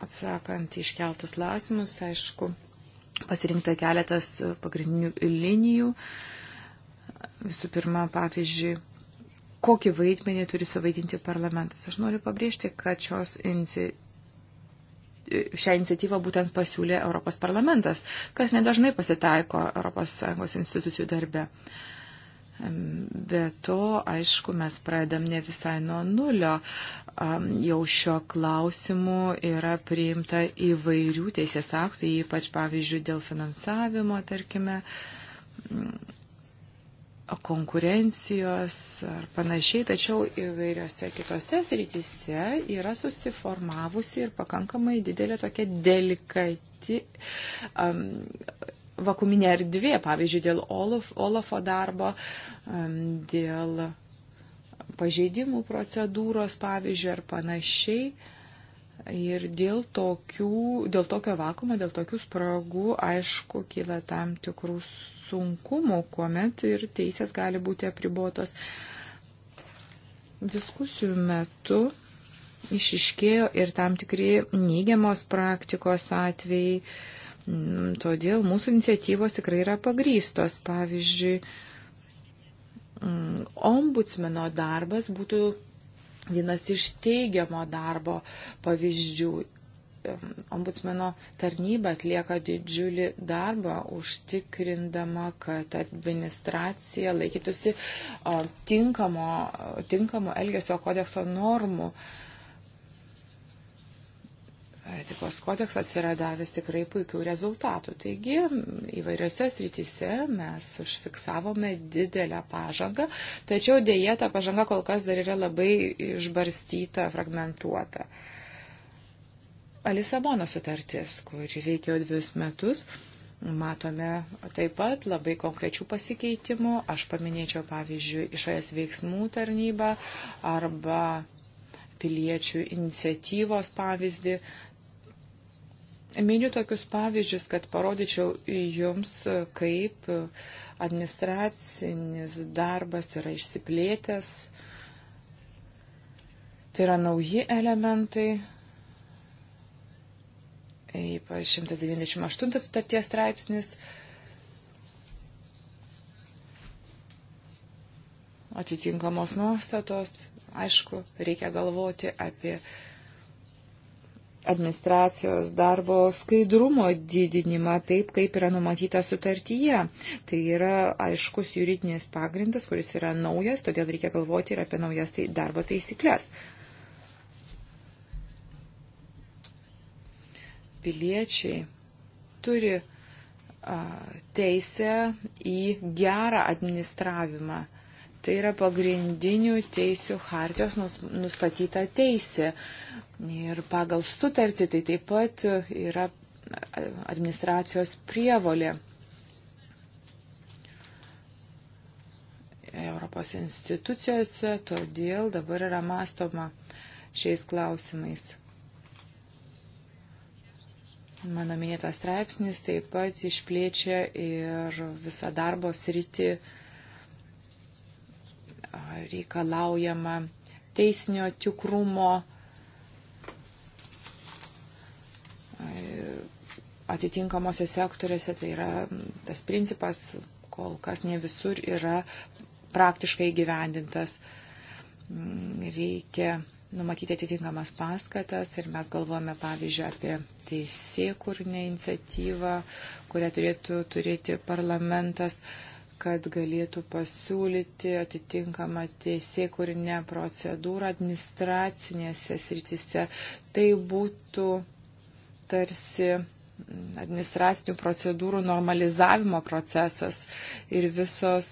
atsakant iškeltus klausimus, aišku, pasirinkta keletas pagrindinių linijų. Visų pirma, pavyzdžiui, kokį vaidmenį turi suvaidinti parlamentas. Aš noriu pabrėžti, kad šios inici... šią iniciatyvą būtent pasiūlė Europos parlamentas, kas nedažnai pasitaiko ES institucijų darbe. Uh, Be to, aišku, mes pradam ne visai nuo nulio. Jau šio klausimu yra priimta įvairių teisės aktų, ypač pavyzdžiui dėl finansavimo, tarkime, konkurencijos ar panašiai, tačiau įvairiose kitose srityse yra susiformavusi ir pakankamai didelė tokia delikati. Um, vakuminė erdvė, pavyzdžiui, dėl Olaf, Olafo darbo, dėl pažeidimų procedūros, pavyzdžiui, ar panašiai. Ir dėl, tokių, dėl tokio vakumo, dėl tokių spragų, aišku, kyla tam tikrų sunkumų, kuomet ir teisės gali būti apribotos. Diskusijų metu išiškėjo ir tam tikri neigiamos praktikos atvejai Mm, todėl mūsų iniciatyvos tikrai yra pagrystos. Pavyzdžiui, mm, ombudsmeno darbas būtų vienas iš teigiamo darbo pavyzdžių. Mm, ombudsmeno tarnyba atlieka didžiulį darbą, užtikrindama, kad administracija laikytųsi tinkamo, tinkamo Elgesio kodekso normų. Um, etikos kodeksas yra davęs tikrai puikių rezultatų. Taigi įvairiose srityse mes užfiksavome didelę pažangą, tačiau dėje ta pažanga kol kas dar yra labai išbarstyta, fragmentuota. Alisabono sutartis, kuri veikia jau dvius metus, Matome taip pat labai konkrečių pasikeitimų. Aš paminėčiau, pavyzdžiui, išorės veiksmų tarnybą arba piliečių iniciatyvos pavyzdį. Miniu tokius pavyzdžius, kad parodyčiau jums, kaip administracinis darbas yra išsiplėtęs. Tai yra nauji elementai, ypač 198 sutarties straipsnis. Atitinkamos nuostatos, aišku, reikia galvoti apie uh, administracijos darbo skaidrumo didinimą taip, kaip yra numatyta sutartyje. Tai yra aiškus juridinis pagrindas, kuris yra naujas, todėl reikia galvoti ir apie naujas tai darbo taisyklės. Piliečiai turi a, teisę į gerą administravimą. Tai yra pagrindinių teisių hartijos nustatyta teisė. A, Ir pagal sutartį tai taip pat yra administracijos prievolė. Europos institucijose, todėl dabar yra mastoma šiais klausimais. Mano minėtas straipsnis taip pat išplėčia ir visą darbo sritį reikalaujama teisinio tikrumo atitinkamosiose sektoriuose, tai yra tas principas kol kas ne visur yra praktiškai gyvendintas. Mm, reikia numatyti atitinkamas paskatas ir mes galvojame, pavyzdžiui, apie teisėkūrinę iniciatyvą, kurią turėtų turėti parlamentas kad galėtų pasiūlyti atitinkamą teisėkūrinę procedūrą administracinėse srityse. Tai būtų tarsi administracinių procedūrų normalizavimo procesas ir visos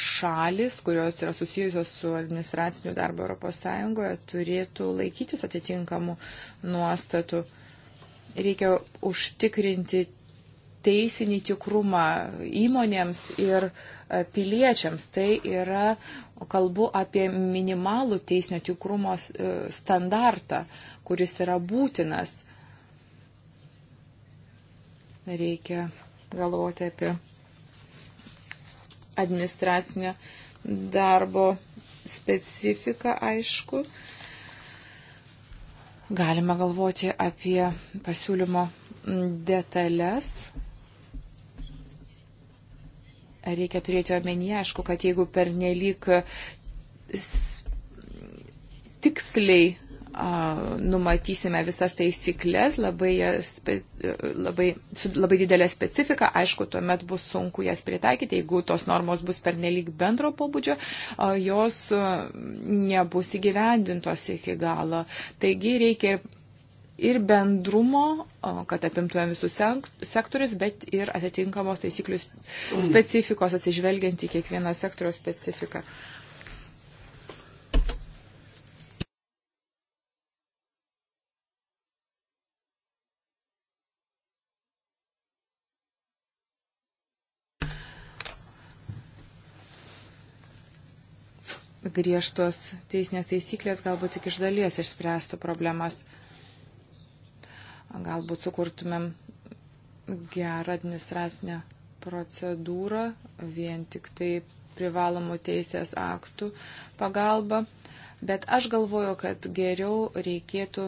šalis, kurios yra susijusios su administraciniu darbu ES, turėtų laikytis atitinkamų nuostatų. Reikia užtikrinti teisinį tikrumą įmonėms ir e, piliečiams. Tai yra, kalbu apie minimalų teisinio tikrumo e, standartą, kuris yra būtinas. Reikia galvoti apie administracinio darbo specifiką, aišku. Galima galvoti apie pasiūlymo detalės, reikia turėti omenyje, aišku, kad jeigu pernelyg tiksliai numatysime visas taisyklės, labai, labai, su labai didelė specifika, aišku, tuomet bus sunku jas pritaikyti, jeigu tos normos bus pernelyg bendro pobūdžio, jos nebus įgyvendintos iki galo. Taigi reikia ir ir bendrumo, kad apimtumėm visus sektorius, bet ir atitinkamos taisyklių specifikos atsižvelgiant į kiekvieną sektorio specifiką. Uh, griežtos teisinės taisyklės galbūt tik iš dalies išspręstų problemas. Galbūt sukurtumėm gerą administracinę procedūrą vien tik tai privalomų teisės aktų pagalba. Bet aš galvoju, kad geriau reikėtų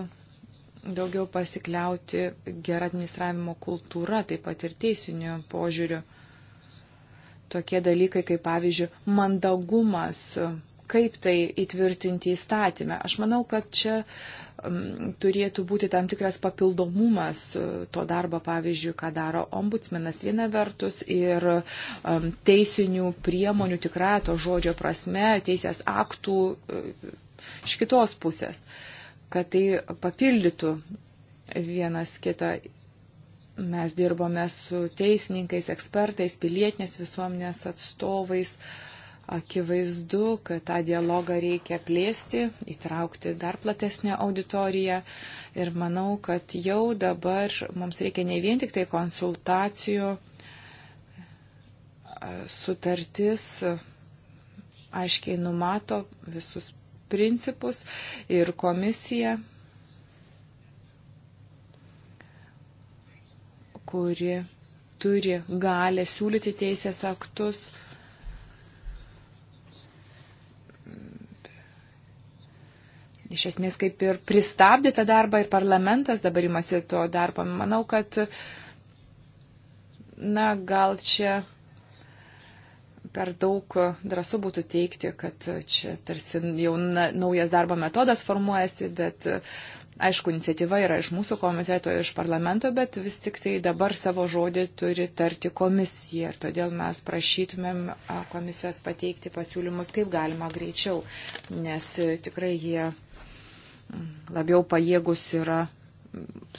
daugiau pasikliauti gerą administravimo kultūrą, taip pat ir teisiniu požiūriu. Tokie dalykai kaip, pavyzdžiui, mandagumas kaip tai įtvirtinti įstatymę. Aš manau, kad čia um, turėtų būti tam tikras papildomumas e, to darbo, pavyzdžiui, ką daro ombudsmenas viena vertus ir um, teisinių priemonių tikrai to žodžio prasme, teisės aktų um, iš kitos pusės, kad tai papildytų vienas kitą Mes dirbome su teisininkais, ekspertais, pilietinės visuomenės atstovais. Uh, Akivaizdu, kad tą dialogą reikia plėsti, įtraukti dar platesnę auditoriją ir manau, kad jau dabar mums reikia ne vien tik tai konsultacijų, sutartis aiškiai numato visus principus ir komisija, kuri turi galę siūlyti teisės aktus iš esmės kaip ir pristabdė tą darbą ir parlamentas dabar imasi to darbo. Manau, kad, na, gal čia per daug drąsų būtų teikti, kad čia tarsi jau na, naujas darbo metodas formuojasi, bet aišku, iniciatyva yra iš mūsų komiteto, iš parlamento, bet vis tik tai dabar savo žodį turi tarti komisija ir todėl mes prašytumėm komisijos pateikti pasiūlymus kaip galima greičiau, nes tikrai jie labiau pajėgus yra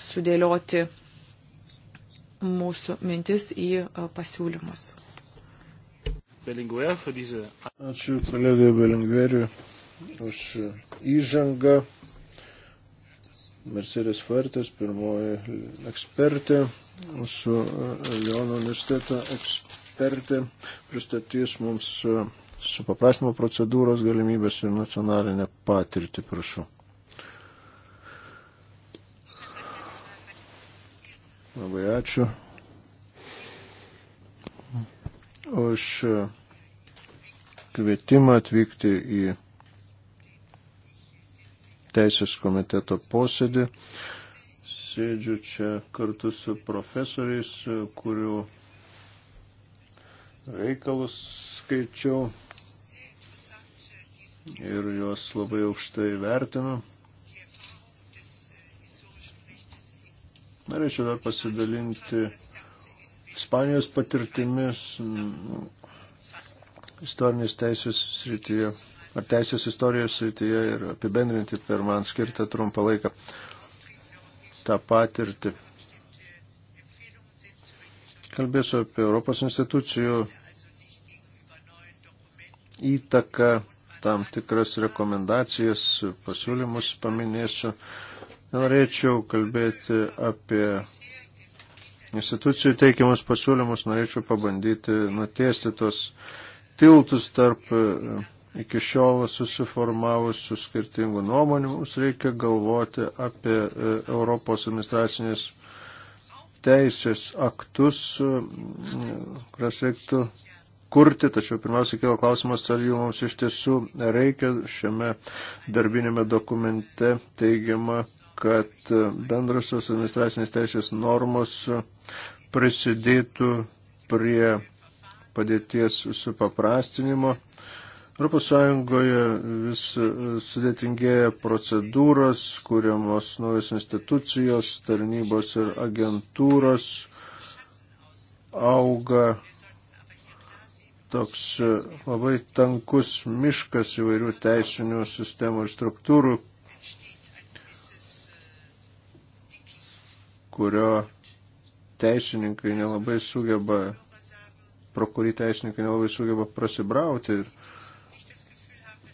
sudėlioti mūsų mintis į e, pasiūlymus. Ačiū kolegai Belingveriui už įžangą. Mercedes Fuertes, pirmoji ekspertė, mūsų e, Leono universiteto ekspertė, pristatys mums e, supaprastinimo procedūros galimybės ir nacionalinę patirtį, prašau. Labai ačiū už kvietimą atvykti į Teisės komiteto posėdį. Sėdžiu čia kartu su profesoriais, kurių reikalus skaičiau ir juos labai aukštai vertinu. Norėčiau dar pasidalinti Ispanijos patirtimis mm, istorinės teisės srityje ar teisės istorijos srityje ir apibendrinti per man skirtą trumpą laiką tą patirtį. Kalbėsiu apie Europos institucijų įtaką, tam tikras rekomendacijas, pasiūlymus paminėsiu. Norėčiau kalbėti apie institucijų teikiamus pasiūlymus, norėčiau pabandyti nutiesti tos tiltus tarp e, iki šiol susiformavusių skirtingų nuomonių. Mums reikia galvoti apie e, Europos administracinės teisės aktus, e, kurias reiktų kurti, tačiau pirmiausia kėlė klausimas, ar jų mums iš tiesų reikia šiame darbinėme dokumente teigiama kad bendrasios administracinės teisės normos prisidėtų prie padėties supaprastinimo. ES vis sudėtingėja procedūros, kūriamos naujos institucijos, tarnybos ir agentūros, auga toks labai tankus miškas įvairių teisinių sistemų ir struktūrų, kurio teisininkai nelabai sugeba, pro kurį teisininkai nelabai sugeba prasibrauti.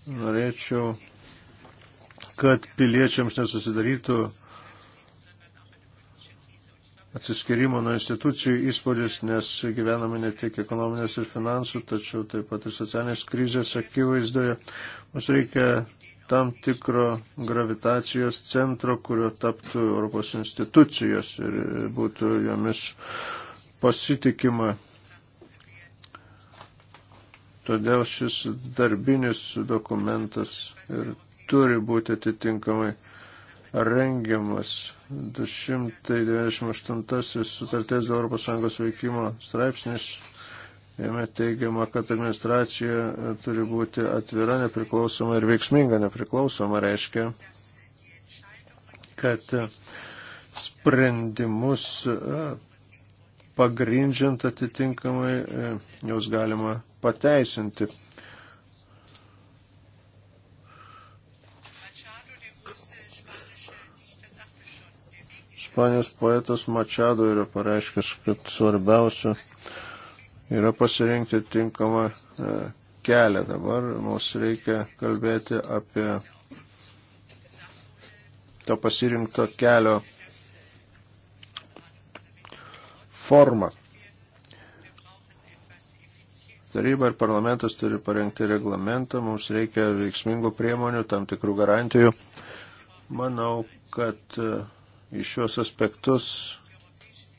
Ir norėčiau, kad piliečiams nesusidarytų atsiskirimo nuo institucijų įspūdis, nes gyvename ne tik ekonominės ir finansų, tačiau taip pat ir socialinės krizės akivaizdoje. Mums reikia tam tikro gravitacijos centro, kurio taptų Europos institucijos ir būtų jomis pasitikima. Todėl šis darbinis dokumentas ir turi būti atitinkamai rengiamas 298 sutarties dėl Europos Sąjungos veikimo straipsnis Jame teigiama, kad administracija turi būti atvira, nepriklausoma ir veiksminga. Nepriklausoma reiškia, kad sprendimus pagrindžiant atitinkamai jos galima pateisinti. Ispanijos poetas Mačado yra pareiškęs, kad svarbiausia yra pasirinkti tinkamą e, kelią. Dabar mums reikia kalbėti apie to pasirinkto kelio formą. Taryba ir parlamentas turi parengti reglamentą, mums reikia veiksmingų priemonių, tam tikrų garantijų. Manau, kad e, į šios aspektus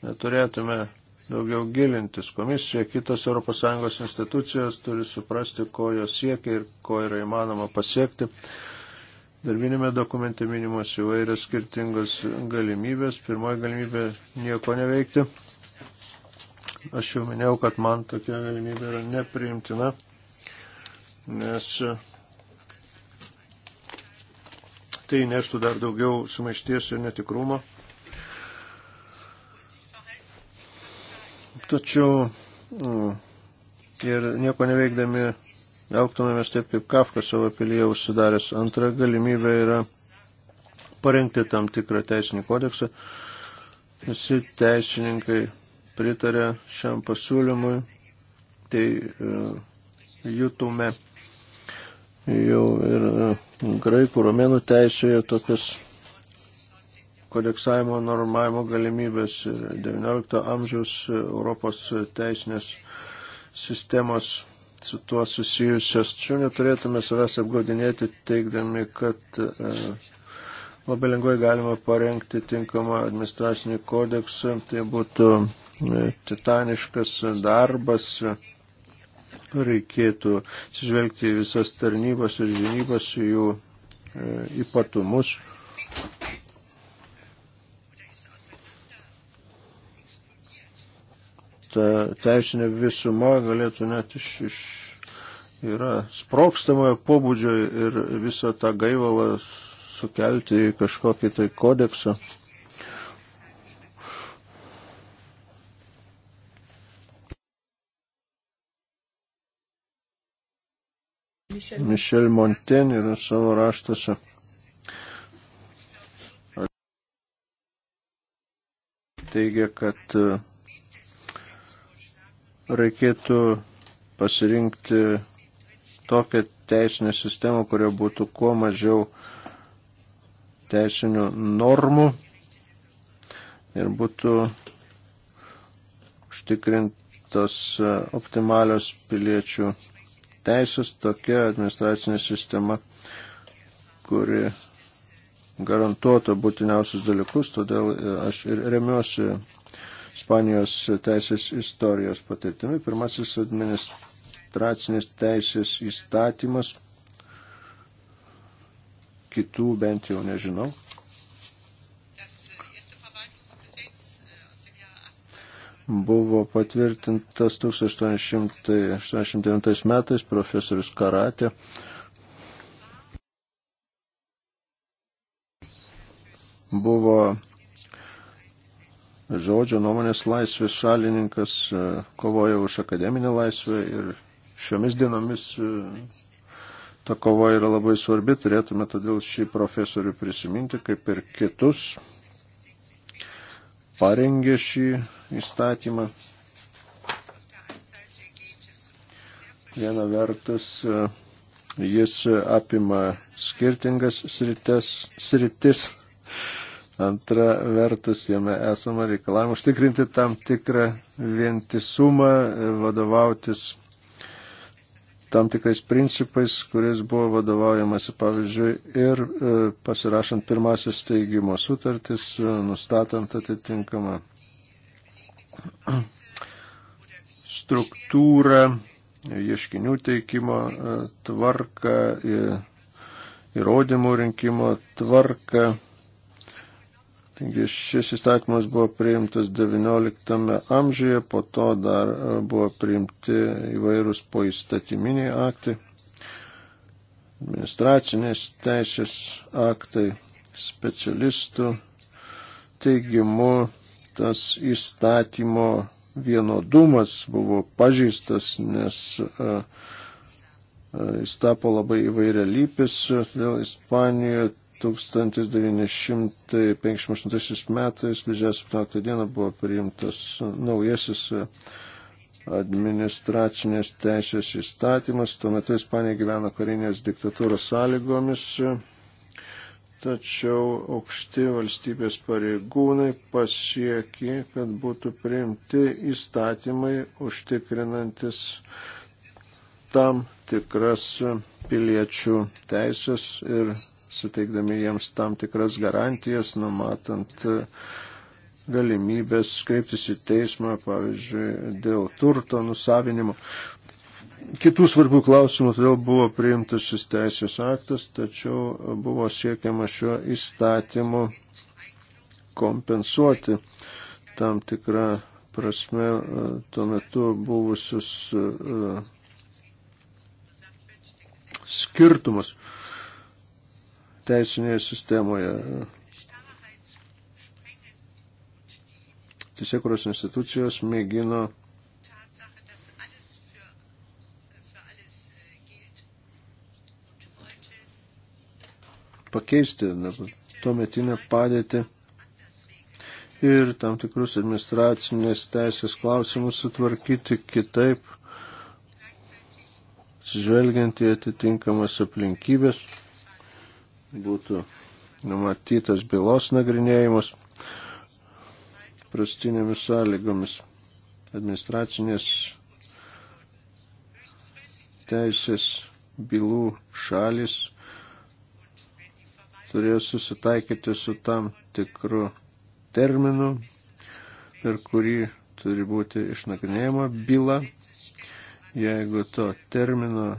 neturėtume daugiau gilintis. Komisija, kitos ES institucijos turi suprasti, ko jos siekia ir ko yra įmanoma pasiekti. Darbinėme dokumente minimos įvairios skirtingos galimybės. Pirmoji galimybė - nieko neveikti. Aš jau minėjau, kad man tokia galimybė yra nepriimtina, nes tai neštų dar daugiau sumaišties ir netikrumo. tačiau nu, ir nieko neveikdami elgtumėmės taip, kaip Kafka savo pilyje užsidaręs. Antra galimybė yra parengti tam tikrą teisinį kodeksą. Visi teisininkai pritarė šiam pasiūlymui, tai e, jutume jau ir e, graikų, romėnų teisėje tokias kodeksavimo normavimo galimybės ir 19 amžiaus Europos teisinės sistemos su tuo susijusios. Čia neturėtume savęs apgaudinėti, teikdami, kad e, labai lengvai galima parengti tinkamą administracinį kodeksą. Tai būtų e, titaniškas darbas. Reikėtų atsižvelgti visas tarnybas ir žinybas, jų e, ypatumus ta teisinė visuma galėtų net iš, iš yra sprokstamojo pobūdžio ir visą tą gaivalą sukelti į kažkokį tai kodeksą. Mišel Monten yra savo raštuose. Teigia, kad uh, reikėtų pasirinkti tokią teisinę sistemą, kurioje būtų kuo mažiau teisinių normų ir būtų užtikrintos e, optimalios piliečių teisės, tokia administracinė sistema, kuri garantuotų būtiniausius dalykus, todėl e, aš ir remiuosi Ispanijos teisės istorijos patirtimi. Pirmasis administracinės teisės įstatymas, kitų bent jau nežinau. Buvo patvirtintas 1889 metais profesorius Karatė. Buvo žodžio nuomonės laisvės šalininkas, e, kovoja už akademinę laisvę ir šiomis dienomis e, ta kova yra labai svarbi, turėtume todėl šį profesorių prisiminti, kaip ir kitus, parengė šį įstatymą. Viena vertus, e, jis apima skirtingas srites, sritis, sritis Antra vertus, jame esama reikalavimų užtikrinti tam tikrą vientisumą, vadovautis tam tikrais principais, kuris buvo vadovaujamasi, pavyzdžiui, ir e, pasirašant pirmasis steigimo sutartis, e, nustatant atitinkamą struktūrą, ieškinių teikimo e, tvarką, įrodymų rinkimo tvarką Taigi šis įstatymas buvo priimtas XIX amžiuje, po to dar buvo priimti įvairūs poįstatyminiai aktai, administracinės teisės aktai, specialistų teigimu tas įstatymo vienodumas buvo pažeistas, nes a, e, a, e, jis tapo labai įvairialypis, todėl Ispanijoje 1958 metais, birželio 17 dieną, buvo priimtas naujasis administracinės teisės įstatymas. Tuo metu Ispanija gyveno karinės diktatūros sąlygomis, tačiau aukšti valstybės pareigūnai pasiekė, kad būtų priimti įstatymai užtikrinantis tam tikras piliečių teisės ir suteikdami jiems tam tikras garantijas, numatant e, galimybės kreiptis į teismą, pavyzdžiui, dėl turto nusavinimo. Kitų svarbių klausimų todėl buvo priimtas šis teisės aktas, tačiau buvo siekiama šiuo įstatymu kompensuoti tam tikrą prasme e, tuo metu buvusius e, skirtumus. Uh, teisinėje sistemoje. Teisėkuros institucijos mėgino pakeisti tuometinę padėtį ir tam tikrus administracinės teisės klausimus sutvarkyti kitaip, atsižvelgiant į atitinkamas aplinkybės būtų numatytas bylos nagrinėjimas prastinėmis sąlygomis. Administracinės teisės bylų šalis turėjo susitaikyti su tam tikru terminu, per kurį turi būti išnagrinėjama byla. Jeigu to termino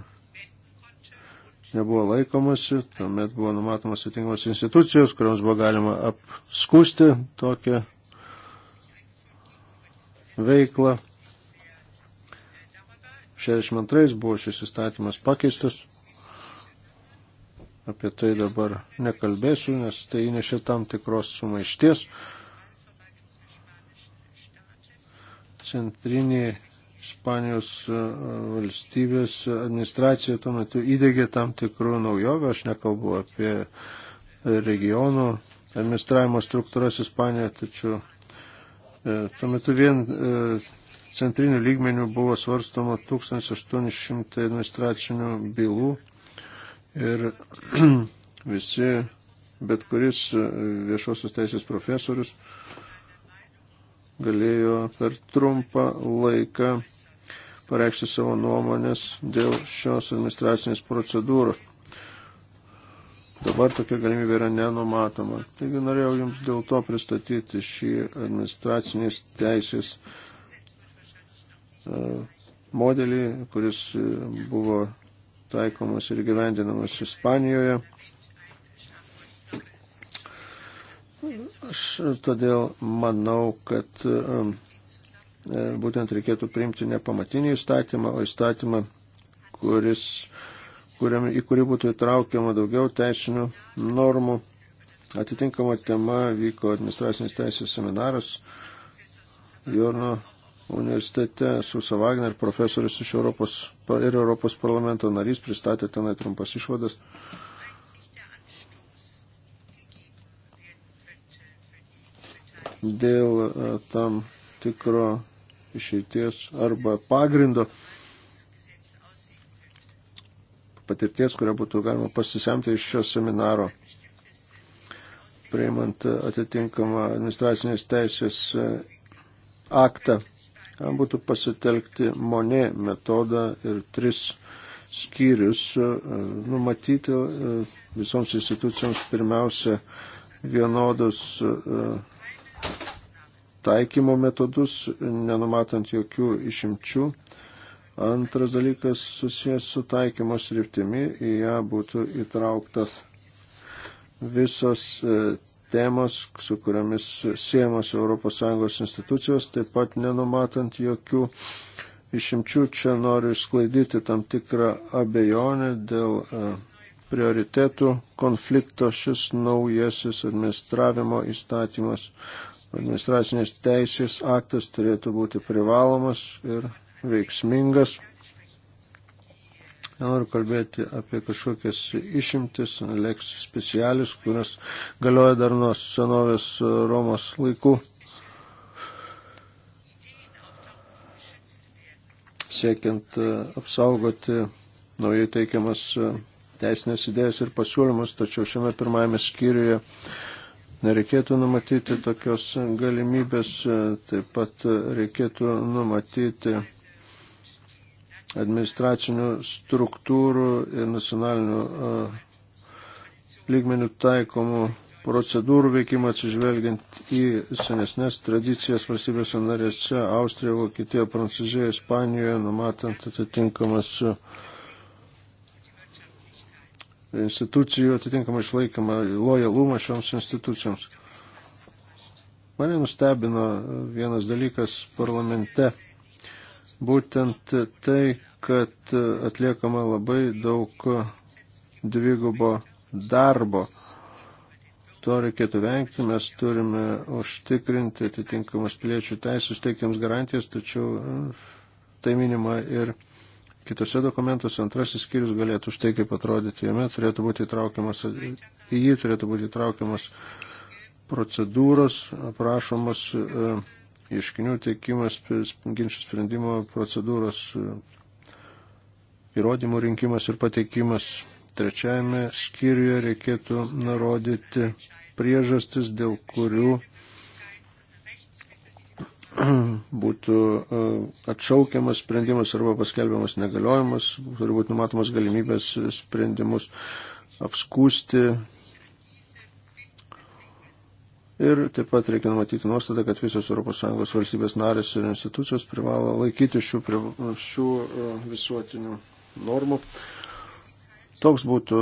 nebuvo laikomasi, tuomet buvo numatomas atitinkamos institucijos, kuriams buvo galima apskusti tokią veiklą. 62 buvo šis įstatymas pakeistas. Apie tai dabar nekalbėsiu, nes tai įnešė tam tikros sumaišties. Centriniai Ispanijos e, valstybės administracija tuo metu įdėgė tam tikrų naujovių, aš nekalbu apie regionų administravimo struktūras Ispanijoje, tačiau e, tuo metu vien e, centrinių lygmenių buvo svarstama 1800 administracinių bylų ir visi, bet kuris viešosios teisės profesorius galėjo per trumpą laiką pareikšti savo nuomonės dėl šios administracinės procedūros. Dabar tokia galimybė yra nenumatoma. Taigi norėjau Jums dėl to pristatyti šį administracinės teisės e, modelį, kuris e, buvo taikomas ir gyvendinamas Ispanijoje. Aš todėl manau, kad um, e, būtent reikėtų priimti ne pamatinį įstatymą, o įstatymą, kuris, kuriam, į kurį būtų įtraukiama daugiau teisinių normų. Atitinkama tema vyko administracinės teisės seminaras Jorno universitete Susa Wagner, profesorius iš Europos ir Europos parlamento narys, pristatė tenai trumpas išvadas. Uh, dėl e, tam tikro išeities arba pagrindo patirties, kurią būtų galima pasisemti iš šio seminaro, priimant atitinkamą administracinės teisės e, aktą. Būtų pasitelkti monė metodą ir tris skyrius e, numatyti visoms institucijoms pirmiausia vienodus taikymo metodus, nenumatant jokių išimčių. Antras dalykas susijęs su taikymo sriptimi, į ją būtų įtrauktas visos e, temos, su kuriamis siemos ES institucijos, taip pat nenumatant jokių išimčių. Čia noriu išsklaidyti tam tikrą abejonę dėl e, prioritetų konflikto šis naujasis administravimo įstatymas administracinės teisės aktas turėtų būti privalomas ir veiksmingas. Nenoriu kalbėti apie kažkokias išimtis, leks specialis, kurias galioja dar nuo senovės Romos laikų. Siekiant e, apsaugoti naujai teikiamas e, teisinės idėjas ir pasiūlymus, tačiau šiame pirmajame skyriuje uh, Nereikėtų numatyti tokios galimybės, e, taip pat reikėtų numatyti administracinių struktūrų ir nacionalinių e, lygmenių taikomų procedūrų veikimą atsižvelgiant į senesnės tradicijas valstybėse narėse, Austrija, Vokietija, Prancūzija, Ispanijoje, numatant atitinkamas uh, institucijų atitinkamą išlaikymą, lojalumą šioms institucijoms. Mane nustebino vienas dalykas parlamente, būtent tai, kad atliekama labai daug dvigubo darbo. To reikėtų vengti, mes turime užtikrinti atitinkamas piliečių teisės, teikti jiems garantijas, tačiau tai minima ir Kitose dokumentuose antrasis skyrius galėtų štai kaip atrodyti. Jame turėtų būti įtraukiamas, į jį turėtų būti įtraukiamas procedūros, aprašomas e, ieškinių teikimas, ginčių sprendimo procedūros, e, įrodymų rinkimas ir pateikimas. Trečiajame skyriuje reikėtų nurodyti priežastis, dėl kurių būtų e, atšaukiamas sprendimas arba paskelbiamas negaliojimas, turi būti numatomas galimybės sprendimus apskūsti. Ir taip pat reikia numatyti nuostatą, kad visos ES valstybės narės ir institucijos privalo laikyti šių, šių e, visuotinių normų. Toks būtų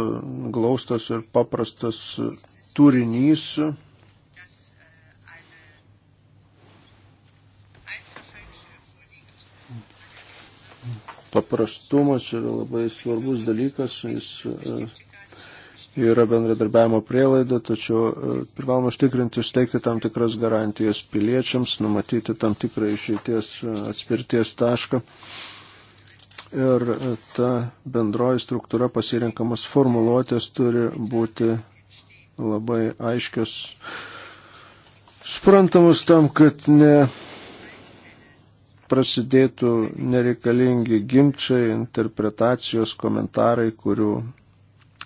glaustas ir paprastas turinys paprastumas yra labai svarbus dalykas, jis e, yra bendradarbiavimo prielaida, tačiau e, privaloma užtikrinti, steigti tam tikras garantijas piliečiams, numatyti tam tikrą išeities e, atspirties tašką. Ir ta bendroji struktūra pasirinkamas formuluotės turi būti labai aiškios, suprantamus tam, kad ne prasidėtų nereikalingi gimčiai, interpretacijos, komentarai, kurių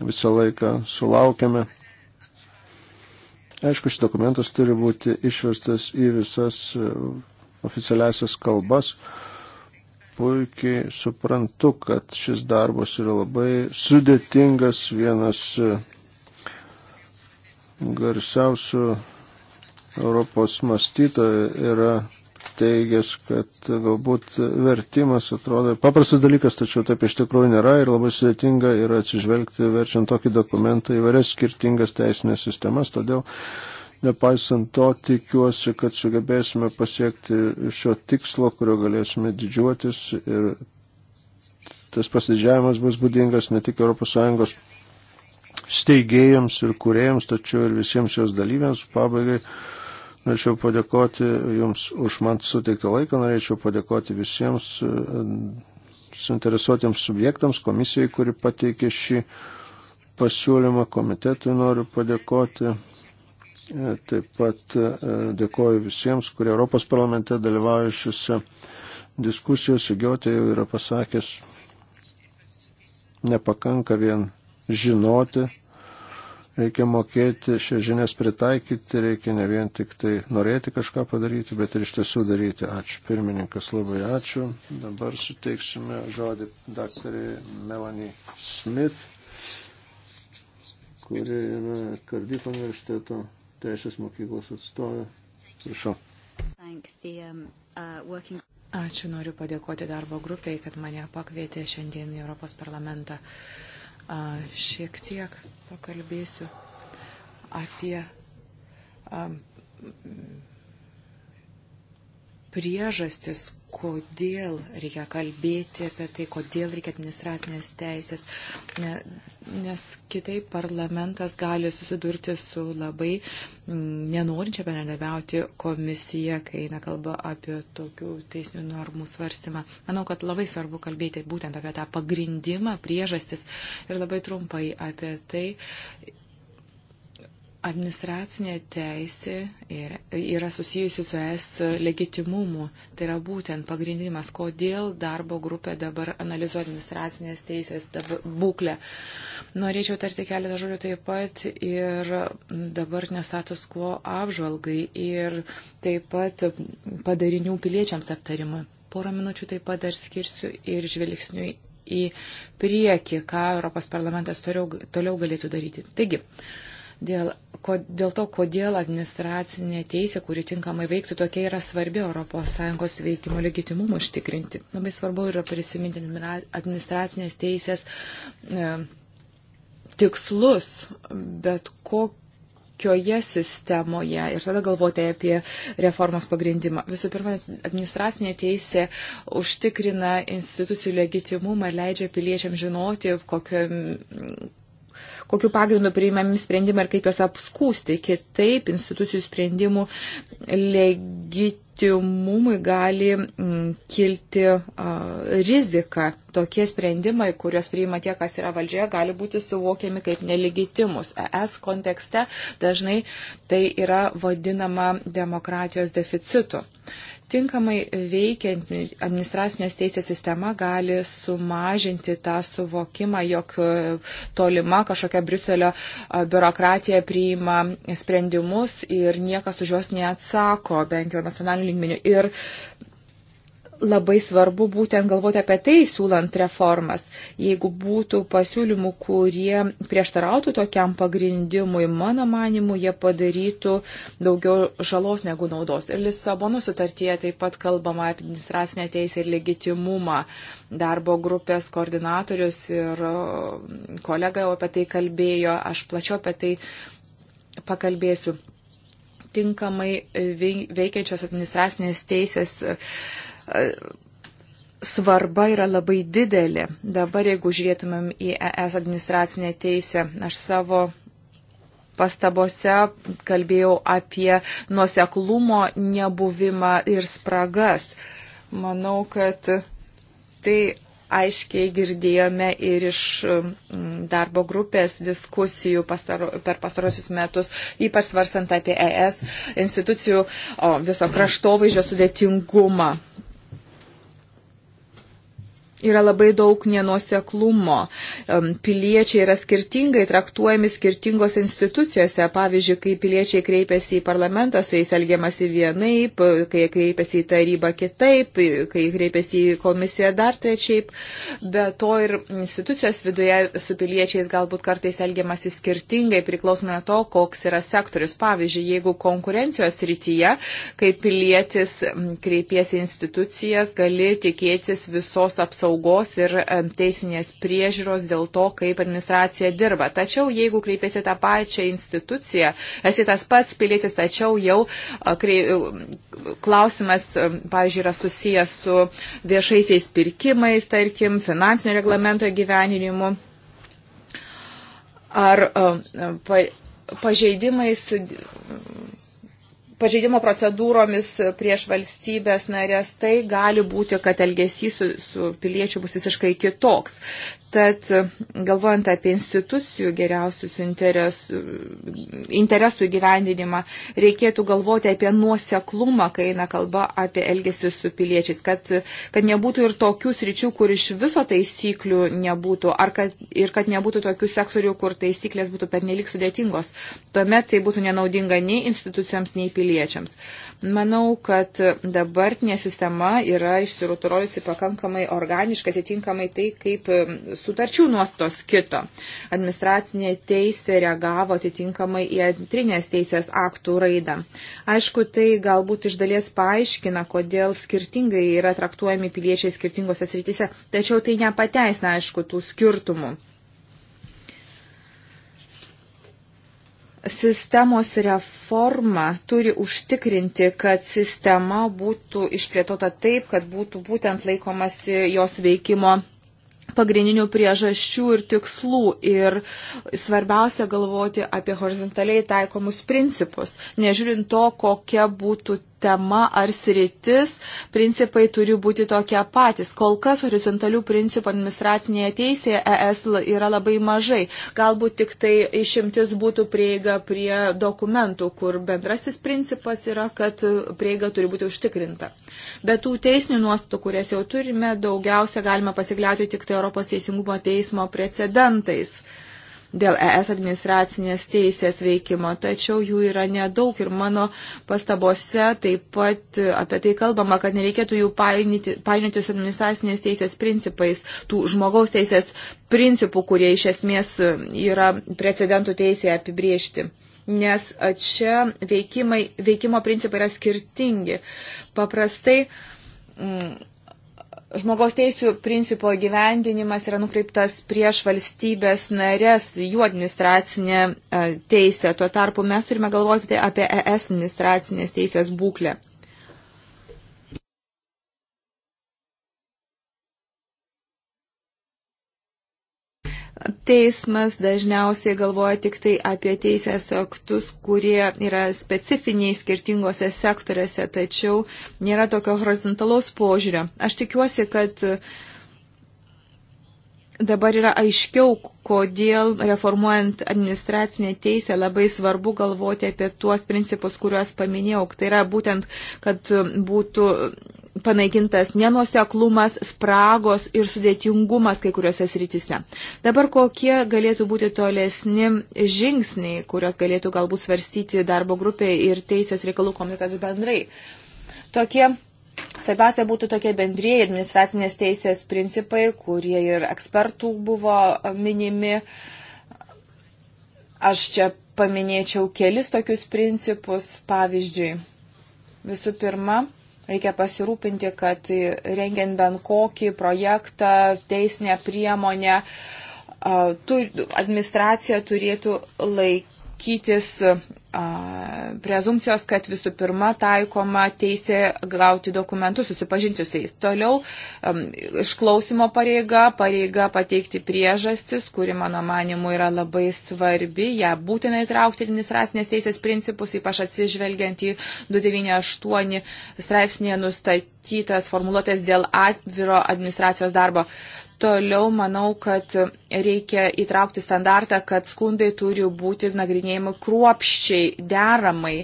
visą laiką sulaukiame. Aišku, šis dokumentas turi būti išverstas į visas e, oficialiasias kalbas. Puikiai suprantu, kad šis darbas yra labai sudėtingas, vienas e, garsiausių Europos mąstytojų yra teigęs, kad galbūt vertimas atrodo paprastas dalykas, tačiau taip iš tikrųjų nėra ir labai sudėtinga yra atsižvelgti verčiant tokį dokumentą į varias skirtingas teisinės sistemas. Todėl, nepaisant to, tikiuosi, kad sugebėsime pasiekti šio tikslo, kurio galėsime didžiuotis ir tas pasidžiavimas bus būdingas ne tik ES steigėjams ir kuriejams, tačiau ir visiems jos dalyviams. Pabaigai Norėčiau padėkoti Jums už man suteiktą laiką, norėčiau padėkoti visiems e, suinteresuotiems subjektams, komisijai, kuri pateikė šį pasiūlymą, komitetui noriu padėkoti. E, taip pat e, dėkoju visiems, kurie Europos parlamente dalyvauja šiuose diskusijose. Giotė jau yra pasakęs, nepakanka vien žinoti Reikia mokėti šią žinias pritaikyti, reikia ne vien tik tai norėti kažką padaryti, bet ir iš tiesų daryti. Ačiū. Pirmininkas, labai ačiū. Dabar suteiksime žodį daktarė Melanie Smith, kuri yra Kardifo universiteto teisės mokyklos atstovė. Prašau. Um, uh, ačiū, noriu padėkoti darbo grupiai, kad mane pakvietė šiandien į Europos parlamentą. Uh, šiek tiek pakalbėsiu apie priežastis, kodėl reikia kalbėti apie tai, kodėl reikia administracinės teisės, nes kitaip parlamentas gali susidurti su labai mm, nenorinčia bendradarbiauti komisija, kai eina kalba apie tokių teisinių normų svarstymą. Manau, kad labai svarbu kalbėti būtent apie tą pagrindimą, priežastis ir labai trumpai apie tai Administracinė teisė yra susijusi su es legitimumu. Tai yra būtent pagrindimas, kodėl darbo grupė dabar analizuoja administracinės teisės būklę. Norėčiau tarti keletą žodžių taip pat ir dabartinio status quo apžvalgai ir taip pat padarinių piliečiams aptarimui. Porą minučių taip pat dar skirsiu ir žvilgsniui į priekį, ką Europos parlamentas toliau, toliau galėtų daryti. Taigi, uh, dėl, ko, dėl to, kodėl administracinė teisė, kuri tinkamai veiktų, tokia yra svarbi ES veikimo legitimumų užtikrinti. Labai svarbu yra prisiminti administracinės teisės e, tikslus, bet kokioje sistemoje ir tada galvoti apie reformos pagrindimą. Visų pirma, administracinė teisė užtikrina institucijų legitimumą, leidžia piliečiam žinoti, kokio kokiu pagrindu priimami sprendimai ir kaip juos apskūsti. Kitaip institucijų sprendimų legitimumui gali mm, kilti rizika. Tokie sprendimai, kuriuos priima tie, kas yra valdžioje, gali būti suvokiami kaip nelegitimus. ES kontekste dažnai tai yra vadinama demokratijos deficitu. Tinkamai veikiant administracinės teisės sistema gali sumažinti tą suvokimą, jog e, tolima kažkokia Briuselio e, biurokratija priima sprendimus ir niekas už juos neatsako, bent jau nacionaliniu lygmeniu. Ir labai svarbu būtent galvoti apie tai, siūlant reformas. Jeigu būtų pasiūlymų, kurie prieštarautų tokiam pagrindimui, mano manimu, jie padarytų daugiau žalos negu naudos. Ir Lisabono sutartyje taip pat kalbama apie administracinę teisę ir legitimumą. Darbo grupės koordinatorius ir kolega jau apie tai kalbėjo, aš plačiau apie tai pakalbėsiu tinkamai veikiančios administracinės teisės svarba yra labai didelė. Dabar, jeigu žiūrėtumėm į ES administracinę teisę, aš savo pastabose kalbėjau apie nuoseklumo nebuvimą ir spragas. Manau, kad tai aiškiai girdėjome ir iš darbo grupės diskusijų pastaro, per pastarosius metus, ypač svarstant apie ES institucijų o, viso kraštovaizdžio sudėtingumą yra labai daug nenuoseklumo. Piliečiai yra skirtingai traktuojami skirtingose institucijose. Pavyzdžiui, kai piliečiai kreipiasi į parlamentą, su jais elgiamasi vienaip, kai kreipiasi į tarybą kitaip, kai kreipiasi į komisiją dar trečiaip. Be to ir institucijos viduje su piliečiais galbūt kartais elgiamasi skirtingai, priklausomai nuo to, koks yra sektorius. Pavyzdžiui, jeigu konkurencijos rytyje, kai pilietis kreipiasi institucijas, gali tikėtis visos apsaugos apsaugos ir teisinės priežiūros dėl to, kaip administracija dirba. Tačiau jeigu kreipiasi tą pačią instituciją, esi tas pats pilietis, tačiau jau krei, e, klausimas, pavyzdžiui, yra susijęs su viešaisiais pirkimais, tarkim, finansinio reglamento gyveninimu. Ar pa, pažeidimais pažeidimo procedūromis prieš valstybės narės, tai gali būti, kad elgesys su, su piliečiu bus visiškai kitoks. Tad galvojant apie institucijų geriausius interesų, interesų įgyvendinimą, reikėtų galvoti apie nuoseklumą, kai eina kalba apie elgesį su piliečiais, kad, kad nebūtų ir tokių sričių, kur iš viso taisyklių nebūtų, ar kad, ir kad nebūtų tokių sektorių, kur taisyklės būtų pernelik sudėtingos. Tuomet tai būtų nenaudinga nei institucijoms, nei piliečiams. Manau, kad dabartinė sistema yra išsiruturojusi pakankamai organiškai, atitinkamai tai, kaip sutarčių nuostos kito. Administracinė teisė reagavo atitinkamai į antrinės teisės aktų raidą. Aišku, tai galbūt iš dalies paaiškina, kodėl skirtingai yra traktuojami piliečiai skirtingose srityse, tačiau tai nepateisina, aišku, tų skirtumų. sistemos reforma turi užtikrinti, kad sistema būtų išplėtota taip, kad būtų būtent laikomasi jos veikimo pagrindinių priežasčių ir tikslų ir svarbiausia galvoti apie horizontaliai taikomus principus, nežiūrint to, kokia būtų tema ar sritis, principai turi būti tokie patys. Kol kas horizontalių principų administracinėje teisėje ES yra labai mažai. Galbūt tik tai išimtis būtų prieiga prie dokumentų, kur bendrasis principas yra, kad prieiga turi būti užtikrinta. Bet tų teisinių nuostatų, kurias jau turime, daugiausia galime pasikliauti tik tai Europos Teisingumo teismo precedentais dėl ES administracinės teisės veikimo, tačiau jų yra nedaug ir mano pastabose taip pat apie tai kalbama, kad nereikėtų jų painyti, painyti su administracinės teisės principais, tų žmogaus teisės principų, kurie iš esmės yra precedentų teisėje apibriežti nes čia veikimai, veikimo principai yra skirtingi. Paprastai m, mm, Žmogaus teisų principo gyvendinimas yra nukreiptas prieš valstybės narės, jų administracinę e, teisę. Tuo tarpu mes turime galvoti apie ES administracinės teisės būklę. Teismas dažniausiai galvoja tik tai apie teisės aktus, kurie yra specifiniai skirtingose sektoriuose, tačiau nėra tokio horizontalaus požiūrio. Aš tikiuosi, kad dabar yra aiškiau, kodėl reformuojant administracinę teisę labai svarbu galvoti apie tuos principus, kuriuos paminėjau. Tai yra būtent, kad būtų panaikintas nenuoseklumas, spragos ir sudėtingumas kai kuriuose srityse. Dabar kokie galėtų būti tolesni žingsniai, kurios galėtų galbūt svarstyti darbo grupė ir teisės reikalų komitetas bendrai. Tokie Svarbiausia būtų tokie bendrieji administracinės teisės principai, kurie ir ekspertų buvo minimi. Aš čia paminėčiau kelis tokius principus. Pavyzdžiui, visų pirma, Reikia pasirūpinti, kad rengiant bent kokį projektą, teisinę priemonę, administracija turėtų laikytis prezumcijos, kad visų pirma taikoma teisė gauti dokumentus, susipažinti su jais. Toliau išklausimo pareiga, pareiga pateikti priežastis, kuri mano manimu yra labai svarbi, ją būtina įtraukti administracinės teisės principus, ypač atsižvelgiant į 298 straipsnėje nustatytas formuluotės dėl atviro administracijos darbo. Uh, Toliau manau, kad reikia įtraukti standartą, kad skundai turi būti nagrinėjami kruopščiai, deramai.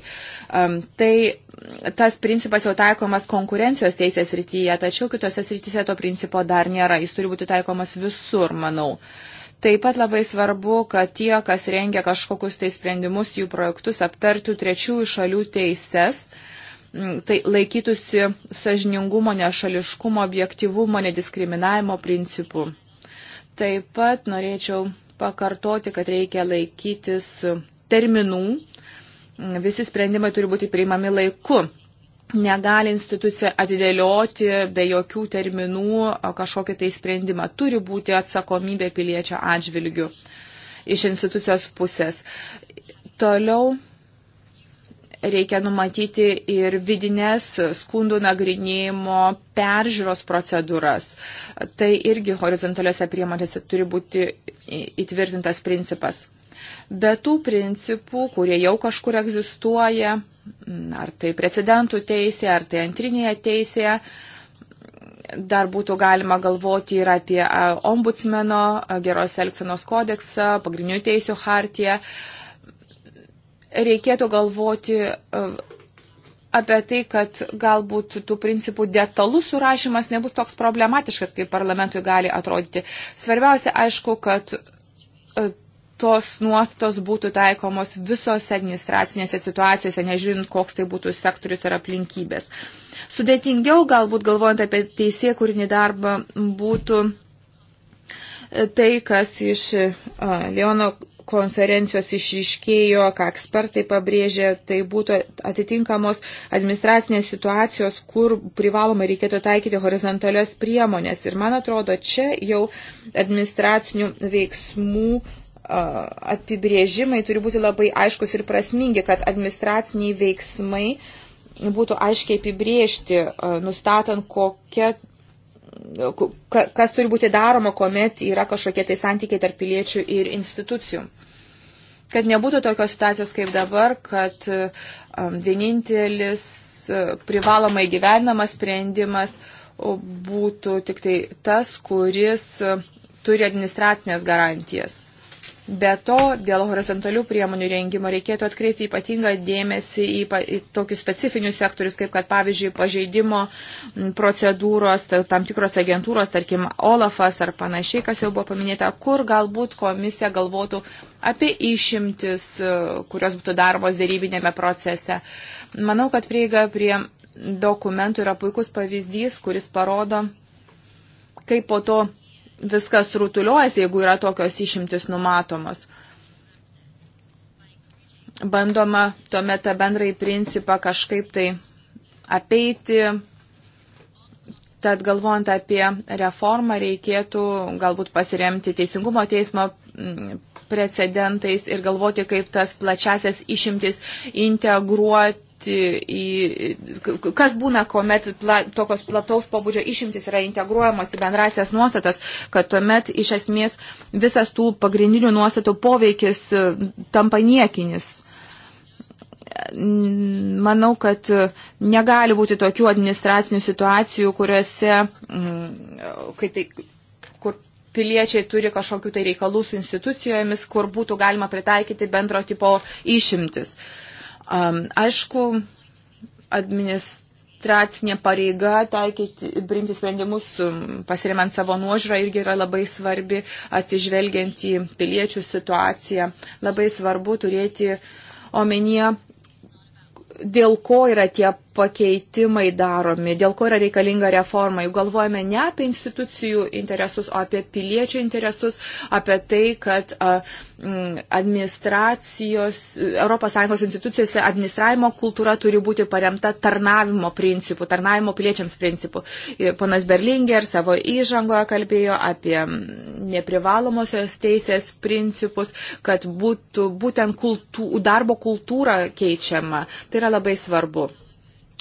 Um, tai tas principas jau taikomas konkurencijos teisės rytyje, tačiau kitose srityse to principo dar nėra. Jis turi būti taikomas visur, manau. Taip pat labai svarbu, kad tie, kas rengia kažkokius tai sprendimus, jų projektus, aptartų trečiųjų šalių teises tai laikytųsi sažiningumo, nešališkumo, objektivumo, nediskriminavimo principų. Taip pat norėčiau pakartoti, kad reikia laikytis terminų. Visi sprendimai turi būti priimami laiku. Negali institucija atidėlioti be jokių terminų kažkokį tai sprendimą. Turi būti atsakomybė piliečio atžvilgių iš institucijos pusės. Toliau reikia numatyti ir vidinės skundų nagrinėjimo peržiūros procedūras. Tai irgi horizontaliuose priemonėse turi būti įtvirtintas principas. Be tų principų, kurie jau kažkur egzistuoja, ar tai precedentų teisė, ar tai antrinėje teisėje, dar būtų galima galvoti ir apie ombudsmeno, geros elgsenos kodeksą, pagrindinių teisų hartiją. Uh, reikėtų galvoti e, apie tai, kad galbūt tų principų detalus surašymas nebus toks problematiškas, kaip parlamentui gali atrodyti. Svarbiausia, aišku, kad e, tos nuostatos būtų taikomos visose administracinėse situacijose, nežiūrint, koks tai būtų sektorius ir aplinkybės. Sudėtingiau galbūt galvojant apie teisė kūrinį darbą būtų e, tai, kas iš Leono konferencijos išriškėjo, ką ekspertai pabrėžė, tai būtų atitinkamos administracinės situacijos, kur privaloma reikėtų taikyti horizontalios priemonės. Ir man atrodo, čia jau administracinių veiksmų apibrėžimai turi būti labai aiškus ir prasmingi, kad administraciniai veiksmai būtų aiškiai apibriežti, nustatant, kokia kas turi būti daroma, kuomet yra kažkokie tai santykiai tarp piliečių ir institucijų. Kad nebūtų tokios situacijos kaip dabar, kad um, vienintelis uh, privalomai gyvenamas sprendimas būtų tik tai tas, kuris uh, turi administracinės garantijas. Be to, dėl horizontalių priemonių rengimo reikėtų atkreipti ypatingą dėmesį į, pa, į tokius specifinius sektorius, kaip kad pavyzdžiui pažeidimo procedūros, tam tikros agentūros, tarkim Olafas ar panašiai, kas jau buvo paminėta, kur galbūt komisija galvotų apie išimtis, kurios būtų darbos dėrybinėme procese. Manau, kad prieiga prie dokumentų yra puikus pavyzdys, kuris parodo, kaip po to viskas rutuliuojasi, jeigu yra tokios išimtis numatomos. Bandoma tuomet tą bendrąjį principą kažkaip tai apeiti. Tad galvojant apie reformą, reikėtų galbūt pasiremti Teisingumo teismo mm, precedentais ir galvoti, kaip tas plačiasias išimtis integruoti į, kas būna, kuomet pla, tokios plataus pobūdžio išimtis yra integruojamos į bendrasias nuostatas, kad tuomet iš esmės visas tų pagrindinių nuostatų poveikis e, tampa niekinis. Manau, kad negali būti tokių administracinių situacijų, kuriuose, mm, kai tai, kur piliečiai turi kažkokių tai reikalų su institucijomis, kur būtų galima pritaikyti bendro tipo išimtis. Uh, Um, aišku, administracinė pareiga taikyti, priimti sprendimus um, pasiremiant savo nuožiūrą irgi yra labai svarbi, atsižvelgiant į piliečių situaciją. Labai svarbu turėti omenyje, dėl ko yra tie pakeitimai daromi, dėl ko yra reikalinga reforma. Juk galvojame ne apie institucijų interesus, o apie piliečių interesus, apie tai, kad administracijos, ES institucijose administravimo kultūra turi būti paremta tarnavimo principu, tarnavimo piliečiams principu. Ponas Berlinger savo įžangoje kalbėjo apie neprivalomosios teisės principus, kad būtų būtent kultū, darbo kultūra keičiama. Tai yra labai svarbu.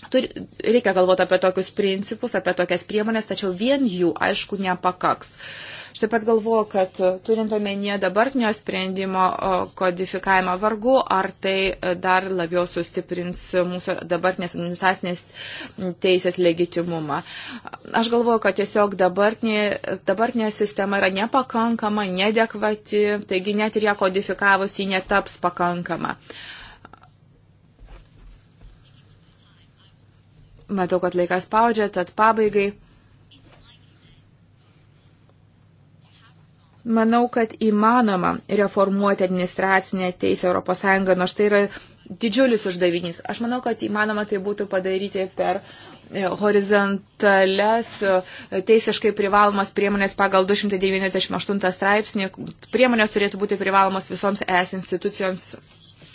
Turi, reikia galvoti apie tokius principus, apie tokias priemonės, tačiau vien jų, aišku, nepakaks. Aš taip pat galvoju, kad e, turint omenyje dabartinio sprendimo e, kodifikavimą vargu, ar tai e, dar labiau sustiprins mūsų dabartinės administracinės teisės legitimumą. Aš galvoju, kad tiesiog dabartinė, dabartinė sistema yra nepakankama, nedekvati, taigi net ir ją kodifikavus ji netaps pakankama. Uh, Matau, kad laikas spaudžia, tad pabaigai. Manau, kad įmanoma reformuoti administracinę teisę ES, nors tai yra didžiulis uždavinys. Aš manau, kad įmanoma tai būtų padaryti per e, horizontales e, teisiškai privalomas priemonės pagal 298 straipsnį. Priemonės turėtų būti privalomos visoms ES institucijoms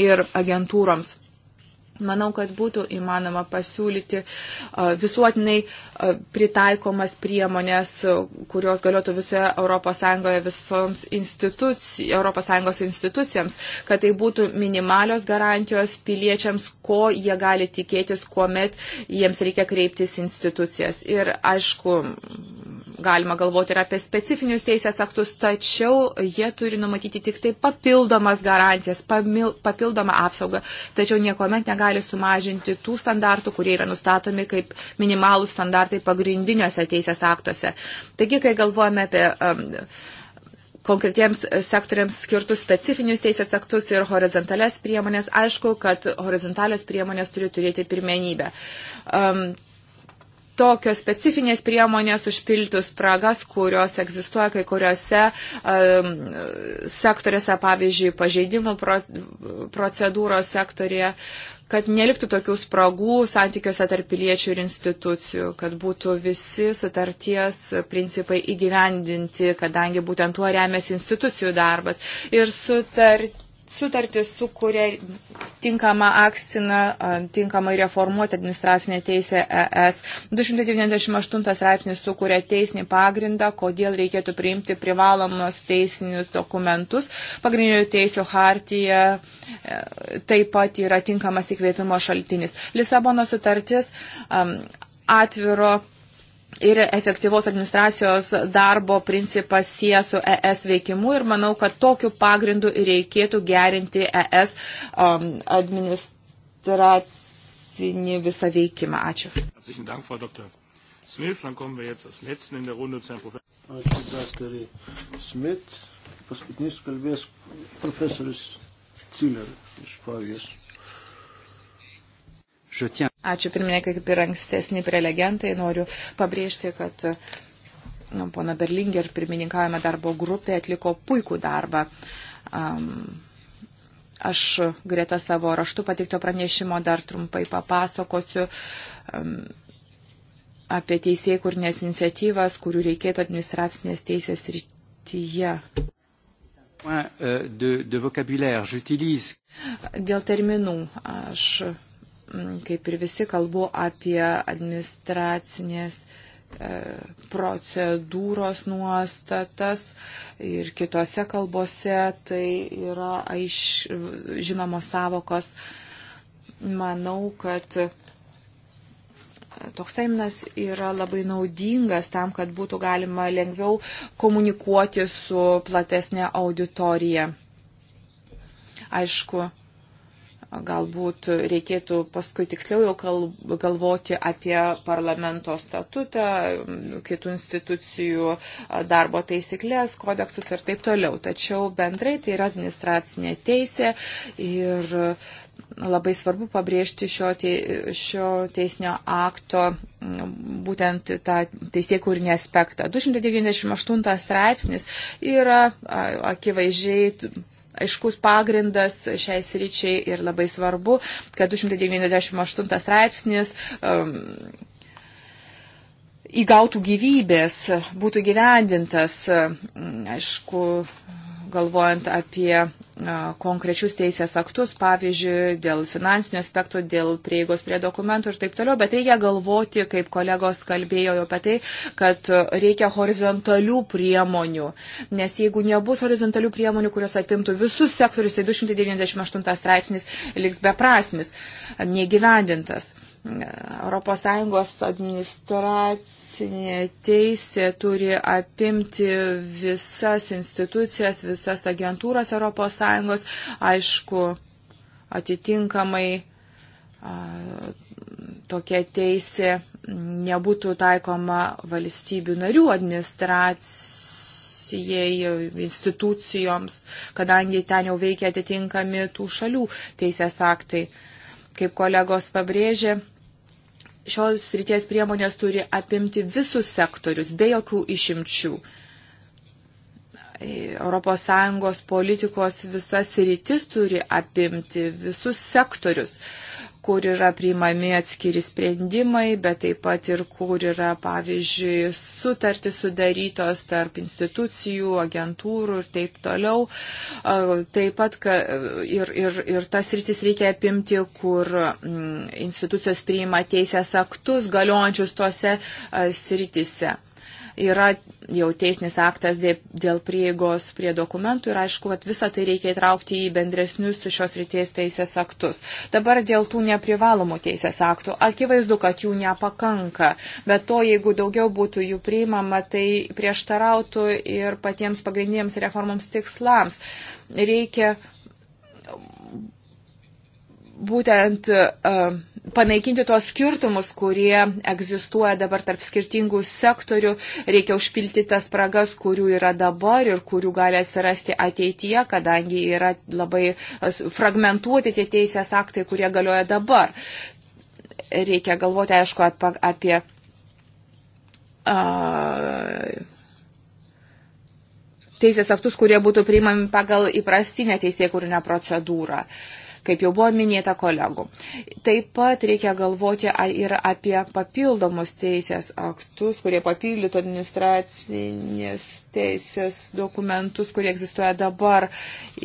ir agentūroms. Manau, kad būtų įmanoma pasiūlyti visuotinai pritaikomas priemonės, kurios galėtų visoje ES visoms instituci, ES institucijams, kad tai būtų minimalios garantijos piliečiams, ko jie gali tikėtis, kuomet jiems reikia kreiptis institucijas. Ir aišku, galima galvoti ir apie specifinius teisės aktus, tačiau jie turi numatyti tik tai papildomas garantijas, papildomą apsaugą, tačiau niekuomet negali sumažinti tų standartų, kurie yra nustatomi kaip minimalų standartai pagrindiniuose teisės aktuose. Taigi, kai galvojame apie. Um, konkretiems sektoriams skirtus specifinius teisės aktus ir horizontales priemonės, aišku, kad horizontalios priemonės turi turėti pirmenybę. Um, tokios specifinės priemonės užpiltų spragas, kurios egzistuoja kai kuriuose um, sektoriuose, pavyzdžiui, pažeidimų pro, procedūros sektorėje, kad neliktų tokių spragų santykiuose tarp piliečių ir institucijų, kad būtų visi sutarties principai įgyvendinti, kadangi būtent tuo remiasi institucijų darbas. Ir sutart, sutartis sukuria tinkamą akstiną, tinkamai reformuoti administracinę teisę ES. 298 straipsnis sukuria teisinį pagrindą, kodėl reikėtų priimti privalomus teisinius dokumentus. Pagrindinių teisų hartija e, taip pat yra tinkamas įkvėpimo šaltinis. Lisabono sutartis atviro ir efektyvos administracijos darbo principas sieja su ES veikimu ir manau, kad tokiu pagrindu reikėtų gerinti ES um, administracinį visą veikimą. Ačiū. Ačiū, daktarė Smith. Paskutinis kalbės profesorius Ciller iš Pavijos. Ačiū pirmininkai, kaip ir ankstesni prelegentai, noriu pabrėžti, kad nu, pona Berlinger pirmininkavime darbo grupė atliko puikų darbą. Um, aš greta savo raštu patikto pranešimo dar trumpai papasakosiu. Um, apie teisėjų kurnės iniciatyvas, kurių reikėtų administracinės teisės rytyje. Euh, de, de Dėl terminų aš kaip ir visi, kalbu apie administracinės e, procedūros nuostatas ir kitose kalbose tai yra aiš, žinomos savokos. Manau, kad toks terminas yra labai naudingas tam, kad būtų galima lengviau komunikuoti su platesnė auditorija. Aišku, Galbūt reikėtų paskui tiksliau jau galvoti apie parlamento statutą, kitų institucijų darbo taisyklės, kodeksus ir taip toliau. Tačiau bendrai tai yra administracinė teisė ir labai svarbu pabrėžti šio, te, šio teisinio akto būtent tą teisėkūrinį aspektą. 298 straipsnis yra akivaizdžiai aiškus pagrindas šiai sričiai ir labai svarbu, kad 298 straipsnis um, įgautų gyvybės, būtų gyvendintas, um, aišku, galvojant apie konkrečius teisės aktus, pavyzdžiui, dėl finansinių aspektų, dėl prieigos prie dokumentų ir taip toliau, bet reikia galvoti, kaip kolegos kalbėjo apie tai, kad reikia horizontalių priemonių, nes jeigu nebus horizontalių priemonių, kurios apimtų visus sektorius, tai 298 straipsnis liks beprasmis, negyvendintas. ES administracija konstitucinė teisė turi apimti visas institucijas, visas agentūras ES, aišku, atitinkamai a, tokia teisė nebūtų taikoma valstybių narių administracijų komisijai, institucijoms, kadangi ten jau veikia atitinkami tų šalių teisės aktai. Kaip kolegos pabrėžė, šios ryties priemonės turi apimti visus sektorius, be jokių išimčių. ES politikos visas rytis turi apimti visus sektorius. Uh, kur yra priimami atskiri sprendimai, bet taip pat ir kur yra, pavyzdžiui, sutartys sudarytos tarp institucijų, agentūrų ir taip toliau. Taip pat ir, ir, ir tas rytis reikia apimti, kur mm, institucijos priima teisės aktus galiojančius tose sritise yra jau teisnis aktas dėl prieigos prie dokumentų ir aišku, kad visą tai reikia įtraukti į bendresnius šios ryties teisės aktus. Dabar dėl tų neprivalomų teisės aktų. Akivaizdu, kad jų nepakanka, bet to, jeigu daugiau būtų jų priimama, tai prieštarautų ir patiems pagrindiniams reformoms tikslams. Reikia būtent uh, panaikinti tos skirtumus, kurie egzistuoja dabar tarp skirtingų sektorių, reikia užpilti tas spragas, kurių yra dabar ir kurių gali atsirasti ateityje, kadangi yra labai fragmentuoti tie teisės aktai, kurie galioja dabar. Reikia galvoti, aišku, apie. Uh, teisės aktus, kurie būtų priimami pagal įprastinę teisėkūrinę procedūrą. Uh, kaip jau buvo minėta kolegų. Taip pat reikia galvoti ir apie papildomus teisės aktus, kurie papildytų administracinės teisės dokumentus, kurie egzistuoja dabar.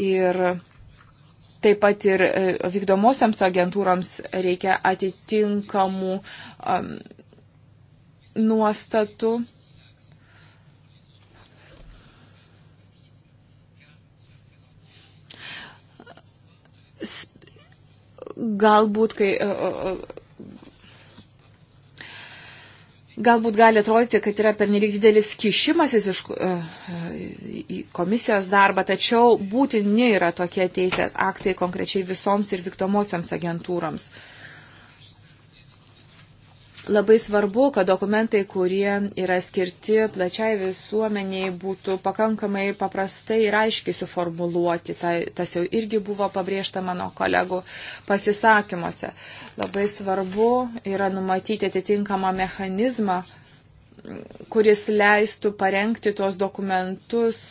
Ir Taip pat ir e, vykdomosiams agentūroms reikia atitinkamų um, nuostatų Galbūt, kai. Galbūt gali atrodyti, kad yra pernelyg didelis kišimasis iš, į komisijos darbą, tačiau būtini yra tokie teisės aktai konkrečiai visoms ir vykdomosioms agentūroms. Uh, Labai svarbu, kad dokumentai, kurie yra skirti plačiai visuomeniai, būtų pakankamai paprastai ir aiškiai suformuluoti. Ta, tas jau irgi buvo pabrėžta mano kolegų pasisakymuose. Labai svarbu yra numatyti atitinkamą mechanizmą, kuris leistų parengti tuos dokumentus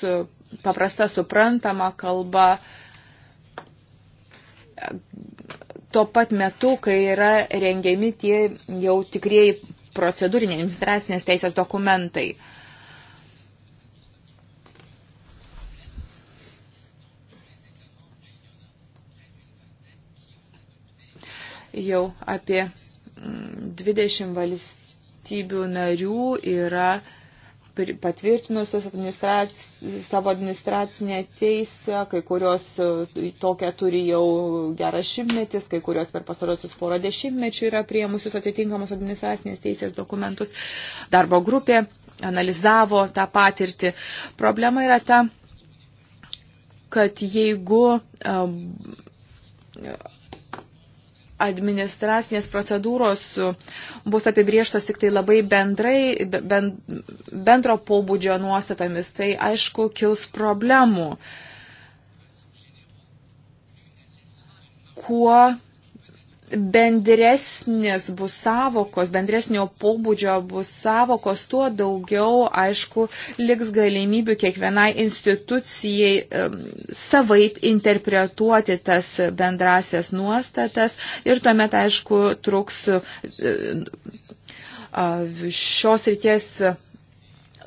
paprasta suprantama kalba tuo pat metu, kai yra rengiami tie jau tikrieji procedūriniai administracinės teisės dokumentai. Jau apie 20 mm, valstybių narių yra uh, patvirtinusios administrac... savo administracinę teisę, kai kurios e, tokią turi jau gerą šimtmetis, kai kurios per pasarosius porą dešimtmečių yra priemusius atitinkamos administracinės teisės dokumentus. Darbo grupė analizavo tą patirtį. Problema yra ta, kad jeigu um, administracinės procedūros bus apibrieštos tik tai labai bendrai, ben, bendro pobūdžio nuostatomis, tai aišku, kils problemų. Kuo bendresnės bus savokos, bendresnio pobūdžio bus savokos, tuo daugiau, aišku, liks galimybių kiekvienai institucijai um, savaip interpretuoti tas bendrasias nuostatas ir tuomet, aišku, truks e, šios ryties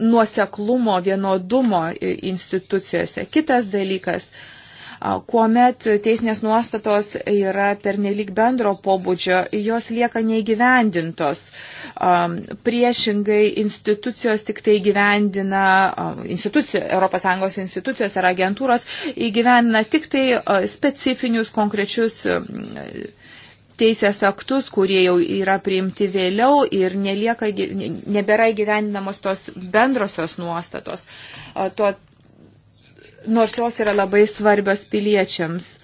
nuoseklumo, vienodumo institucijose. Kitas dalykas. Uh, kuomet teisinės nuostatos yra pernelik bendro pobūdžio, jos lieka neįgyvendintos. Priešingai institucijos tik tai įgyvendina, institucijos, ES institucijos ar agentūros įgyvendina tik tai specifinius konkrečius teisės aktus, kurie jau yra priimti vėliau ir nelieka, nebėra įgyvendinamos tos bendrosios nuostatos. Tuo nors jos yra labai svarbios piliečiams.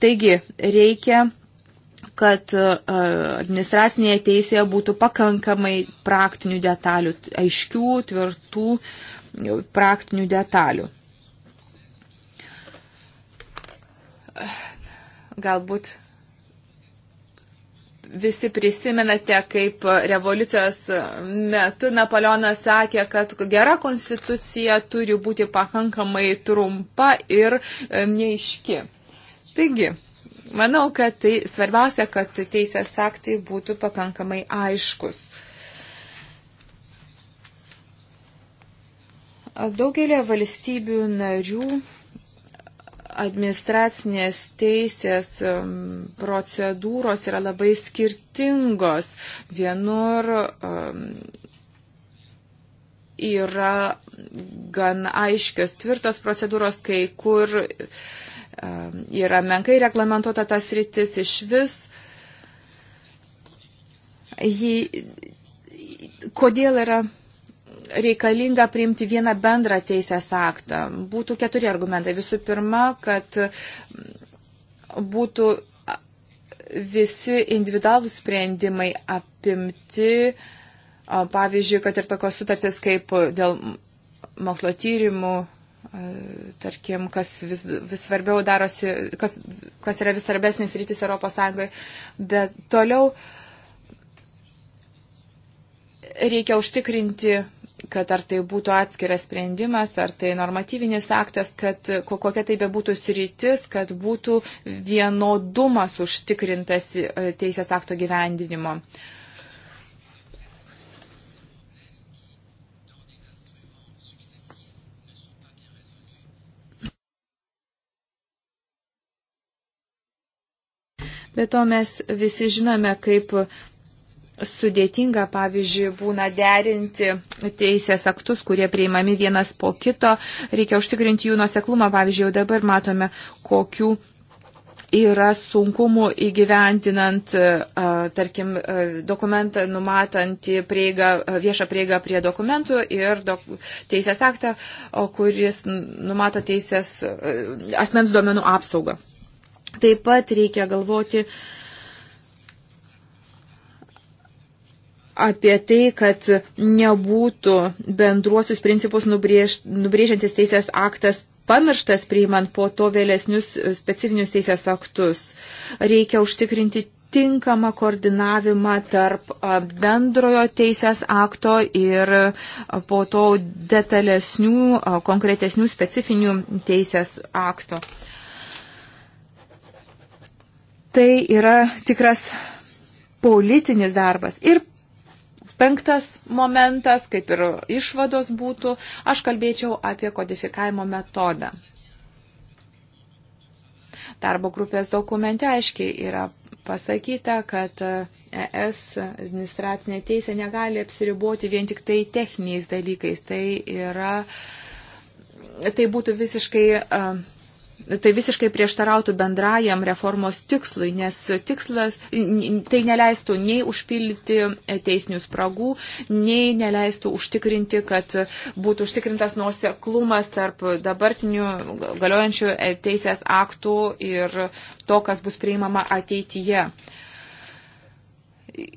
Taigi, reikia kad e, administracinėje teisėje būtų pakankamai praktinių detalių, aiškių, tvirtų praktinių detalių. Galbūt visi prisimenate, kaip revoliucijos metu Napoleonas sakė, kad gera konstitucija turi būti pakankamai trumpa ir e, neiški. Taigi, manau, kad tai svarbiausia, kad teisės aktai būtų pakankamai aiškus. Daugelė valstybių narių administracinės teisės procedūros yra labai skirtingos. Vienur yra gan aiškios, tvirtos procedūros, kai kur yra menkai reglamentuota tas rytis iš vis. Jį, kodėl yra reikalinga priimti vieną bendrą teisės aktą. Būtų keturi argumentai. Visų pirma, kad būtų visi individualų sprendimai apimti, pavyzdžiui, kad ir tokios sutartys kaip dėl mokslo tyrimų, tarkim, kas vis, vis svarbiau darosi, kas, kas yra vis svarbesnis rytis Europos Sąjungoje, bet toliau reikia užtikrinti kad ar tai būtų atskiras sprendimas, ar tai normatyvinis aktas, kad kokia tai bebūtų sritis, kad būtų vienodumas užtikrintas e, teisės akto gyvendinimo. Bet to mes visi žinome, kaip sudėtinga, pavyzdžiui, būna derinti teisės aktus, kurie prieimami vienas po kito. Reikia užtikrinti jų nuoseklumą. Pavyzdžiui, jau dabar matome, kokių yra sunkumų įgyventinant, e, tarkim, e, dokumentą numatantį prieigą, e, viešą prieigą prie dokumentų ir dok, teisės aktą, kuris numato teisės asmens duomenų apsaugą. Taip pat reikia galvoti, uh, apie tai, kad nebūtų bendruosius principus nubrėž, nubrėžiantis teisės aktas pamirštas priimant po to vėlesnius e, specifinius teisės aktus. Reikia užtikrinti tinkamą koordinavimą tarp e, bendrojo teisės akto ir e, po to detalesnių, konkretesnių specifinių teisės akto. Tai yra tikras politinis darbas. Ir Penktas momentas, kaip ir išvados būtų, aš kalbėčiau apie kodifikavimo metodą. Darbo grupės dokumente aiškiai yra pasakyta, kad ES administracinė teisė negali apsiriboti vien tik tai techniniais dalykais. Tai yra, tai būtų visiškai tai visiškai prieštarautų bendrajam reformos tikslui, nes tikslas tai neleistų nei užpildyti teisinių spragų, nei neleistų užtikrinti, kad būtų užtikrintas nuoseklumas tarp dabartinių galiojančių e, teisės aktų ir to, kas bus priimama ateityje.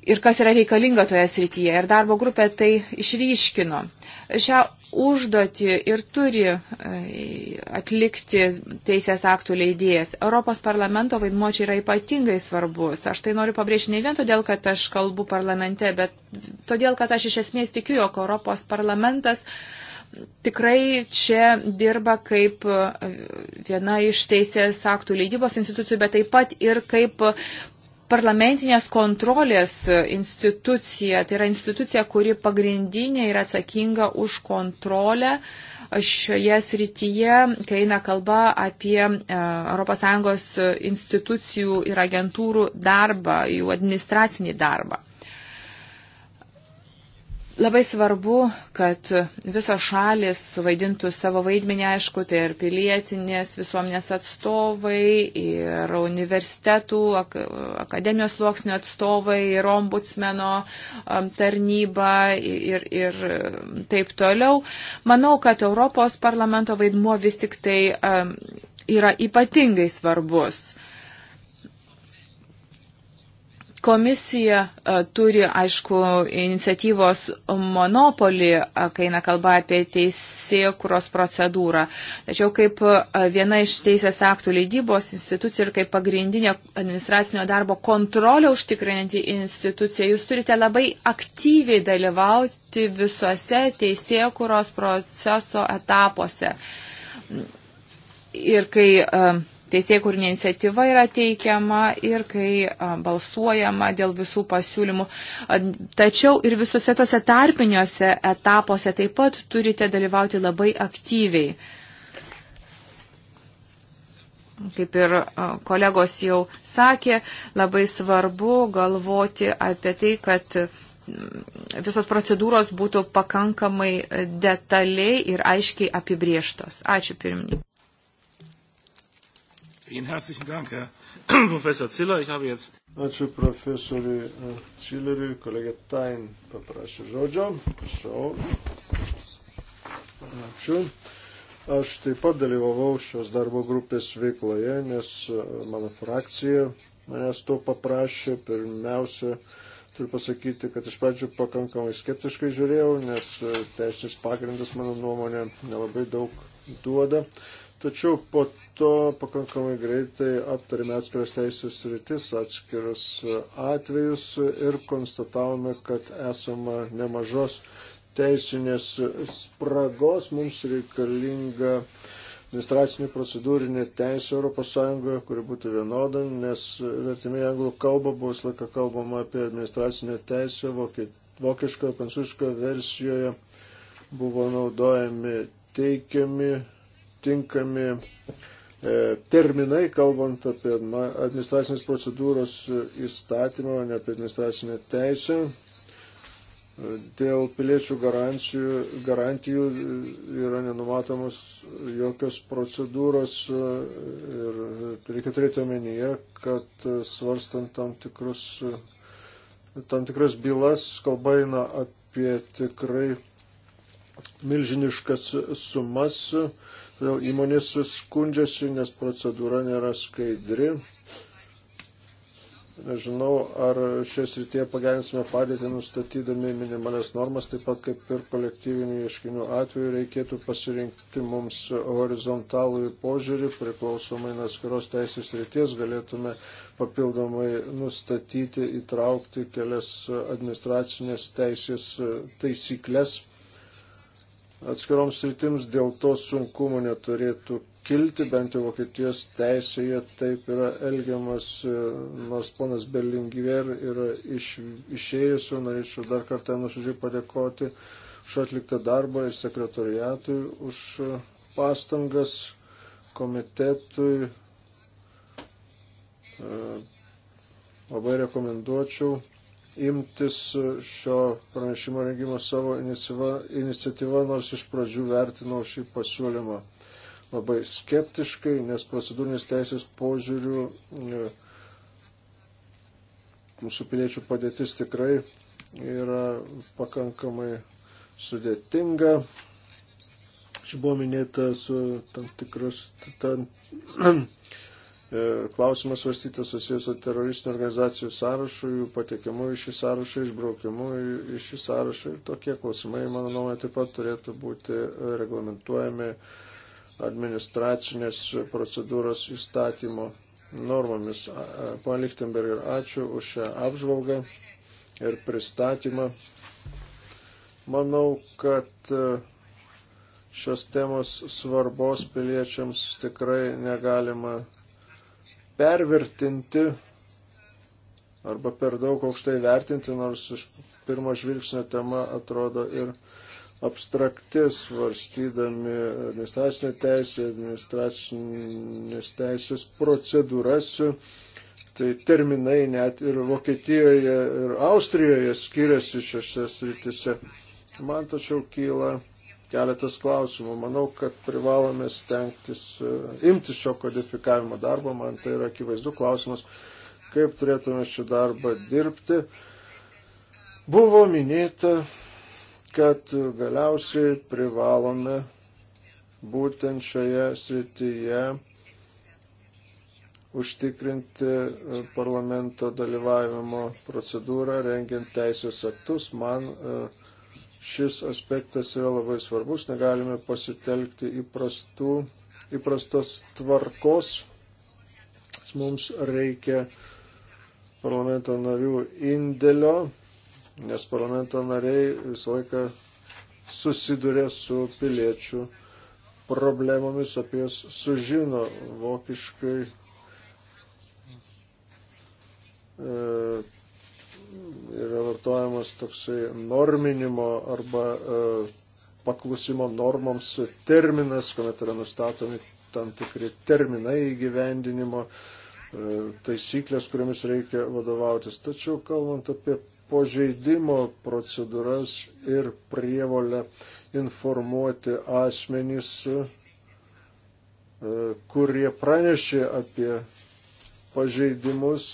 Ir kas yra reikalinga toje srityje. Ir darbo grupė tai išryškino. Šia užduoti ir turi e, atlikti teisės aktų leidėjas. Europos parlamento vaidmuo čia yra ypatingai svarbus. Aš tai noriu pabrėžti ne vien todėl, kad aš kalbu parlamente, bet todėl, kad aš iš esmės tikiu, jog Europos parlamentas tikrai čia dirba kaip e, viena iš teisės aktų leidybos institucijų, bet taip pat ir kaip parlamentinės kontrolės institucija, tai yra institucija, kuri pagrindinė yra atsakinga už kontrolę šioje srityje, kai eina kalba apie ES institucijų ir agentūrų darbą, jų administracinį darbą. Labai svarbu, kad visos šalis suvaidintų savo vaidmenį, aišku, tai ir pilietinės visuomenės atstovai, ir universitetų, akademijos sluoksnių atstovai, ir ombudsmeno tarnyba ir, ir taip toliau. Manau, kad Europos parlamento vaidmuo vis tik tai yra ypatingai svarbus. Komisija e, turi, aišku, iniciatyvos monopolį, e, kai eina kalba apie teisėkuros procedūrą. Tačiau kaip e, viena iš teisės aktų leidybos institucijų ir kaip pagrindinė administracinio darbo kontrolę užtikrinanti institucija, jūs turite labai aktyviai dalyvauti visuose teisėkuros proceso etapuose. Ir kai uh, teisėkūrinė iniciatyva yra teikiama ir kai balsuojama dėl visų pasiūlymų. Tačiau ir visose tose tarpiniuose etapuose taip pat turite dalyvauti labai aktyviai. Kaip ir kolegos jau sakė, labai svarbu galvoti apie tai, kad visos procedūros būtų pakankamai e, detaliai ir aiškiai apibrieštos. Ačiū pirmininkai. Ihnen herzlichen Dank, Herr Professor Ziller. Ich habe jetzt. Ačiū profesoriui Cilleriui, e, kolegė Tain paprašė žodžio. Prašau. Ačiū. Aš taip pat dalyvavau šios darbo grupės veikloje, nes e, mano frakcija manęs to paprašė. Pirmiausia, turiu pasakyti, kad iš pradžių pakankamai skeptiškai žiūrėjau, nes e, teisės pagrindas, mano nuomonė, nelabai daug duoda. Tačiau po to pakankamai greitai aptarėme atskiras teisės rytis, atskirus atvejus ir konstatavome, kad esama nemažos teisinės spragos, mums reikalinga administracinė procedūrinė teisė ES, kuri būtų vienoda, nes vertime į anglų kalbą buvo visą laiką kalbama apie administracinę teisę, vokiškoje, prancūziškoje versijoje buvo naudojami teikiami, tinkami E, terminai, kalbant apie administracinės procedūros įstatymą, o ne apie administracinę teisę. E, dėl piliečių garantijų, garantijų e, yra nenumatomos jokios procedūros ir reikia turėti omenyje, kad svarstant tam, tikrus, tam tikras bylas, kalba eina apie tikrai milžiniškas sumas, Todėl įmonės skundžiasi, nes procedūra nėra skaidri. Nežinau, ar šios rytėje pagerinsime padėtį nustatydami minimalias normas, taip pat kaip ir kolektyvinių ieškinių atveju reikėtų pasirinkti mums horizontalų požiūrį, priklausomai nuo skiros teisės ryties galėtume papildomai nustatyti, įtraukti kelias administracinės teisės taisyklės atskiroms sritims, dėl to sunkumo neturėtų kilti, bent jau Vokietijos teisėje taip yra elgiamas, e, nors ponas Berlingiver yra iš, išėjęs, norėčiau dar kartą nuoširdžiai padėkoti už atliktą darbą ir sekretoriatui už e, pastangas komitetui. E, labai rekomenduočiau imtis šio pranešimo rengimo savo iniciatyvą, nors iš pradžių vertinau šį pasiūlymą labai skeptiškai, nes procedūrinės teisės požiūrių e, mūsų piliečių padėtis tikrai yra pakankamai sudėtinga. Čia buvo minėta su tam tikras, tam, E, klausimas svarstytas susijęs su teroristinių organizacijų sąrašu, jų patekimu iš šį sąrašą, išbraukimu iš šį sąrašą ir tokie klausimai, mano nuomonė, taip pat turėtų būti e, reglamentuojami administracinės procedūros įstatymo normomis. Pane Lichtenberger, ačiū už šią apžvalgą ir pristatymą. Manau, kad e, šios temos svarbos piliečiams tikrai negalima pervertinti arba per daug aukštai vertinti, nors iš pirmo žvilgsnio tema atrodo ir abstraktis, varstydami administracinę teisę, administracinės teisės procedūras. Tai terminai net ir Vokietijoje, ir Austrijoje skiriasi šiose sritise. Man tačiau kyla keletas klausimų. Manau, kad privalome stengtis e, imti šio kodifikavimo darbo. Man tai yra akivaizdu klausimas, kaip turėtume šį darbą dirbti. Buvo minėta, kad galiausiai privalome būtent šioje srityje užtikrinti e, parlamento dalyvavimo procedūrą, rengiant teisės aktus. Man uh, Šis aspektas yra labai svarbus, negalime pasitelkti įprastų, įprastos tvarkos. Mums reikia parlamento narių indėlio, nes parlamento nariai visą laiką susiduria su piliečių problemomis, apie jas sužino vokiškai. E, yra vartojamas toksai norminimo arba e, paklusimo normoms terminas, kuomet yra nustatomi tam tikri terminai įgyvendinimo e, taisyklės, kuriamis reikia vadovautis. Tačiau kalbant apie požeidimo procedūras ir prievolę informuoti asmenys, e, kurie pranešė apie pažeidimus,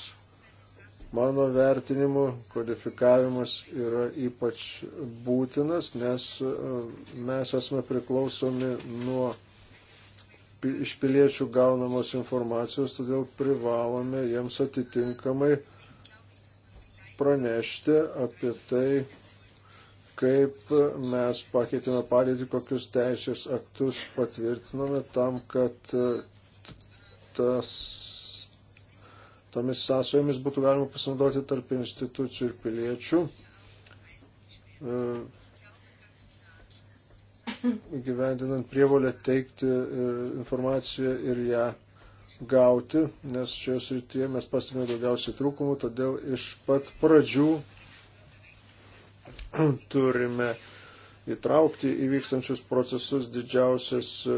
Mano vertinimu kodifikavimas yra ypač būtinas, nes e, mes esame priklausomi nuo iš piliečių gaunamos informacijos, todėl privalome jiems atitinkamai pranešti apie tai, kaip mes pakeitėme padėtį, kokius teisės aktus patvirtinome tam, kad e, tas tomis sąsojomis būtų galima pasinaudoti tarp institucijų ir piliečių, e, gyvendinant prievolę teikti e, informaciją ir ją gauti, nes šioje srityje mes pastebėjome daugiausiai trūkumų, todėl iš pat pradžių turime įtraukti įvykstančius procesus didžiausias e,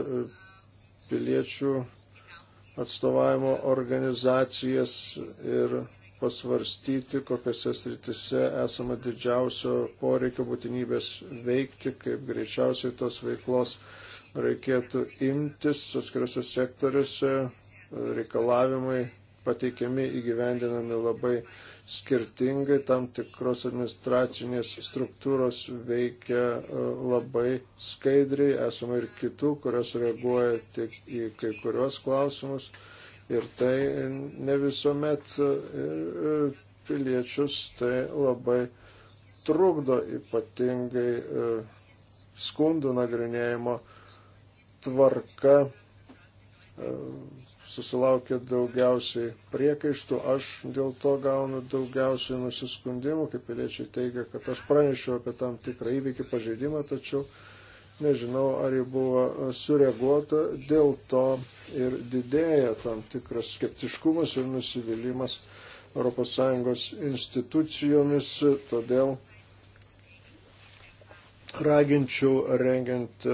piliečių atstovavimo organizacijas ir pasvarstyti, kokiuose sritise esama didžiausio poreikio būtinybės veikti, kaip greičiausiai tos veiklos reikėtų imtis, atskiriuose sektoriuose reikalavimai pateikiami įgyvendinami labai skirtingai, tam tikros administracinės struktūros veikia e, labai skaidriai, esame ir kitų, kurios reaguoja tik į kai kurios klausimus ir tai ne visuomet e, e, piliečius tai labai trukdo ypatingai skundų nagrinėjimo tvarka susilaukia daugiausiai priekaištų, aš dėl to gaunu daugiausiai nusiskundimų, kaip piliečiai teigia, kad aš pranešiau apie tam tikrą įvykį pažeidimą, tačiau nežinau, ar jį buvo sureaguota, dėl to ir didėja tam tikras skeptiškumas ir nusivylimas ES institucijomis, todėl raginčiau rengiant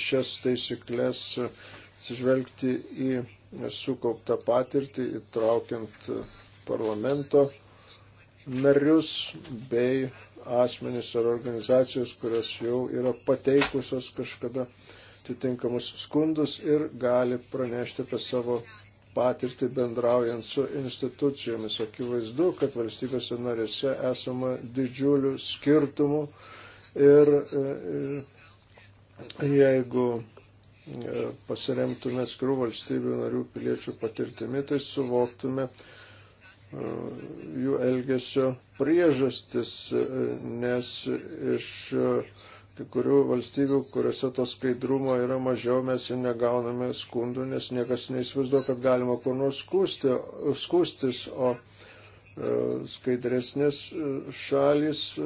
šias taisyklės atsižvelgti į sukauptą patirtį, įtraukiant parlamento narius bei asmenys ar organizacijos, kurios jau yra pateikusios kažkada atitinkamus skundus ir gali pranešti apie savo patirtį bendraujant su institucijomis. Akivaizdu, kad valstybėse narėse esama didžiulių skirtumų ir e, e, jeigu E, pasiremtume skrų valstybių narių piliečių patirtimi, tai suvoktume e, jų elgesio priežastis, e, nes iš kai kurių valstybių, kuriuose to skaidrumo yra mažiau, mes ir negauname skundų, nes niekas neįsivaizduoja, kad galima kur nors skūsti, skūstis, o E, skaidresnės e, šalis e,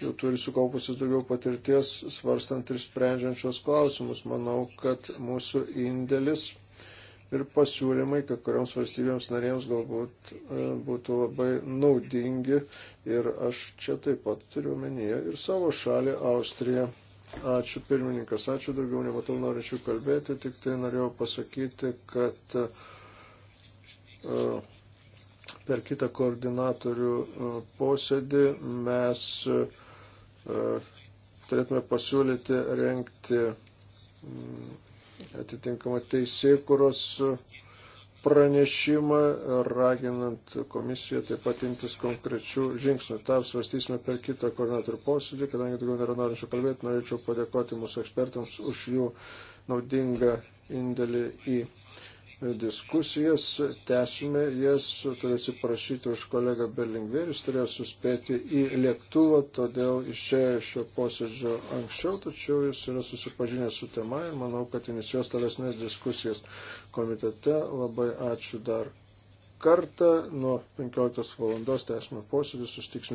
jau turi sukaupusios daugiau patirties svarstant ir sprendžiančios klausimus. Manau, kad mūsų indėlis ir pasiūlymai, kai kurioms valstybėms narėms galbūt būtų labai naudingi. Ir aš čia taip pat turiu menyje ir savo šalį Austriją. Ačiū pirmininkas, ačiū daugiau, nematau norinčių kalbėti, tik tai norėjau pasakyti, kad uh, per kitą koordinatorių e, posėdį mes e, e, turėtume pasiūlyti renkti mm, atitinkamą teisėkuros pranešimą, raginant komisiją taip pat imtis konkrečių žingsnių. Ta svarstysime per kitą koordinatorių posėdį, kadangi daugiau nėra norinčių kalbėti, norėčiau padėkoti mūsų ekspertams už jų naudingą indėlį į diskusijas, tęsime jas, turiu atsiprašyti už kolegą Berlingvėrius, turėjo suspėti į lėktuvą, todėl išėjo iš šio posėdžio anksčiau, tačiau jis yra susipažinęs su tema ir manau, kad inicijuos tolesnės diskusijas komitete. Labai ačiū dar kartą. Nuo 15 valandos tęsime posėdį, sustiksime.